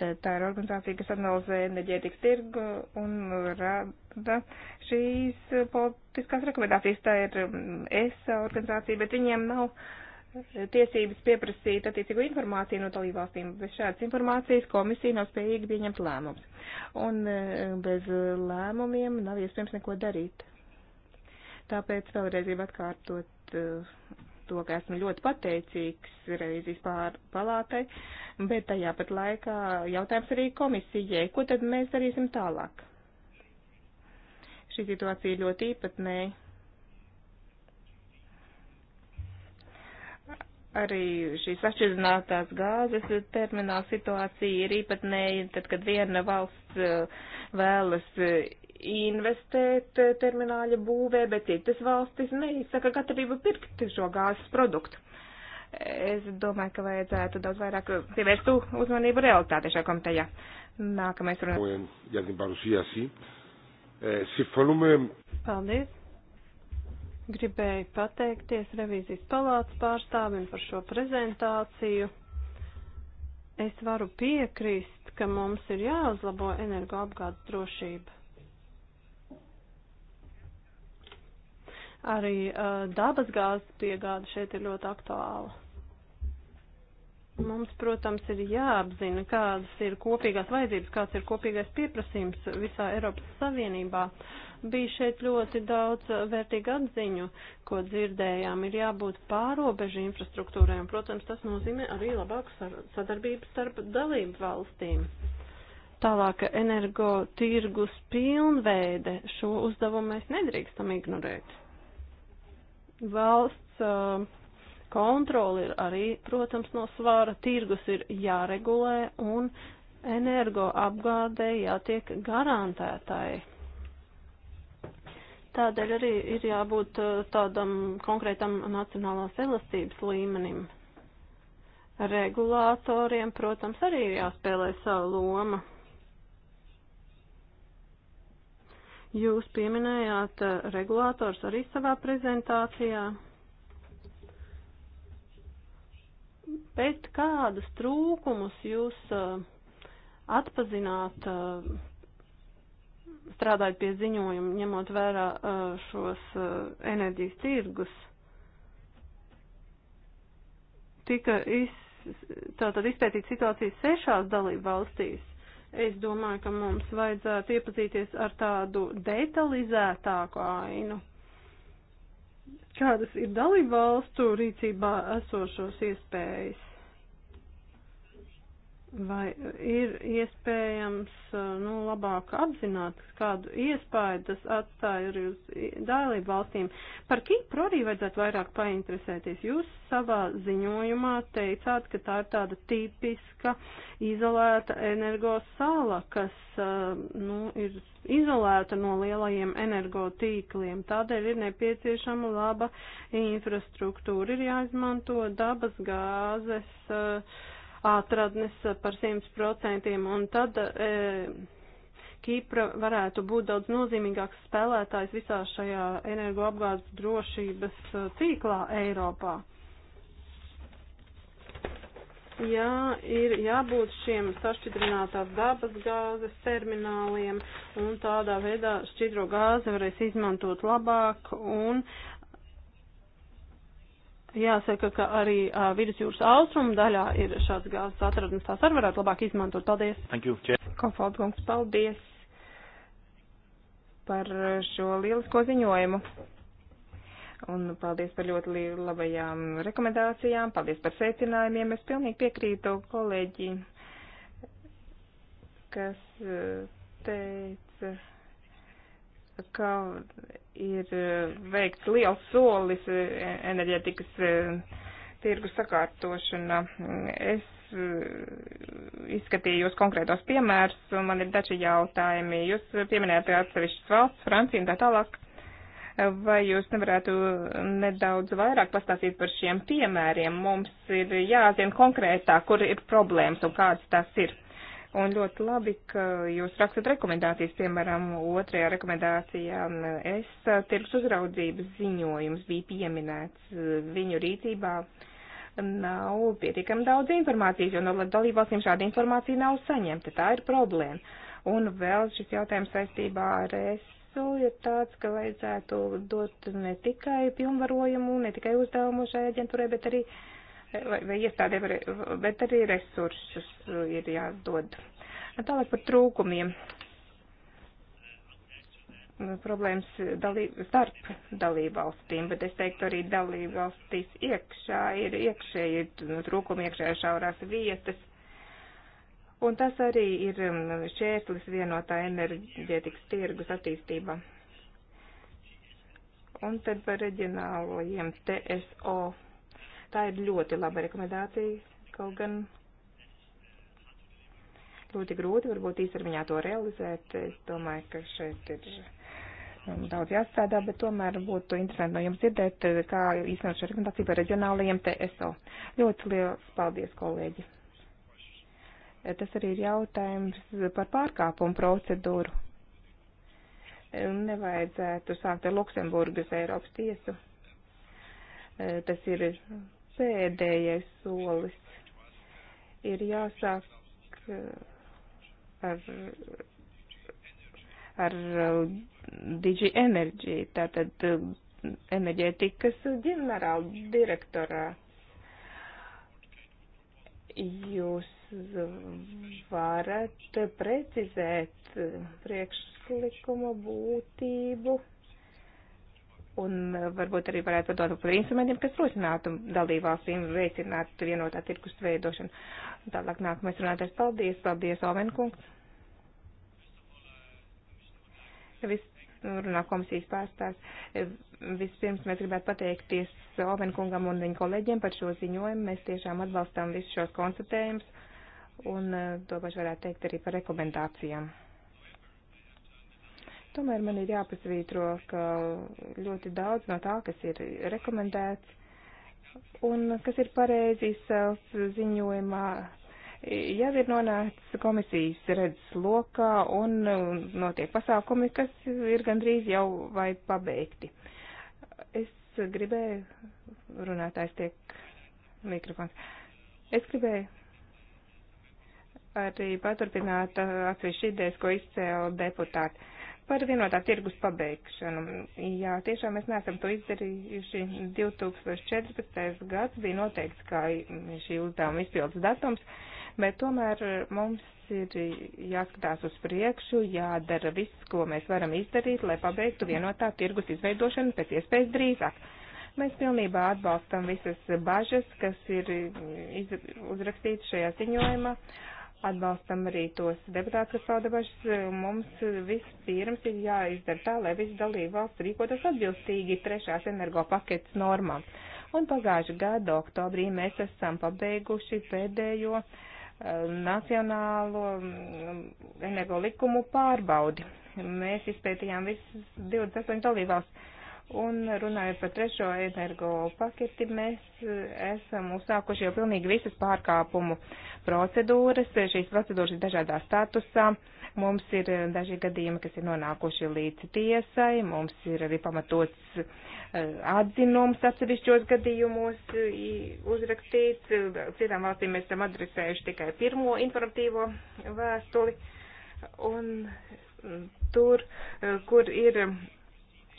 Tā ir organizācija, kas analizē enerģētikas tirgu un rada šīs politiskās rekomendācijas. Tā ir mm, ESA organizācija, bet viņiem nav tiesības pieprasīt attiecīgo informāciju no dalībvalstīm. Bez šādas informācijas komisija nav spējīga pieņemt lēmumus. Un e, bez lēmumiem nav iespējams neko darīt. Tāpēc vēlreiz gribu atkārtot e, to, ka esmu ļoti pateicīgs revīzijas palātai, bet tajā pat laikā jautājums arī komisijai, ko tad mēs darīsim tālāk? Šī situācija ļoti īpatnēja. arī šīs atšķirinātās gāzes termināla situācija ir īpatnēja, tad, kad viena valsts eh, vēlas eh, investēt eh, termināļa būvē, bet citas valstis neizsaka gatavību pirkt šo gāzes produktu. Es domāju, ka vajadzētu daudz vairāk pievērst uzmanību realitātei šajā komitejā. Nākamais runājums. Eh, Paldies. Gribēju pateikties revīzijas palātas pārstāvim par šo prezentāciju. Es varu piekrist, ka mums ir jāuzlabo energoapgādes drošība. Arī uh, dabas gāzes piegāda šeit ir ļoti aktuāla. Mums, protams, ir jāapzina, kādas ir kopīgās vajadzības, kāds ir kopīgais pieprasījums visā Eiropas Savienībā. Bija šeit ļoti daudz uh, vērtīgu atziņu, ko dzirdējām. Ir jābūt pārobežu infrastruktūrai, un, protams, tas nozīmē arī labāku sadarbību starp dalību valstīm. Tālāk energo tirgus pilnveide. Šo uzdevumu mēs nedrīkstam ignorēt. Valsts uh, kontroli ir arī, protams, no svāra, tirgus ir jāregulē un energo apgādē jātiek garantētai. Tādēļ arī ir jābūt uh, tādam konkrētam nacionālās elastības līmenim. Regulātoriem, protams, arī ir jāspēlē savu lomu. Jūs pieminējāt eh, regulātors arī savā prezentācijā. Bet kādus trūkumus jūs eh, atpazināt, eh, strādājot pie ziņojuma, ņemot vērā šos enerģijas tirgus? Tika iz, tātad izpētīt situācijas sešās dalību valstīs. Es domāju, ka mums vajadzētu iepazīties ar tādu detalizētāku ainu, kādas ir dalībvalstu rīcībā esošos iespējas. Vai ir iespējams eh, nu, labāk apzināt, kādu iespēju tas atstāja arī uz dālību valstīm? Par Kipru arī vajadzētu vairāk painteresēties. Jūs savā ziņojumā teicāt, ka tā ir tāda tipiska izolēta energosala, kas eh, nu, ir izolēta no lielajiem energotīkliem. Tādēļ ir nepieciešama laba infrastruktūra, ir jāizmanto dabas gāzes. Uh, atradnes par 100%, un tad e, Kīpra varētu būt daudz nozīmīgāks spēlētājs visā šajā energoapgādes drošības tīklā e, Eiropā. Jā, ir jābūt šiem sašķidrinātās dabas gāzes termināliem, un tādā veidā šķidro gāzi varēs izmantot labāk, un Jāsaka, ka arī uh, vidusjūras austrumu daļā ir šāds gāzes atradums. Tās arī varētu labāk izmantot. Paldies. Thank you. Konfaldkungs, paldies par šo lielisko ziņojumu. Un paldies par ļoti labajām rekomendācijām, paldies par secinājumiem. Es pilnīgi piekrītu kolēģi, kas teica, ka ir e, veikts liels solis e, enerģetikas e, tirgus sakārtošana. Es izskatījos konkrētos piemērus, un man ir daži jautājumi. Jūs pieminējāt atsevišķas valsts, Franciju un tā tālāk. Vai jūs nevarētu nedaudz vairāk pastāstīt par šiem piemēriem? Mums ir jāzina konkrētāk, kur ir problēmas un kādas tas ir. Un ļoti labi, ka jūs rakstat rekomendācijas, piemēram, otrajā rekomendācijā es tirgus uzraudzības ziņojums bija pieminēts viņu rīcībā. Nav pietiekami daudz informācijas, jo no dalībvalstīm šāda informācija nav saņemta. Tā ir problēma. Un vēl šis jautājums saistībā ar ESU ir tāds, ka vajadzētu dot ne tikai pilnvarojumu, ne tikai uzdevumu šai aģentūrai, bet arī uh, vai, vai iestādēm, bet arī resursus ir jādod. Tālāk par trūkumiem. Problēmas dalī, starp dalībvalstīm, bet es teiktu arī dalībvalstīs iekšā ir iekšēji trūkumi, iekšējā šaurās vietas. Un tas arī ir um, šķērslis vienotā enerģētikas tirgus attīstībā. Un tad par reģionālajiem TSO Tā ir ļoti laba rekomendācija, kaut gan ļoti grūti varbūt īstermiņā to realizēt. Es domāju, ka šeit ir um, daudz jāstrādā, bet tomēr būtu interesanti no jums dzirdēt, uh, kā īstenot šo rekomendāciju par reģionālajiem TSO. Ļoti liels paldies, kolēģi. Eh, tas arī ir jautājums par pārkāpumu procedūru. Eh, nevajadzētu sākt ar Luksemburgas Eiropas tiesu. Eh, tas ir pēdējais solis. Ir jāsāk eh, ar, ar eh, Digi Energy, tātad eh, enerģētikas ģenerāla direktorā. Jūs varat precizēt priekšlikuma būtību un eh, varbūt arī varētu padomāt par instrumentiem, kas rosinātu dalībvalstīm veicināt vienotā tirkus veidošanu. Tālāk nākamais runātājs paldies, paldies, Ovenkungs. Viss runā komisijas pārstāvs. Eh, vispirms mēs gribētu pateikties Ovenkungam un viņa kolēģiem par šo ziņojumu. Mēs tiešām atbalstām visus šos konstatējumus un eh, to pašu varētu teikt arī par rekomendācijām. Tomēr man ir jāpasvītro, ka ļoti daudz no tā, kas ir rekomendēts un kas ir pareizi izcelts ziņojumā, jau ir nonācis komisijas redzes lokā un notiek pasākumi, kas ir gandrīz jau vai pabeigti. Es gribēju runātājs tiek mikrofons. Es gribēju arī paturpināt atsevišķi idejas, ko izcēla deputāti. Par vienotā tirgus pabeigšanu. Jā, tiešām mēs neesam to izdarījuši. 2014. gads bija noteikts kā šī uzdevuma izpildes datums, bet tomēr mums ir jāskatās uz priekšu, jādara viss, ko mēs varam izdarīt, lai pabeigtu vienotā tirgus izveidošanu pēc iespējas drīzāk. Mēs pilnībā atbalstam visas bažas, kas ir uzrakstītas šajā ziņojumā Atbalstam arī tos deputātus, kas pauda bažas. Mums vispirms ir jāizdara tā, lai visi dalību valsts rīkotos atbilstīgi trešās energopaketes normām. Un pagājušā gada oktobrī mēs esam pabeiguši pēdējo uh, nacionālo um, energo likumu pārbaudi. Mēs izpētījām visas 28 dalībvalsts Un runājot par trešo energo paketi, mēs eh, esam uzsākuši jau pilnīgi visas pārkāpumu procedūras. Šīs procedūras ir dažādā statusā. Mums ir eh, daži gadījumi, kas ir nonākuši līdz tiesai. Mums ir arī pamatots eh, atzinums atsevišķos gadījumos uzrakstīts. Citām valstīm mēs esam adresējuši tikai pirmo informatīvo vēstuli. Un mm, tur, kur ir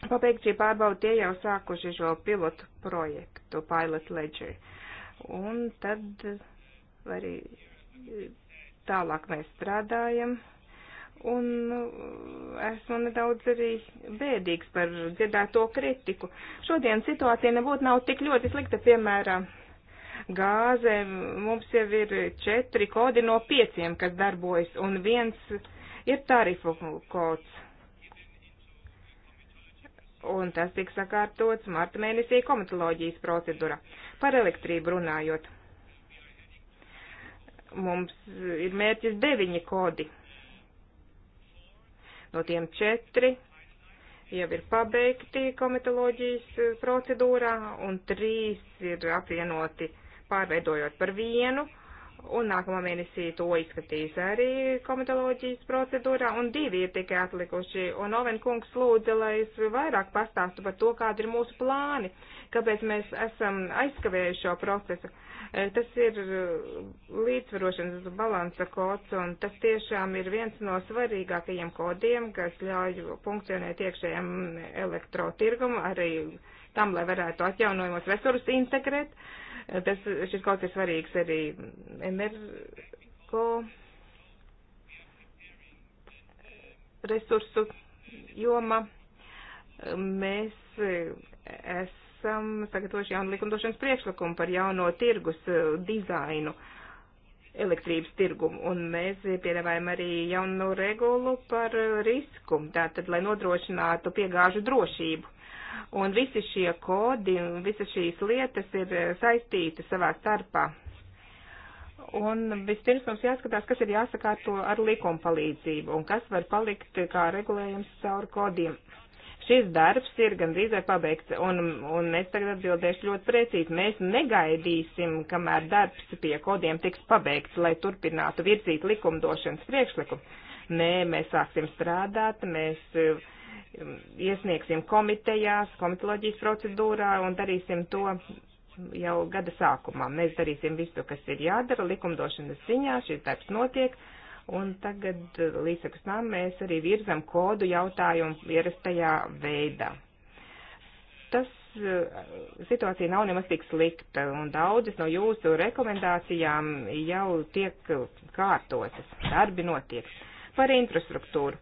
pabeigt šī pārbauda, tie jau sākuši šo pilotu projektu, pilot ledger. Un tad arī tālāk mēs strādājam. Un nu, esmu nedaudz arī bēdīgs par dzirdēto kritiku. Šodien situācija nebūtu nav tik ļoti slikta, piemēram, gāze. Mums jau ir četri kodi no pieciem, kas darbojas, un viens ir tarifu kods un tas tiks sakārtots marta mēnesī komitoloģijas procedūra. Par elektrību runājot, mums ir mērķis deviņi kodi. No tiem četri jau ir pabeigti komitoloģijas eh, procedūrā, un trīs ir apvienoti pārveidojot par vienu Un nākamā mēnesī to izskatīs arī komitoloģijas procedūrā, un divi ir tikai atlikuši. Un Oven kungs lūdza, lai es vairāk pastāstu par to, kādi ir mūsu plāni, kāpēc mēs esam aizskavējuši šo procesu. E, tas ir e, līdzsvarošanas balansa kods, un tas tiešām ir viens no svarīgākajiem kodiem, kas ļauj funkcionēt iekšējiem elektrotirgumu, arī tam, lai varētu atjaunojumos resursus integrēt. Uh, Tas, šis kaut kas svarīgs arī energo resursu joma. Mēs esam sagatavojuši jaunu likumdošanas priekšlikumu par jauno tirgus dizainu elektrības tirgu, un mēs piedāvājam arī jaunu regulu par risku, tātad, lai nodrošinātu piegāžu drošību Un visi šie kodi un visas šīs lietas ir eh, saistīti savā starpā. Un vispirms mums jāskatās, kas ir jāsakārto ar likuma palīdzību un kas var palikt kā regulējums caur kodiem. Šis darbs ir gandrīz vai pabeigts, un, un es tagad atbildēšu ļoti precīzi. Mēs negaidīsim, kamēr darbs pie kodiem tiks pabeigts, lai turpinātu virzīt likumdošanas priekšlikumu. Nē, mēs sāksim strādāt, mēs. Uh, Um, iesniegsim komitejās, komitoloģijas procedūrā un darīsim to jau gada sākumā. Mēs darīsim visu, kas ir jādara likumdošanas ziņā, šis darbs notiek. Un tagad uh, līdzekus tam mēs arī virzam kodu jautājumu ierastajā veidā. Tas uh, situācija nav nemaz tik slikta, un daudzas no jūsu rekomendācijām jau tiek uh, kārtotas, darbi notiek. Par infrastruktūru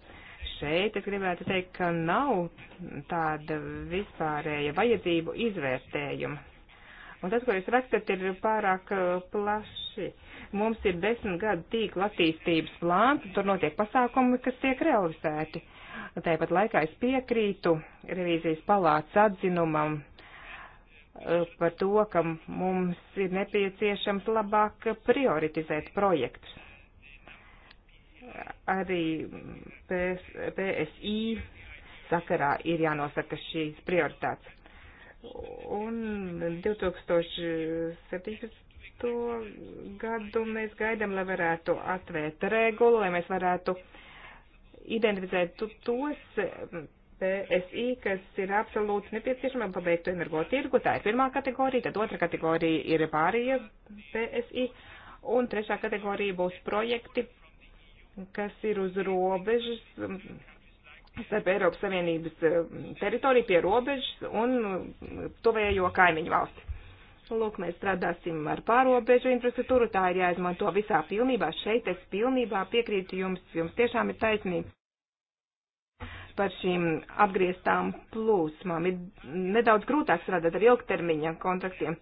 šeit es gribētu teikt, ka nav tāda vispārēja vajadzību izvērtējuma. Un tas, ko jūs rakstat, ir pārāk uh, plaši. Mums ir desmit gadu tīkla attīstības plāns, tur notiek pasākumi, kas tiek realizēti. Tāpat laikā es piekrītu revīzijas palāts atzinumam uh, par to, ka mums ir nepieciešams labāk prioritizēt projektus arī PS, PSI sakarā ir jānosaka šīs prioritātes. Un 2017. gadu mēs gaidām, lai varētu atvērt regulu, lai mēs varētu identificēt tos PSI, kas ir absolūti nepieciešami, lai pabeigtu energotirgu. Tā ir pirmā kategorija, tad otra kategorija ir pārējie PSI, un trešā kategorija būs projekti, kas ir uz robežas um, starp Eiropas Savienības um, teritoriju pie robežas un um, tuvējo kaimiņu valsti. Lūk, mēs strādāsim ar pārobežu infrastruktūru, tā ir jāizmanto visā pilnībā. Šeit es pilnībā piekrītu jums, jums tiešām ir taisnība par šīm apgrieztām plūsmām. Ir nedaudz grūtāk strādāt ar ilgtermiņa kontraktiem.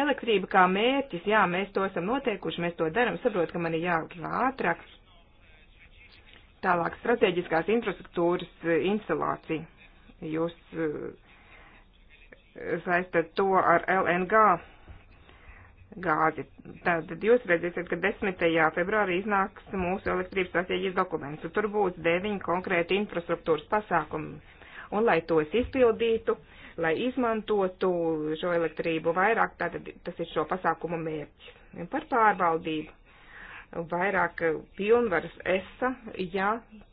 Elektrība kā mērķis, jā, mēs to esam noteikuši, mēs to darām, saprot, ka man ir jāatrāk Tālāk strateģiskās infrastruktūras eh, instalācija. Jūs eh, saistat to ar LNG gāzi. Tātad jūs redzēsiet, ka 10. februārī iznāks mūsu elektrības strateģijas dokuments, un tur būs deviņi konkrēti infrastruktūras pasākumi. Un lai tos izpildītu, lai izmantotu šo elektrību vairāk, tātad tas ir šo pasākumu mērķis. Par pārvaldību vairāk pilnvaras ESA, ja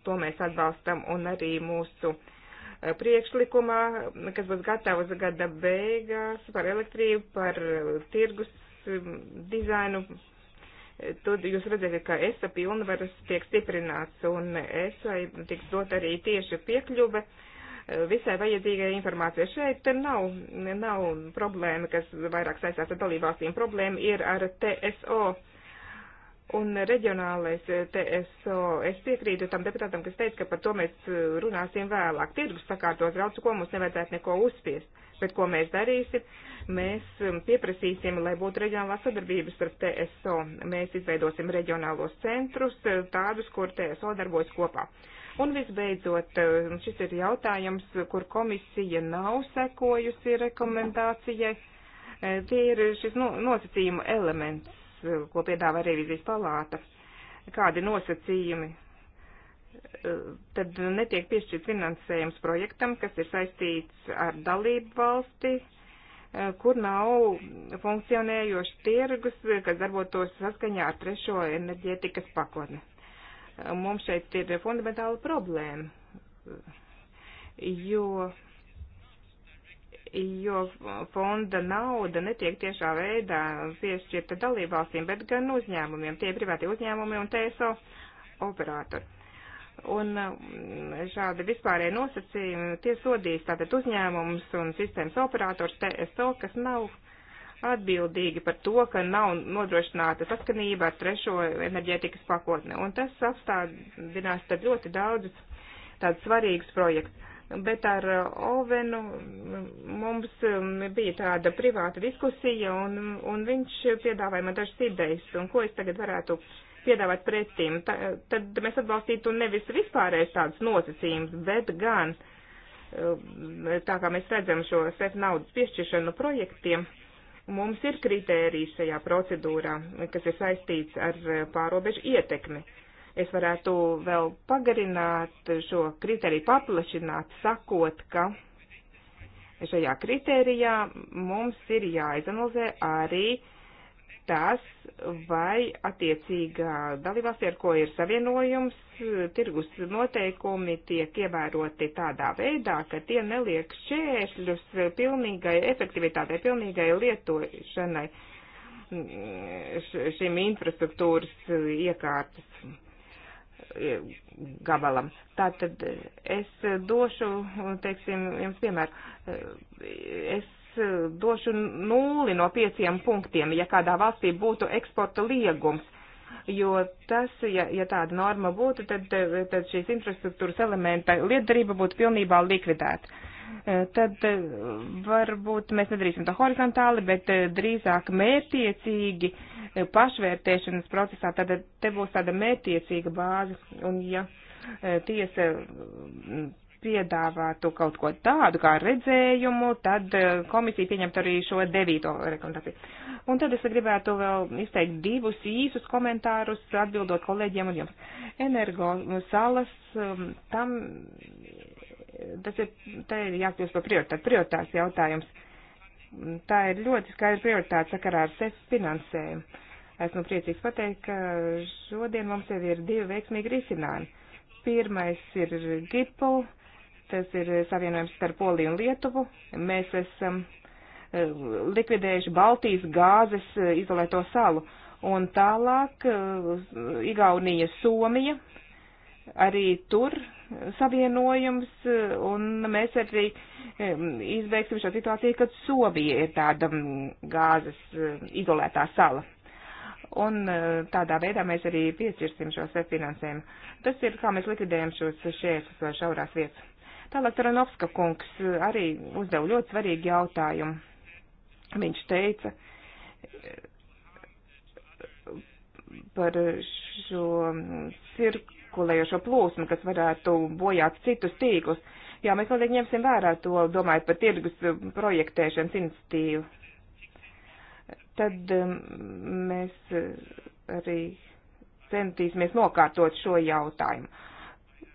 to mēs atbalstam un arī mūsu eh, priekšlikumā, kas būs gatavs gada beigās par elektrību, par eh, tirgus mm, dizainu. Eh, tad jūs redzat, ka ESA pilnvaras tiek stiprināts un ESA tiks dot arī tieši piekļuve visai vajadzīgai informācijai. Šeit nav, nav problēma, kas vairāk saistās ar dalībvalstīm. Problēma ir ar TSO Un reģionālais eh, TSO, es piekrītu tam deputātam, kas teica, ka par to mēs eh, runāsim vēlāk. Tirgus sakārtos daudz, ko mums nevajadzētu neko uzspiest, bet ko mēs darīsim, mēs um, pieprasīsim, lai būtu reģionālā sadarbības starp TSO. Mēs izveidosim reģionālos centrus, eh, tādus, kur TSO darbojas kopā. Un visbeidzot, šis ir jautājums, kur komisija nav sekojusi rekomendācijai. Tie ir šis nosacījuma elements ko piedāvā revizijas palāta, kādi nosacījumi, tad netiek piešķirt finansējums projektam, kas ir saistīts ar dalību valsti, kur nav funkcionējoši tirgus, kas darbotos saskaņā ar trešo enerģētikas pakotni. Mums šeit ir fundamentāla problēma, jo jo fonda nauda netiek tiešā veidā piešķirta dalībvalstīm, bet gan uzņēmumiem, tie privāti uzņēmumi un TSO operatori. Un mm, šādi vispārēji nosacījumi tie sodīs tātad uzņēmums un sistēmas operators TSO, kas nav atbildīgi par to, ka nav nodrošināta saskanība ar trešo enerģētikas pakotni. Un tas apstādinās tad ļoti daudz tāds svarīgs projekts bet ar eh, Ovenu mm, mums mm, bija tāda privāta diskusija, un, mm, un viņš piedāvāja man dažas idejas, un ko es tagad varētu piedāvāt pretīm. Ta, tad mēs atbalstītu nevis vispārējais tādas nosacījums, bet gan, eh, tā kā mēs redzam šo SEF naudas piešķiršanu projektiem, mums ir kritērijas šajā procedūrā, kas ir saistīts ar eh, pārobežu ietekmi. Uh, es varētu vēl pagarināt šo kriteriju, paplašināt, sakot, ka šajā kriterijā mums ir jāizanalizē arī tas, vai attiecīgā dalībvalstī, ar ko ir savienojums, tirgus noteikumi tiek ievēroti tādā veidā, ka tie neliek šķēršļus pilnīgai efektivitātei, pilnīgai lietošanai šīm mm, infrastruktūras iekārtas gabalam. Tātad es došu, teiksim, jums piemēru, es došu nulli no pieciem punktiem, ja kādā valstī būtu eksporta liegums. Jo tas, ja, ja tāda norma būtu, tad, tad šīs infrastruktūras elementa lietdarība būtu pilnībā likvidēta. Eh, tad eh, varbūt mēs nedarīsim to horizontāli, bet eh, drīzāk mērtiecīgi pašvērtēšanas procesā, tad te būs tāda mērtiecīga bāze. Un ja tiesa mm, piedāvātu kaut ko tādu kā redzējumu, tad komisija pieņemtu arī šo devīto rekomendāciju. Un tad es gribētu vēl izteikt divus īsus komentārus, atbildot kolēģiem un jums. Energo salas, mm, tam tas ir, te ir jākļūst par prioritāti, prioritāts jautājums. Tā ir ļoti skaidra prioritāte sakarā ar SEF finansējumu. Esmu priecīgs pateikt, ka šodien mums jau ir divi veiksmīgi risinājumi. Pirmais ir GIPL, tas ir savienojums starp Poliju un Lietuvu. Mēs esam e, likvidējuši Baltijas gāzes e, izolēto salu. Un tālāk e, Igaunija, Somija, arī tur savienojums, un mēs arī izbeigsim šo situāciju, kad Somija ir tāda mm, gāzes mm, izolētā sala. Un e, tādā veidā mēs arī piešķirsim šo finansējumu. Tas ir, kā mēs likvidējam šos šķērsus vai šaurās vietas. Tālāk Taranovska kungs e, arī uzdeva ļoti svarīgu jautājumu. Viņš teica e, par šo mm, cirku cirkulējošo plūsmu, kas varētu bojāt citus tīklus. Jā, mēs noteikti ņemsim vērā to, domājot par tirgus um, projektēšanas iniciatīvu. Tad um, mēs uh, arī centīsimies nokārtot šo jautājumu.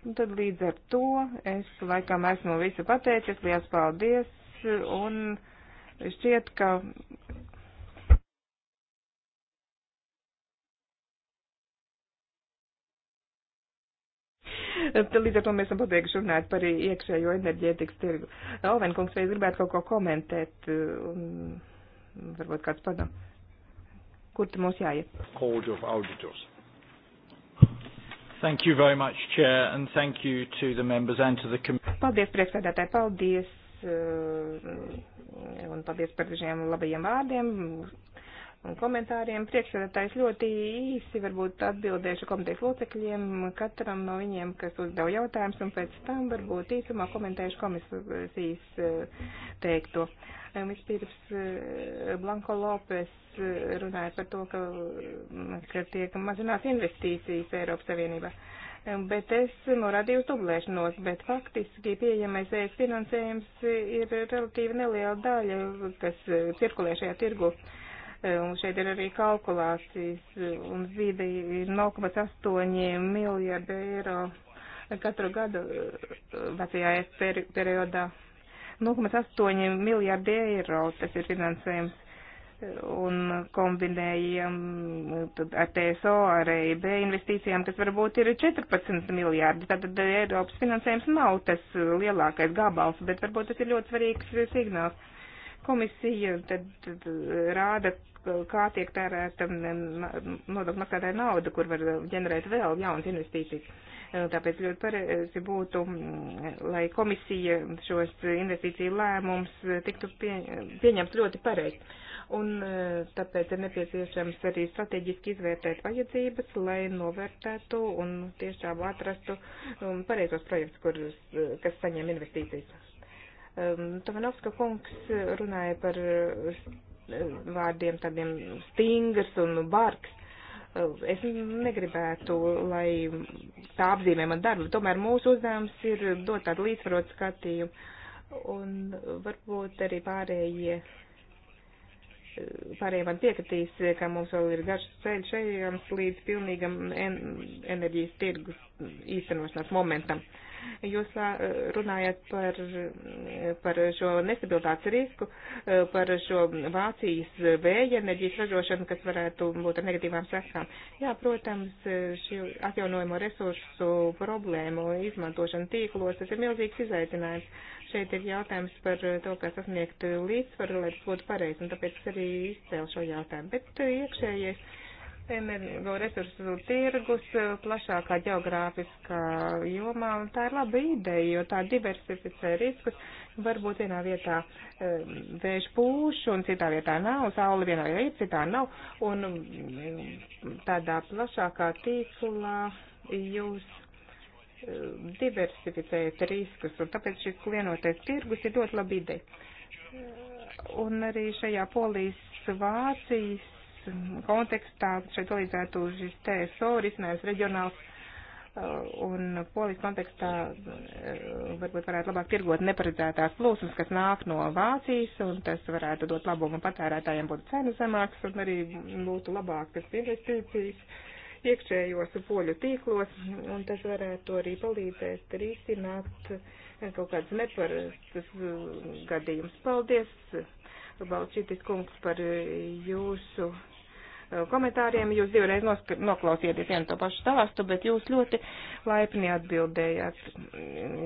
Un tad līdz ar to es laikam esmu visu pateicis, liels paldies un šķiet, ka Līdz ar to mēs esam pabeiguši runāt par iekšējo enerģētikas tirgu. Alvenkungs, vai gribētu kaut ko komentēt? Un, varbūt kāds padom. Kur te mums jāiet? Court of Auditors. Thank you very much, Chair, and thank you to the members and to the committee. Paldies, priekšsēdētāji, paldies, uh, un paldies par šiem labajiem vārdiem komentāriem. Priekšsēdētājs ļoti īsi varbūt atbildēšu komitejas locekļiem, katram no viņiem, kas uzdev jautājumus, un pēc tam varbūt īsumā komentēšu komisijas eh, teikto. Vispirms eh, Blanko Lopes eh, runāja par to, ka, mm, ka tiek mazinās investīcijas Eiropas Savienībā. Bet es norādīju uz dublēšanos, bet faktiski pieejamais finansējums ir relatīvi neliela daļa, kas cirkulē šajā tirgu. Uh, Un šeit ir arī kalkulācijas, un vide ir 0,8 miljardi eiro katru gadu eh, vecajā ES periodā. 0,8 miljardi eiro tas ir finansējums un kombinējam ar TSO, ar EIB investīcijām, kas varbūt ir 14 miljārdi. Tātad Eiropas finansējums nav tas lielākais gabals, bet varbūt tas ir ļoti svarīgs signāls. Komisija tad eh, rāda, kā tiek tērēta mm, mm, nodokļu maksātāja nauda, kur var eh, ģenerēt vēl jaunas investīcijas. Eh, tāpēc ļoti pareizi būtu, mm, lai komisija šos investīciju lēmums tiktu pie, pieņemts ļoti pareizi. Un tāpēc ir nepieciešams arī strateģiski izvērtēt vajadzības, lai novērtētu un tiešām atrastu pareizos projektus, kur, kas saņem investīcijas. Tavanovska kungs runāja par eh, vārdiem tādiem stingrs un bargs. Eh, es negribētu, lai tā apzīmē man darbu, tomēr mūsu uzdevums ir dot tādu līdzsvarotu skatījumu. Un varbūt arī pārējie, eh, pārējie man piekritīs, ka mums vēl ir garš ceļš ejams līdz pilnīgam en enerģijas tirgus īstenošanas momentam. Uh, Jūs runājat par, par šo nestabilitātes risku, par šo Vācijas vēja enerģijas ražošanu, kas varētu būt ar negatīvām sekām. Jā, protams, šī atjaunojamo resursu problēmu izmantošana tīklos, tas ir milzīgs izaicinājums. Šeit ir jautājums par to, kā sasniegt līdzsvaru, lai tas būtu pareizi, un tāpēc arī izcēlu šo jautājumu. Bet iekšējais. Ja energo resursu tirgus plašākā geogrāfiskā jomā, un tā ir laba ideja, jo tā diversificē riskus. Varbūt vienā vietā um, vējš pūš, un citā vietā nav, saule vienā vietā ir, citā nav, un um, tādā plašākā tīklā jūs um, diversificējat riskus, un tāpēc šis vienotais tirgus ir ļoti laba ideja. Un arī šajā polijas Vācijas kontekstā šeit palīdzētu šis TSO risinājums reģionāls uh, un polijas kontekstā uh, varbūt varētu labāk tirgot neparedzētās plūsmas, kas nāk no Vācijas, un tas varētu dot labumu patērētājiem, būtu cenu zemāks un arī būtu labākas investīcijas iekšējos poļu tīklos, un tas varētu arī palīdzēt risināt kaut kādas neparastas uh, gadījumas. Paldies, Balčītis kungs, par jūsu komentāriem. Jūs divreiz noklausieties vienu to pašu stāstu, bet jūs ļoti laipni atbildējāt.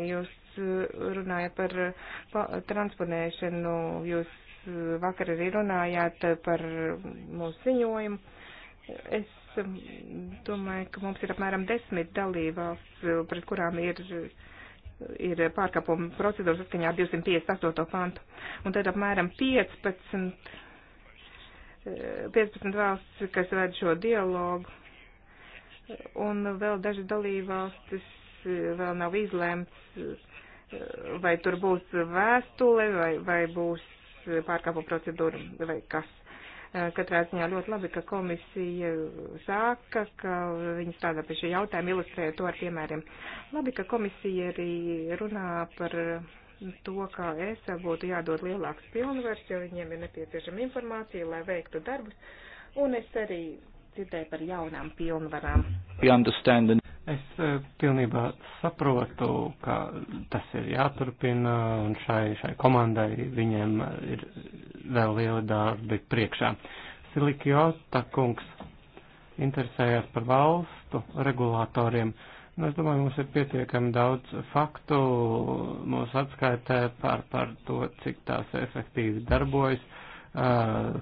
Jūs eh, runājat par eh, transponēšanu, jūs eh, vakar arī runājāt par mūsu ziņojumu. Es mm, domāju, ka mums ir apmēram desmit dalībās, pret kurām ir ir pārkāpuma procedūra saskaņā ar 258. pantu. Un tad apmēram 15 15 valsts, kas ved šo dialogu, un vēl daži dalībvalstis e, vēl nav izlēmts, e, vai tur būs vēstule, vai, vai būs pārkāpu procedūra, vai kas. E, katrā ziņā ļoti labi, ka komisija sāka, ka viņi strādā pie šī jautājuma, ilustrēja to ar piemēriem. Labi, ka komisija arī runā par to, ka ESA būtu jādod lielāks pilnvars, jo viņiem ir nepieciešama informācija, lai veiktu darbus. Un es arī dzirdēju par jaunām pilnvarām. Es eh, pilnībā saprotu, ka tas ir jāturpina un šai, šai komandai viņiem eh, ir vēl liela darbi priekšā. Silikjota kungs interesējās par valstu regulātoriem. Uh, Un es domāju, mums ir pietiekami daudz faktu mūsu atskaitē par, par to, cik tās efektīvi darbojas,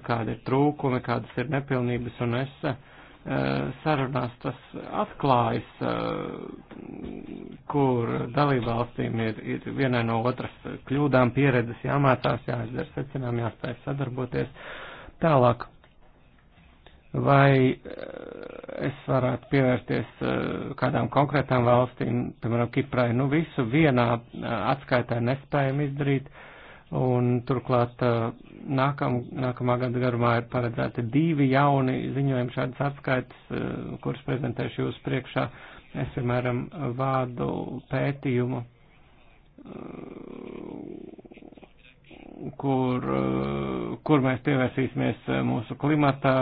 kādi ir trūkumi, kādas ir nepilnības, un es sarunās tas atklājas, kur dalībvalstīm ir, ir vienai no otras kļūdām pieredzes jāmācās, jāizdara secinām, jāspēj sadarboties tālāk vai eh, es varētu pievērsties eh, kādām konkrētām valstīm, piemēram, Kiprai, nu visu vienā eh, atskaitē nespējam izdarīt, un turklāt nākam, nākamā gada garumā ir paredzēti divi jauni ziņojumi šādas atskaitas, kuras prezentēšu jūs priekšā. Es, piemēram, vādu pētījumu kur, uh, kur mēs pievērsīsimies uh, mūsu klimata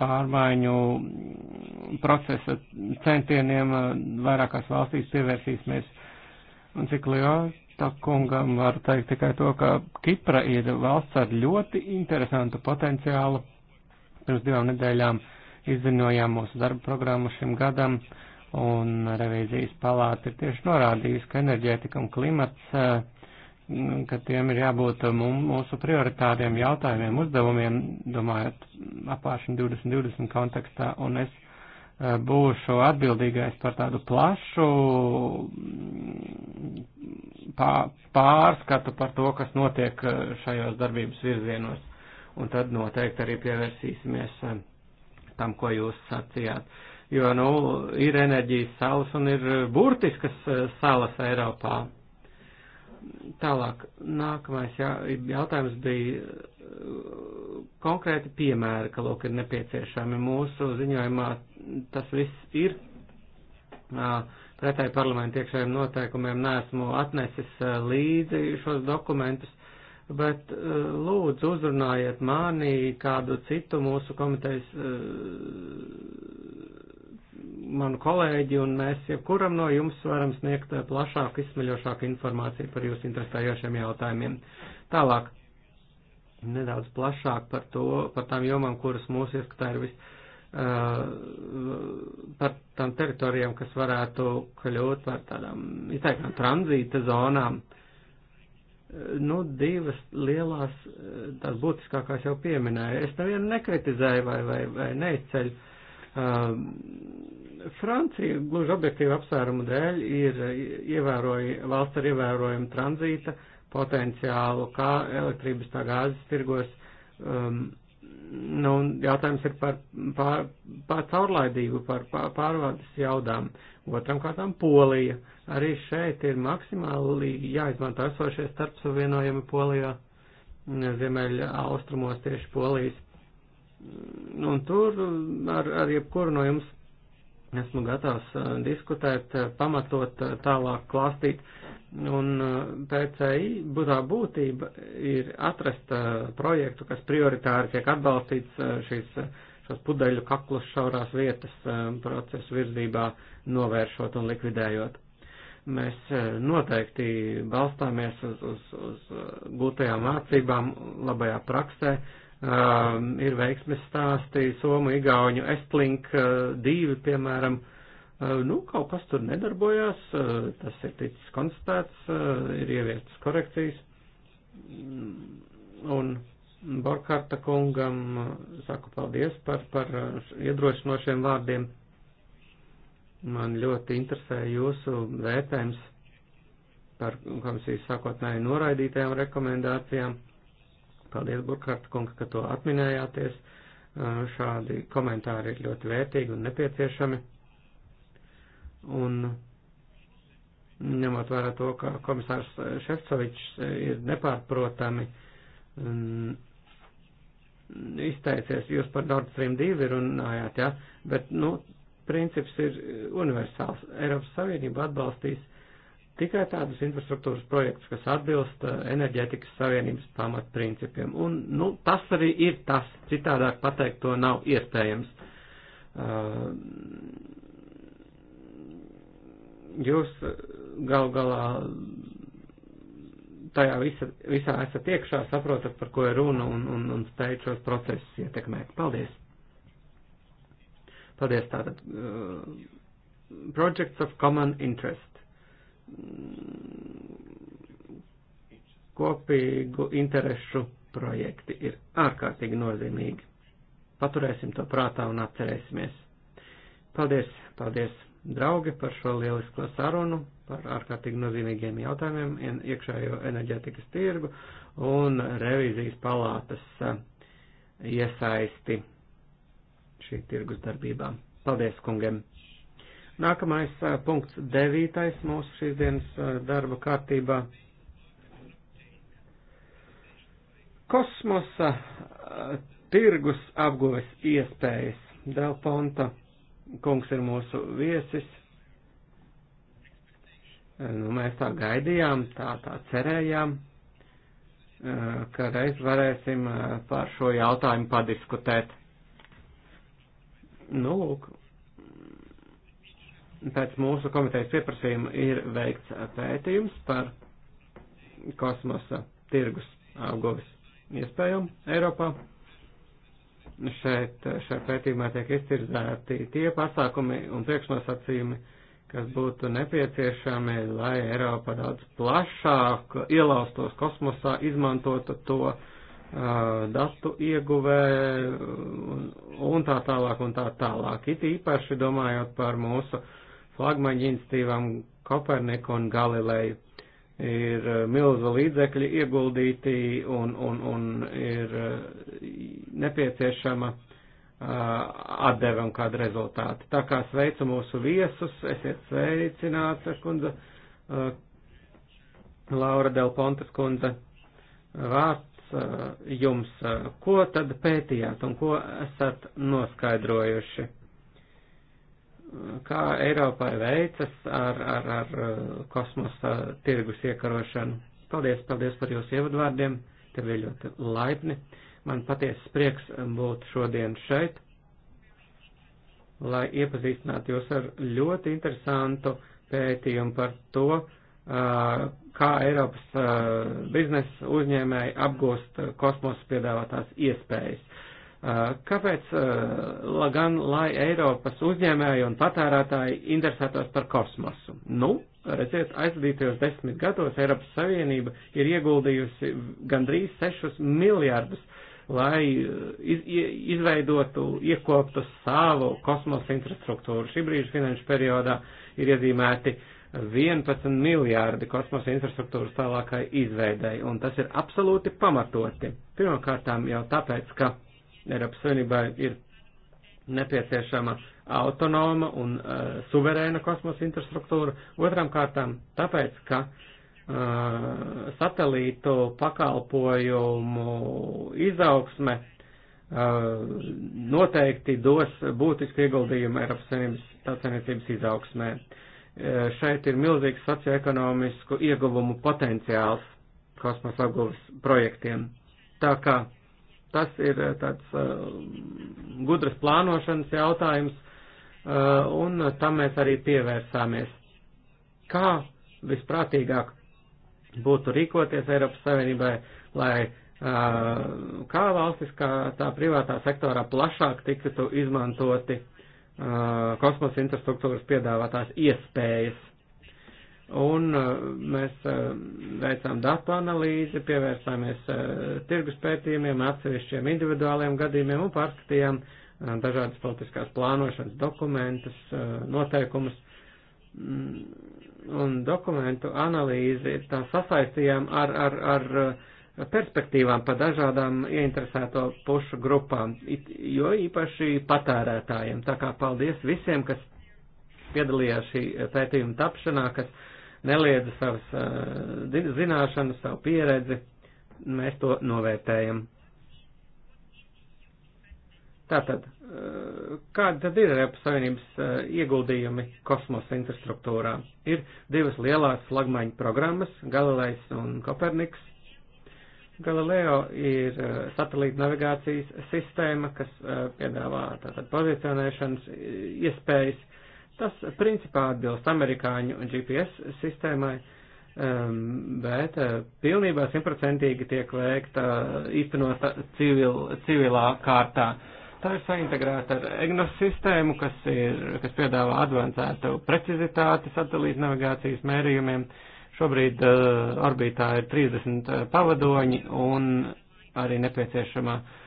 pārmaiņu procesa centieniem uh, vairākās valstīs pievērsīsimies. Un cik lielā kungam var teikt tikai to, ka Kipra ir valsts ar ļoti interesantu potenciālu. Pirms divām nedēļām izziņojām mūsu darba programmu šim gadam, un revīzijas palāta ir tieši norādījusi, ka enerģētika un klimats uh, ka tiem ir jābūt uh, mūsu prioritāriem jautājumiem, uzdevumiem, domājot apāršana 2020 kontekstā, un es uh, būšu atbildīgais par tādu plašu mm, pārskatu par to, kas notiek uh, šajos darbības virzienos, un tad noteikti arī pievērsīsimies tam, ko jūs sacījāt. Jo, nu, ir enerģijas salas un ir burtiskas salas Eiropā. Tālāk, nākamais jā, jautājums bija uh, konkrēti piemēri, ka lūk ir nepieciešami mūsu ziņojumā. Tas viss ir pretēji parlamentu iekšējiem noteikumiem. Nesmu atnesis līdzi šos dokumentus, bet lūdzu uzrunājiet mani kādu citu mūsu komitejas manu kolēģi un mēs jebkuram no jums varam sniegt eh, plašāku, izsmeļošāku informāciju par jūsu interesējošiem jautājumiem. Tālāk, nedaudz plašāk par, to, par tām jomām, kuras mūsu ieskatā ir viss eh, par tām teritorijām, kas varētu kļūt par tādām izteikām tranzīta zonām. Nu, divas lielās, eh, tās būtiskākās jau pieminēju. Es nevienu nekritizēju vai, vai, vai neizceļu. Uh, Um, Francija, gluži objektīva apsvērumu dēļ, ir ievēroja, valsts ar ievērojumu tranzīta potenciālu, kā elektrības tā gāzes tirgos. Um, nu, jautājums ir par, par, par caurlaidību, par pārvades jaudām. Otram kārtām Polija. Arī šeit ir maksimāli jāizmanto esošie starpsavienojumi Polijā, ziemeļa austrumos tieši Polijas Nu, un tur ar, ar jebkuru no jums esmu gatavs eh, diskutēt, eh, pamatot, eh, tālāk klāstīt. Un PCI būtā būtība ir atrast projektu, kas prioritāri tiek atbalstīts šīs, šos pudeļu kaklus šaurās vietas procesu virzībā novēršot un likvidējot. Mēs noteikti balstāmies uz, uz, uz gūtajām mācībām, labajā praksē, uh, um, ir veiksmes stāsti, Somu, Igauņu, Estlink uh, divi, piemēram, uh, nu, kaut kas tur nedarbojās, uh, tas ir ticis konstatēts, uh, ir ieviestas korekcijas, mm, un Borkārta kungam uh, saku paldies par, par uh, iedrošinošiem vārdiem. Man ļoti interesē jūsu vērtējums par komisijas sākotnēji noraidītajām rekomendācijām Paldies, Burkhardt kungs, ka to atminējāties. Šādi komentāri ir ļoti vērtīgi un nepieciešami. Un ņemot vērā to, ka komisārs Šefcovičs ir nepārprotami izteicies, jūs par Nord Stream 2 runājāt, ja? bet, nu, princips ir universāls. Eiropas Savienība atbalstīs tikai tādus infrastruktūras projektus, kas atbilst eh, enerģētikas savienības pamatprincipiem. Un, nu, tas arī ir tas, citādāk pateikt to nav iespējams. Uh, jūs eh, gal galā tajā visa, visā esat iekšā, saprotat, par ko ir runa un, un, un spējat šos procesus ietekmēt. Paldies! Paldies tātad. Uh, projects of common interest Mm, kopīgu interesu projekti ir ārkārtīgi nozīmīgi. Paturēsim to prātā un atcerēsimies. Paldies, paldies, draugi, par šo lielisko sarunu, par ārkārtīgi nozīmīgiem jautājumiem, iekšējo enerģētikas tirgu un revīzijas palātas iesaisti šī tirgus darbībā. Paldies, kungiem! Nākamais punkts devītais mūsu šīs dienas darba kārtībā. Kosmosa tirgus apguves iespējas. Del Ponta kungs ir mūsu viesis. Nu, mēs tā gaidījām, tā, tā cerējām, ka reiz varēsim par šo jautājumu padiskutēt. Nu, lūk, pēc mūsu komitejas pieprasījuma ir veikts pētījums par kosmosa tirgus apgovis iespējām Eiropā. Šeit šajā pētījumā tiek izcirzēti tie pasākumi un priekšnosacījumi, kas būtu nepieciešami, lai Eiropa daudz plašāk ielaustos kosmosā, izmantotu to uh, datu ieguvē un, un tā tālāk un tā tālāk. It īpaši domājot par mūsu uh, flagmaņa institīvām, Koperniku un Galileju. Ir eh, milzu līdzekļi ieguldīti un, un, un ir eh, nepieciešama eh, atdeve un kāda rezultāta. Tā kā sveicu mūsu viesus, esiet sveicināts, kundze, Laura Delpontas kundze, vārds jums, ko tad pētījāt un ko esat noskaidrojuši? kā Eiropai veicas ar, ar, ar uh, kosmosa tirgus iekarošanu. Paldies, paldies par jūsu ievadvārdiem, tev ir ļoti laipni. Man patiesas prieks būt šodien šeit, lai iepazīstinātu jūs ar ļoti interesantu pētījumu par to, uh, kā Eiropas uh, biznesa uzņēmēji apgūst kosmosa piedāvātās iespējas Eh, kāpēc eh, gan lai Eiropas uzņēmēji un patērētāji interesētos par kosmosu? Nu, redziet, aizvadītajos desmit gados Eiropas Savienība ir ieguldījusi gandrīz sešus miljārdus, lai eh, iz, izveidotu, iekoptu savu kosmosa infrastruktūru. Šī brīža finanšu periodā ir iezīmēti 11 miljārdi kosmosa infrastruktūras tālākai izveidai, un tas ir absolūti pamatoti. Pirmkārtām jau tāpēc, ka Eiropas Savienībai ir nepieciešama autonoma un uh, suverēna kosmosa infrastruktūra. Otram kārtām tāpēc, ka uh, satelītu pakalpojumu izaugsme uh, noteikti dos būtisku ieguldījumu Eiropas Savienības tautsainicības izaugsmē. Uh, šeit ir milzīgs socioekonomisku ieguvumu potenciāls kosmosa apgūves projektiem. Tā kā uh, Tas ir eh, tāds eh, gudras plānošanas jautājums, eh, un tam mēs arī pievērsāmies. Kā visprātīgāk būtu rīkoties Eiropas Savienībai, lai kā valstis, kā tā privātā sektorā plašāk tiktu izmantoti kosmosa infrastruktūras piedāvātās iespējas Un uh, mēs uh, veicām datu analīzi, pievērsāmies uh, tirgus pētījumiem, atsevišķiem individuāliem gadījumiem un pārskatījām dažādas politiskās plānošanas dokumentus, noteikumus. Mm, un dokumentu analīzi tā sasaistījām ar, ar, ar perspektīvām pa dažādām ieinteresēto pušu grupām, jo īpaši patērētājiem. Tā kā paldies visiem, kas piedalījās šī pētījuma tapšanā, kas neliedza savas uh, zināšanas, savu pieredzi, mēs to novērtējam. Tātad, uh, eh, kāda tad ir Eiropas Savienības uh, ieguldījumi kosmosa infrastruktūrā? Ir divas lielās flagmaņu programmas - Galilejs un Koperniks. Galileo ir satelīta navigācijas sistēma, kas piedāvā tātad pozicionēšanas iespējas Tas principā atbilst amerikāņu GPS sistēmai, um, bet uh, pilnībā simtprocentīgi tiek veikta uh, īstenota civil, civilā kārtā. Tā ir saintegrēta ar EGNOS sistēmu, kas, ir, kas piedāvā advancētu precizitāti satelīta navigācijas mērījumiem. Šobrīd uh, orbītā ir 30 uh, pavadoņi un arī nepieciešama uh,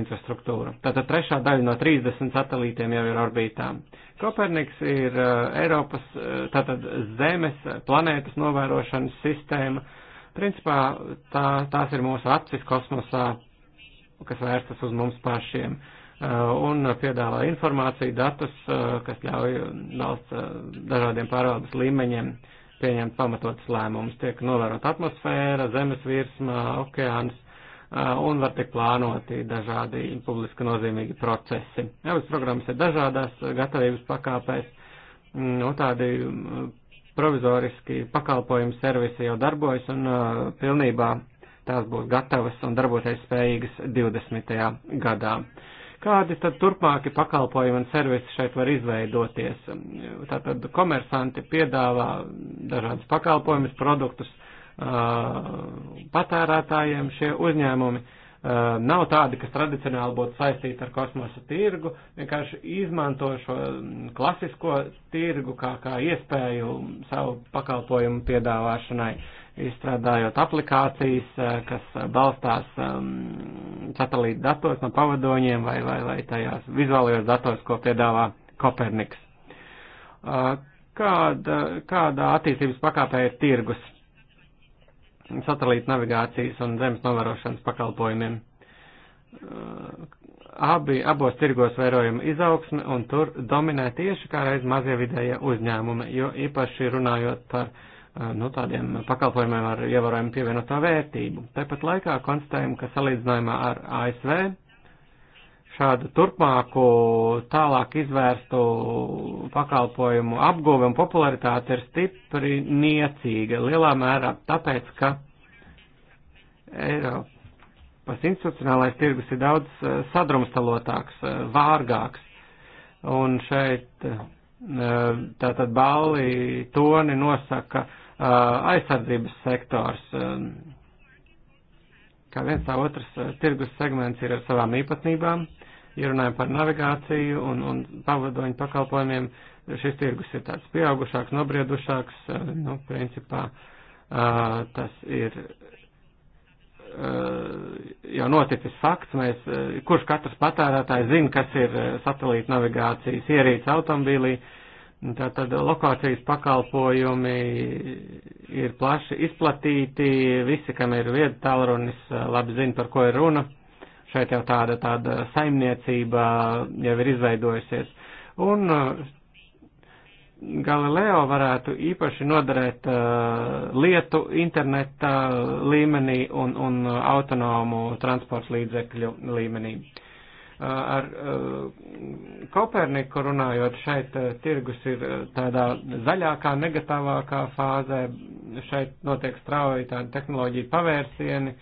infrastruktūru. Tātad trešā daļa no 30 satelītiem jau ir orbītā. Koperniks ir Eiropas, tātad Zemes, planētas novērošanas sistēma. Principā tā, tās ir mūsu acis kosmosā, kas vērstas uz mums pašiem un piedāvā informāciju, datus, kas ļauj valsts dažādiem pārvaldes līmeņiem pieņemt pamatotas lēmumus. Tiek novērot atmosfēra, zemes virsma, okeāns un var tikt plānoti dažādi publiski nozīmīgi procesi. Jau programmas ir dažādās gatavības pakāpēs, nu tādi mm, provizoriski pakalpojumu servisi jau darbojas un pilnībā tās būs gatavas un darboties spējīgas 20. gadā. Kādi tad turpmāki pakalpojumi un servisi šeit var izveidoties? Tātad komersanti piedāvā dažādas pakalpojumus, produktus, patērētājiem šie uzņēmumi nav tādi, kas tradicionāli būtu saistīti ar kosmosa tirgu, vienkārši izmanto šo klasisko tirgu kā, kā iespēju savu pakalpojumu piedāvāšanai, izstrādājot aplikācijas, kas balstās um, satelīta datos no pavadoņiem vai, vai, vai tajās vizuālajos datos, ko piedāvā Koperniks. Uh, kāda, kādā attīstības pakāpē ir tirgus satelīta navigācijas un zemes novērošanas pakalpojumiem. Uh, abi, abos tirgos vērojama izaugsme un tur dominē tieši kā reiz mazie vidējie uzņēmumi, jo īpaši runājot par uh, nu, tādiem pakalpojumiem ar ievērojumu pievienotā vērtību. Tāpat laikā konstatējam, ka salīdzinājumā ar ASV šādu turpmāku, tālāk izvērstu pakalpojumu apgūve un popularitāte ir stipri niecīga, lielā mērā tāpēc, ka Eiropas institucionālais tirgus ir daudz eh, sadrumstalotāks, eh, vārgāks, un šeit eh, tātad balli toni nosaka aizsardzības sektors kā viens tā otrs tirgus segments ir ar savām īpatnībām. Ja runājam par navigāciju un, un pavadoņu pakalpojumiem, šis tirgus ir tāds pieaugušāks, nobriedušāks, eh, nu, principā eh, tas ir eh, jau noticis fakts, mēs, kurš katrs patērētājs zina, kas ir satelīta navigācijas ierīce automobīlī, tātad lokācijas pakalpojumi ir plaši izplatīti, visi, kam ir vieda tālrunis, labi zina, par ko ir runa Šeit jau tāda, tāda saimniecība jau ir izveidojusies. Un Galileo varētu īpaši noderēt uh, lietu interneta līmenī un, un autonomu transporta līdzekļu līmenī. Uh, ar uh, Koperniku runājot, šeit uh, tirgus ir uh, tādā zaļākā, negatīvākā fāzē, šeit notiek strauji tādi tehnoloģija pavērsieni,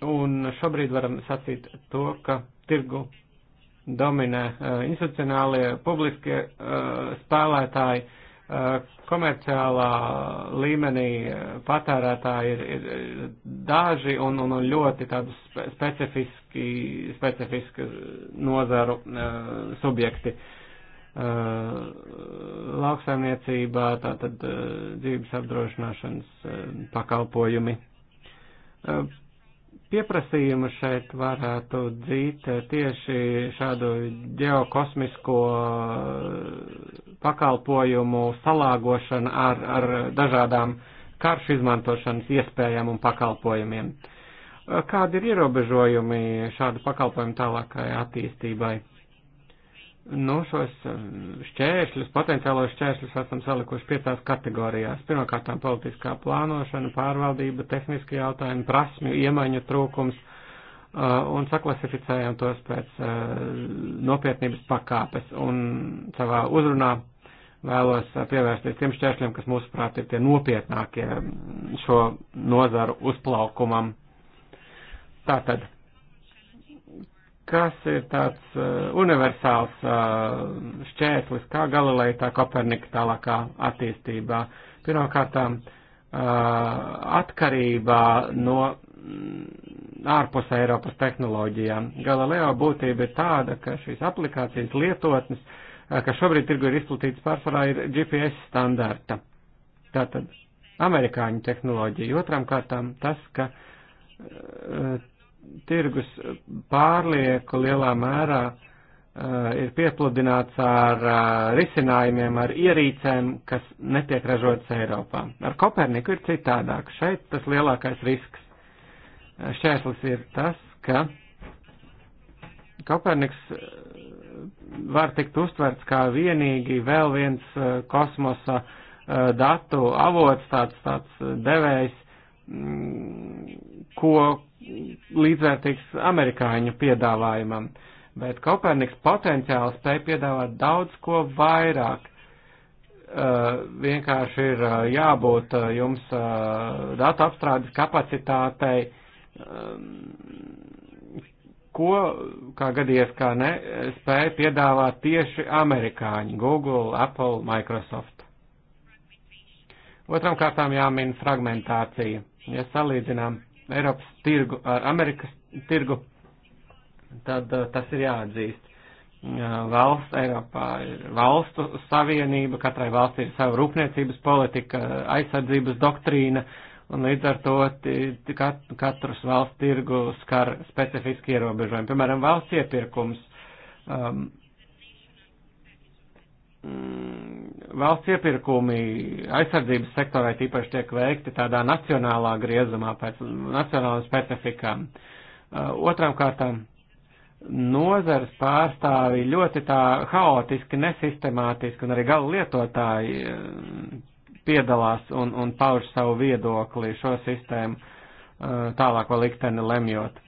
Un šobrīd varam sacīt to, ka tirgu dominē eh, institucionālie publiskie eh, spēlētāji, eh, komerciālā līmenī patērētāji ir, ir daži un, un, un ļoti tādu specifiski, specifiski nozaru uh, subjekti. Uh, lauksaimniecībā, tātad uh, dzīves apdrošināšanas uh, pakalpojumi. Uh, pieprasījumu šeit varētu dzīt tieši šādu geokosmisko eh, pakalpojumu salāgošanu ar, ar dažādām karšu izmantošanas iespējām un pakalpojumiem. Eh, kādi ir ierobežojumi šādu pakalpojumu tālākai attīstībai? nu, šos eh, šķēršļus, potenciālos šķēršļus esam salikuši piecās kategorijās. Pirmkārt, politiskā plānošana, pārvaldība, tehniski jautājumi, prasmju, iemaņu trūkums, eh, un saklasificējam tos pēc eh, nopietnības pakāpes. Un savā uzrunā vēlos pievērsties tiem šķēršļiem, kas mūsuprāt ir tie nopietnākie mm, šo nozaru uzplaukumam. Tātad kas ir tāds uh, universāls uh, šķērslis, kā Galileja, tā Kopernika tālākā attīstībā. Pirmkārtām, uh, eh, atkarībā no mm, ārpus Eiropas tehnoloģijām. Galileo būtība ir tāda, ka šīs aplikācijas lietotnes, kas šobrīd tirgu ir izplatītas pārsvarā, ir GPS standarta. Tātad amerikāņu tehnoloģija. Otram kārtām tas, ka tirgus pārlieku lielā mērā eh, ir piepludināts ar eh, risinājumiem, ar ierīcēm, kas netiek ražotas Eiropā. Ar Koperniku ir citādāk. Šeit tas lielākais risks eh, šķērslis ir tas, ka Koperniks var tikt uztverts kā vienīgi vēl viens kosmosa datu avots, tāds, tāds devējs, Mm, ko līdzvērtīgs amerikāņu piedāvājumam. Bet Koperniks potenciāli spēja piedāvāt daudz ko vairāk. Uh, vienkārši ir uh, jābūt uh, jums uh, datu apstrādes kapacitātei, um, ko, kā gadījies, kā ne, spēja piedāvāt tieši amerikāņi - Google, Apple, Microsoft. Otram kārtām jāmin fragmentācija ja salīdzinām Eiropas tirgu ar Amerikas tirgu, tad uh, tas ir jāatzīst. Valsts Eiropā ir valstu savienība, katrai valstī ir sava rūpniecības politika, aizsardzības doktrīna, un līdz ar to katras valsts tirgu skar specifiski ierobežojumi. Piemēram, valsts iepirkums. Um, valsts iepirkumi aizsardzības sektorā tīpaši tiek veikti tādā nacionālā griezumā pēc nacionālām specifikām. Uh, Otram kārtām nozars pārstāvi ļoti tā haotiski, nesistemātiski un arī galu lietotāji uh, piedalās un, un pauž savu viedokli šo sistēmu uh, tālāko likteni lemjot.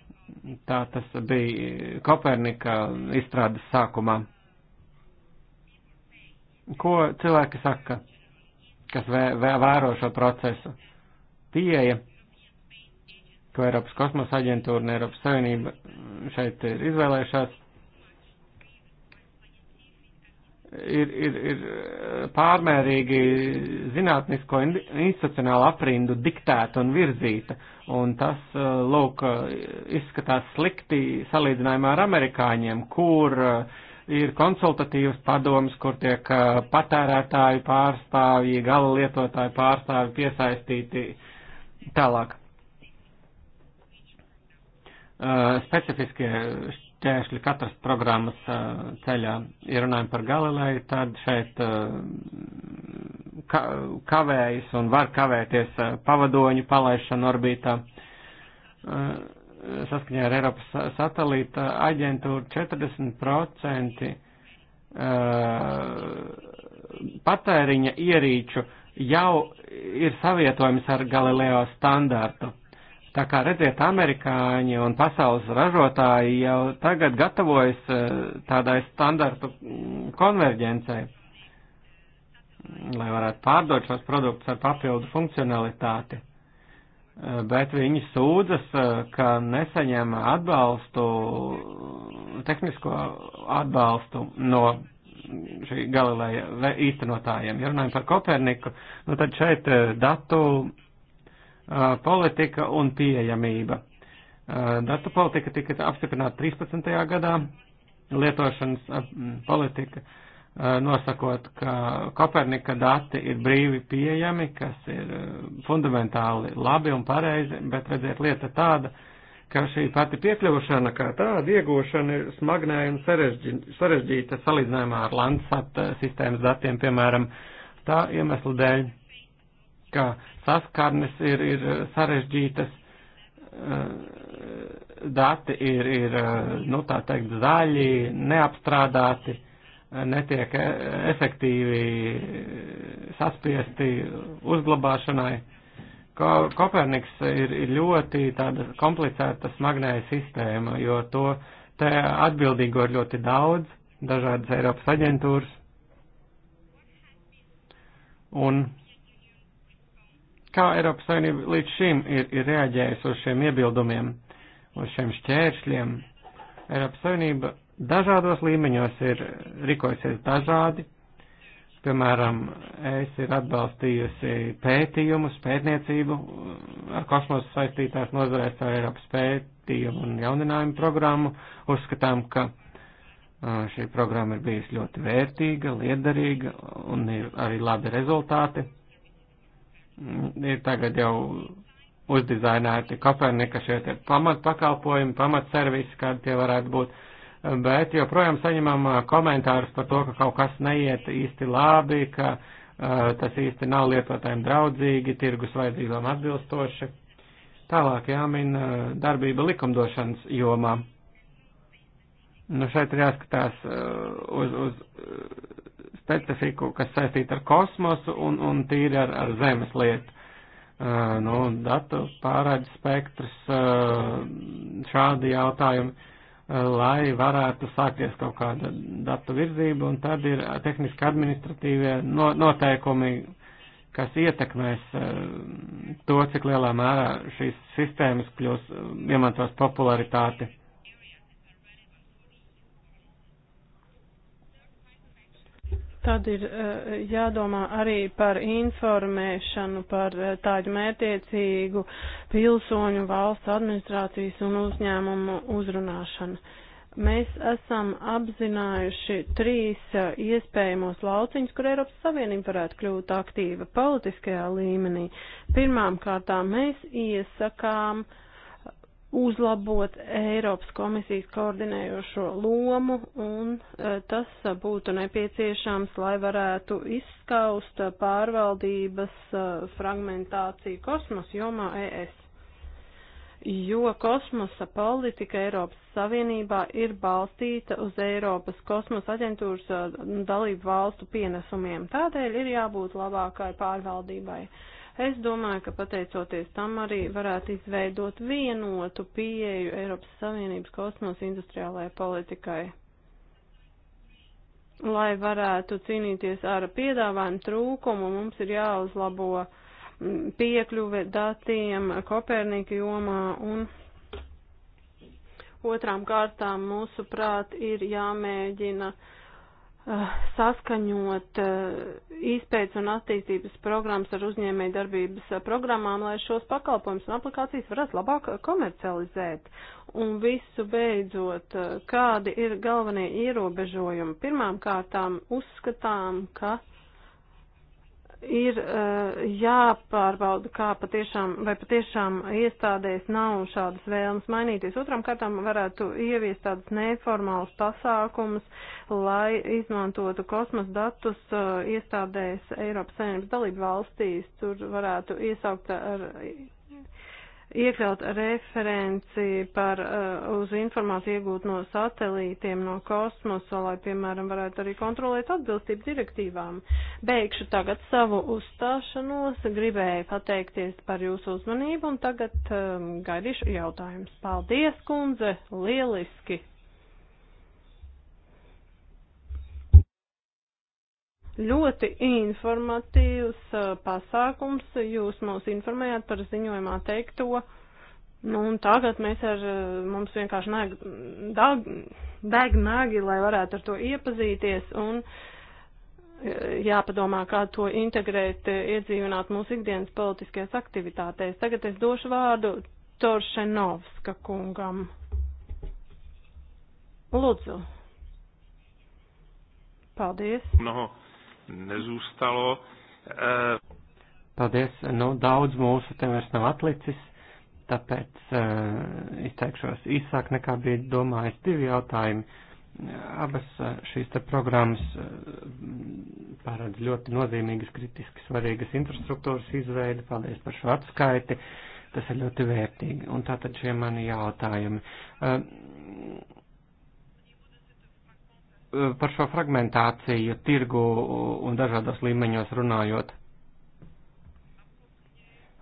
Tā tas bija Kopernika izstrādes sākumā. Ko cilvēki saka, kas vē, vē, vēro šo procesu? Pieeja, ko Eiropas kosmosa aģentūra un Eiropas Savienība šeit ir izvēlējušās, ir, ir, ir pārmērīgi zinātnisko institucionālu aprindu diktēta un virzīta, un tas, eh, lūk, izskatās slikti salīdzinājumā ar amerikāņiem, kur uh, ir konsultatīvas padomas, kur tiek patērētāju pārstāvji, gala lietotāju pārstāvji piesaistīti tālāk. Specifiskie šķēršļi katras programmas ceļā, ja runājam par Galileju, tad šeit kavējas un var kavēties pavadoņu palaišana orbītā saskaņā ar Eiropas satelīta aģentūru 40% patēriņa ierīču jau ir savietojams ar Galileo standārtu. Tā kā redziet, amerikāņi un pasaules ražotāji jau tagad gatavojas tādai standartu mm, konverģencei, lai varētu pārdot šos produktus ar papildu funkcionalitāti bet viņi sūdzas, eh, ka nesaņem atbalstu, tehnisko atbalstu no šī Galileja īstenotājiem. Ja runājam par Koperniku, nu tad šeit eh, datu eh, politika un pieejamība. Datu politika tika apstiprināta 13. gadā, lietošanas politika Eh, nosakot, ka Kopernika dati ir brīvi pieejami, kas ir eh, fundamentāli labi un pareizi, bet redziet, lieta tāda, ka šī pati piekļuvušana kā tāda iegūšana ir smagnēja un sarežģīta salīdzinājumā ar Landsat eh, sistēmas datiem, piemēram, tā iemesla dēļ, ka saskarnes ir, ir sarežģītas, dati ir, ir, nu tā teikt, zaļi, neapstrādāti netiek e, efektīvi saspiesti uzglabāšanai. Ko, Koperniks ir, ir ļoti tāda komplicēta smagnēja sistēma, jo to te atbildīgo ir ļoti daudz, dažādas Eiropas aģentūras. Un kā Eiropas Savienība līdz šim ir, ir reaģējusi uz šiem iebildumiem, uz šiem šķēršļiem? Eiropas Savienība dažādos līmeņos ir rīkojusies dažādi. Piemēram, es ir atbalstījusi pētījumus, pētniecību uh, ar kosmosu saistītās nozarēs ar Eiropas pētījumu un jauninājumu programmu. Uzskatām, ka uh, šī programma ir bijusi ļoti vērtīga, liederīga un ir arī labi rezultāti. Mm, ir tagad jau uzdizaināti Kopernika šie pamatpakalpojumi, pamatservisi, kādi tie varētu būt bet joprojām saņemam uh, komentārus par to, ka kaut kas neiet īsti labi, ka uh, tas īsti nav lietotājiem draudzīgi, tirgus vajadzībām atbilstoši. Tālāk jāmin uh, darbība likumdošanas jomā. Nu, šeit ir jāskatās uz, uz specifiku, kas saistīta ar kosmosu un, un tīri ar, ar zemes lietu. Nu, datu pārādes spektrs, šādi jautājumi Eh, lai varētu sākties kaut kāda datu virzība, un tad ir tehniski administratīvie noteikumi, kas ietekmēs eh, to, cik lielā mērā šīs sistēmas kļūs, eh, iemantos popularitāti. Tad ir eh, jādomā arī par informēšanu, par eh, tādu mērtiecīgu pilsoņu valsts administrācijas un uzņēmumu uzrunāšanu. Mēs esam apzinājuši trīs eh, iespējamos lauciņus, kur Eiropas Savienība varētu kļūt aktīva politiskajā līmenī. Pirmām kārtām mēs iesakām uh, uzlabot Eiropas komisijas koordinējošo lomu, un e, tas būtu nepieciešams, lai varētu izskaust pārvaldības e, fragmentāciju kosmosa jomā ES. Jo kosmosa politika Eiropas Savienībā ir balstīta uz Eiropas kosmosa aģentūras e, dalību valstu pienesumiem. Tādēļ ir jābūt labākai pārvaldībai. Uh, Es domāju, ka pateicoties tam arī varētu izveidot vienotu pieeju Eiropas Savienības kosmosa industriālajai politikai, lai varētu cīnīties ar piedāvājumu trūkumu, mums ir jāuzlabo mm, piekļuve datiem Kopernika jomā un otrām kārtām mūsuprāt ir jāmēģina uh, Eh, saskaņot eh, izpētes un attīstības programmas ar uzņēmēju darbības eh, programmām, lai šos pakalpojumus un aplikācijas varētu labāk komercializēt. Un visu beidzot, kādi ir galvenie ierobežojumi? Pirmām kārtām uzskatām, ka ir uh, jāpārbauda, kā patiešām, vai patiešām iestādēs nav šādas vēlmes mainīties. Otram kārtām varētu ieviest tādus neformālus pasākumus, lai izmantotu kosmos datus uh, iestādēs Eiropas Savienības dalību valstīs. Tur varētu iesaukt ar iekļaut referenci par, uh, uz informāciju iegūt no satelītiem, no kosmosa, lai, piemēram, varētu arī kontrolēt atbilstību direktīvām. Beigšu tagad savu uzstāšanos, gribēju pateikties par jūsu uzmanību un tagad um, gaidīšu jautājumus. Paldies, kundze, lieliski! Ļoti informatīvs uh, pasākums, jūs mūs informējāt par ziņojumā teikto, nu un tagad mēs ar, uh, mums vienkārši nēg, dag, deg nagi, lai varētu ar to iepazīties un uh, jāpadomā, kā to integrēt, iedzīvināt mūsu ikdienas politiskajās aktivitātēs. Tagad es došu vārdu Toršenovska kungam. Lūdzu. Paldies. Mnoho nezůstalo. Eh, Paldies, nu daudz mūsu te vairs nav atlicis, tāpēc eh, izteikšos īsāk nekā bija domājis divi jautājumi. Abas eh, šīs te programmas paredz ļoti nozīmīgas, kritiski svarīgas infrastruktūras izveidi. Paldies par šo atskaiti. Tas ir ļoti vērtīgi. Un tātad šie mani jautājumi par šo fragmentāciju tirgu un dažādos līmeņos runājot.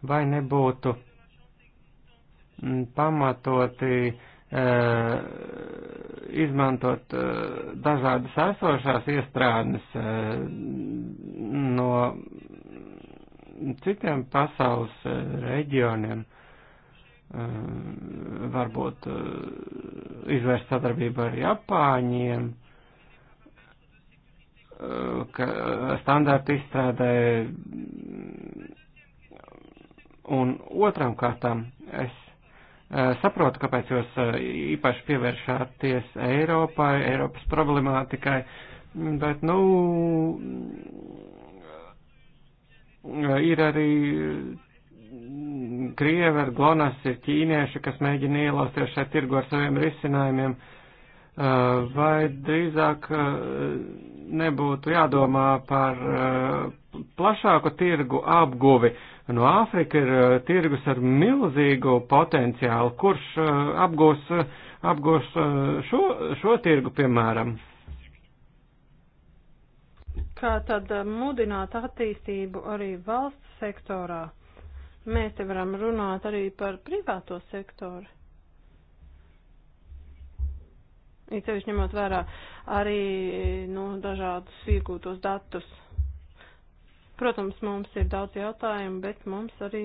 Vai nebūtu mm, pamatoti e, izmantot e, dažādas esošās iestrādes e, no citiem pasaules reģioniem, varbūt izvērst sadarbību ar Japāņiem, ka eh, standārti izstrādē un otram kārtām es eh, saprotu, kāpēc jūs eh, īpaši pievēršāties Eiropai, Eiropas problemātikai, bet, nu, ir arī Krievi ar Glonas, ir ķīnieši, kas mēģina ielausties šai tirgu ar saviem risinājumiem. Uh, Eh, vai drīzāk eh, nebūtu jādomā par eh, plašāku tirgu apguvi. No nu, Āfrika ir tirgus ar milzīgu potenciālu, kurš apgūs, apgūs šo, šo tirgu, piemēram. Kā tad mudināt attīstību arī valsts sektorā? Mēs te varam runāt arī par privāto sektoru. it sevišķi ņemot vērā arī nu, dažādus iegūtos datus. Protams, mums ir daudz jautājumu, bet mums arī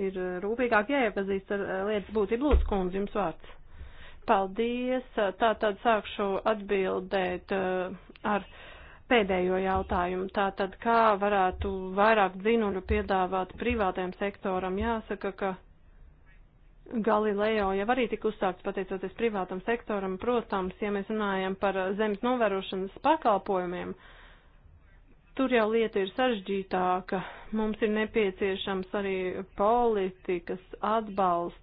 ir rūpīgāk jāiepazīst ar eh, lietas būtību. Lūdzu, kundze, jums vārds. Paldies. Tā tad sākšu atbildēt eh, ar pēdējo jautājumu. Tā tad kā varētu vairāk dzinuļu piedāvāt privātajam sektoram? Jāsaka, ka Galileo jau arī tika uzsākts pateicoties privātam sektoram, protams, ja mēs runājam par zemes novērošanas pakalpojumiem, tur jau lieta ir sarežģītāka. Mums ir nepieciešams arī politikas atbalsts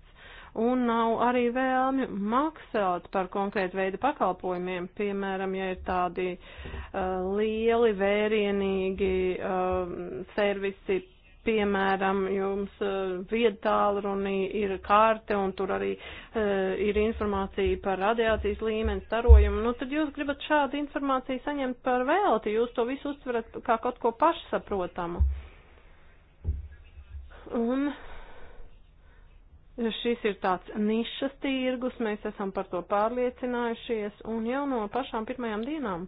un nav arī vēlmi maksāt par konkrētu veidu pakalpojumiem. Piemēram, ja ir tādi uh, lieli, vērienīgi uh, servisi piemēram, jums eh, viedtālrunī ir kārte un tur arī uh, ir informācija par radiācijas līmeni, starojumu, nu tad jūs gribat šādu informāciju saņemt par vēlti, jūs to visu uztverat kā kaut ko pašsaprotamu. Un šis ir tāds nišas tirgus, mēs esam par to pārliecinājušies un jau no pašām pirmajām dienām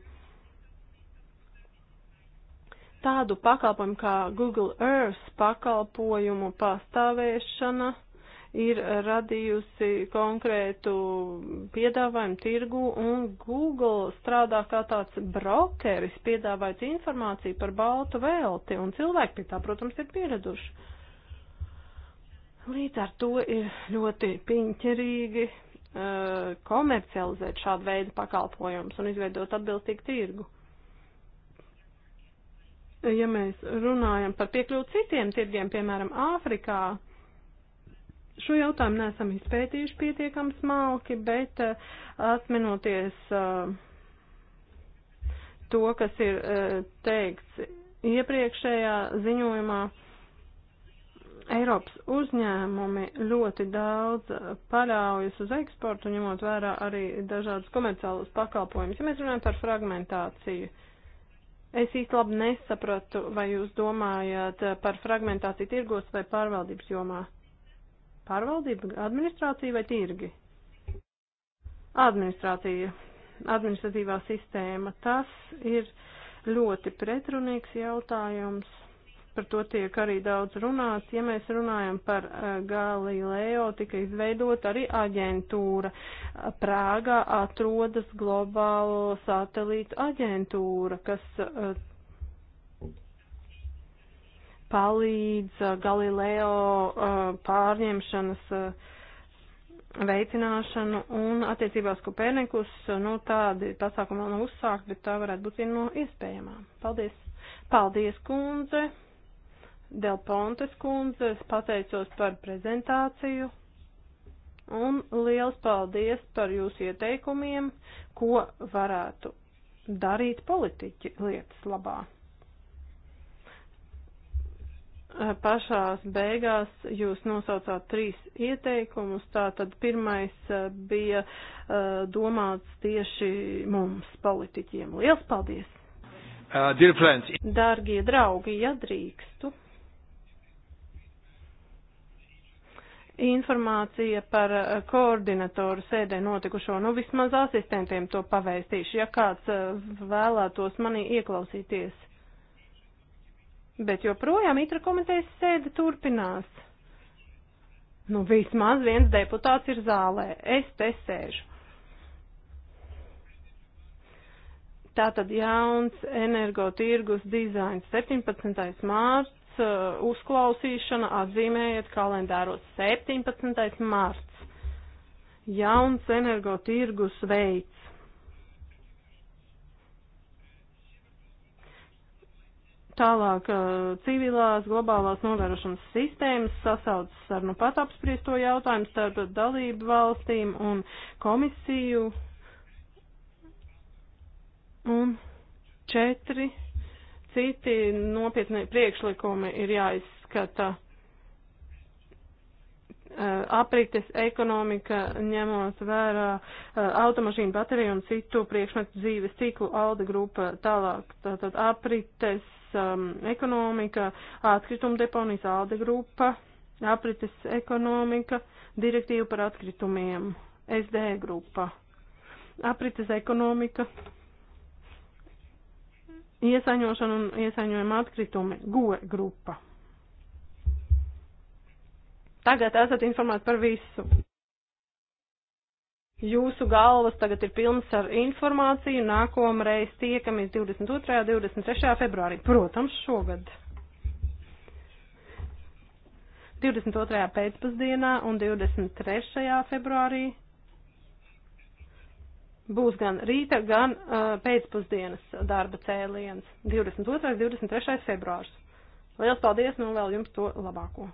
tādu pakalpojumu kā Google Earth pakalpojumu pastāvēšana ir radījusi konkrētu piedāvājumu tirgu, un Google strādā kā tāds brokeris, piedāvājot informāciju par baltu velti, un cilvēki pie tā, protams, ir pieraduši. Līdz ar to ir ļoti piņķerīgi uh, komercializēt šādu veidu pakalpojumus un izveidot atbilstīgu tirgu ja mēs runājam par piekļūt citiem tirgiem, piemēram, Āfrikā, šo jautājumu nesam izpētījuši pietiekam smalki, bet eh, atminoties eh, to, kas ir eh, teikts iepriekšējā ziņojumā, Eiropas uzņēmumi ļoti daudz paļaujas uz eksportu, ņemot vērā arī dažādus komerciālus pakalpojumus. Ja mēs runājam par fragmentāciju, Es īsti labi nesapratu, vai jūs domājat par fragmentāciju tirgos vai pārvaldības jomā. Pārvaldība, administrācija vai tirgi? Administrācija, administratīvā sistēma. Tas ir ļoti pretrunīgs jautājums par to tiek arī daudz runāts. Ja mēs runājam par eh, Galileo, tika izveidota arī aģentūra. Prāgā atrodas globālo satelītu aģentūra, kas eh, palīdz eh, Galileo pārņemšanas veicināšanu un attiecībās Kopernikus, nu tādi pasākumi vēl nav uzsākti, bet tā varētu būt viena no iespējamām. Paldies! Paldies, kundze! Delpontes kundze, es pateicos par prezentāciju un liels paldies par jūsu ieteikumiem, ko varētu darīt politiķi lietas labā. Pašās beigās jūs nosaucāt trīs ieteikumus, tātad pirmais eh, bija eh, domāts tieši mums, politiķiem. Liels paldies! Uh, Dargie draugi, ja drīkstu! informācija par eh, koordinatoru sēdē notikušo, nu vismaz asistentiem to pavēstīšu, ja kāds eh, vēlētos manī ieklausīties. Bet joprojām itra komitejas sēde turpinās. Nu vismaz viens deputāts ir zālē, es te sēžu. Tātad jauns energotirgus dizains 17. mārts Uh, uzklausīšana atzīmējiet kalendāros 17. marts. Jauns energotirgus veids. Tālāk uh, civilās globālās novērošanas sistēmas sasaucas ar nu pat apspriesto jautājumu starp dalību valstīm un komisiju. Un četri citi nopietni priekšlikumi ir jāizskata eh, aprites ekonomika, ņemot vērā eh, automašīnu bateriju un citu priekšmetu dzīves ciklu, alda grupa tālāk, tātad aprites um, ehm, ekonomika, atkrituma deponijas alda grupa, aprites ekonomika, direktīva par atkritumiem, SD grupa, aprites ekonomika. Iesaņošana un iesaņojuma atkritumi GOE grupa. Tagad esat informēti par visu. Jūsu galvas tagad ir pilnas ar informāciju. Nākamreiz tiekamies 22. un 23. februārī. Protams, šogad. 22. pēcpusdienā un 23. februārī Būs gan rīta, gan uh, pēcpusdienas darba cēliens 22. un 23. februārs. Liels paldies un vēl jums to labāko!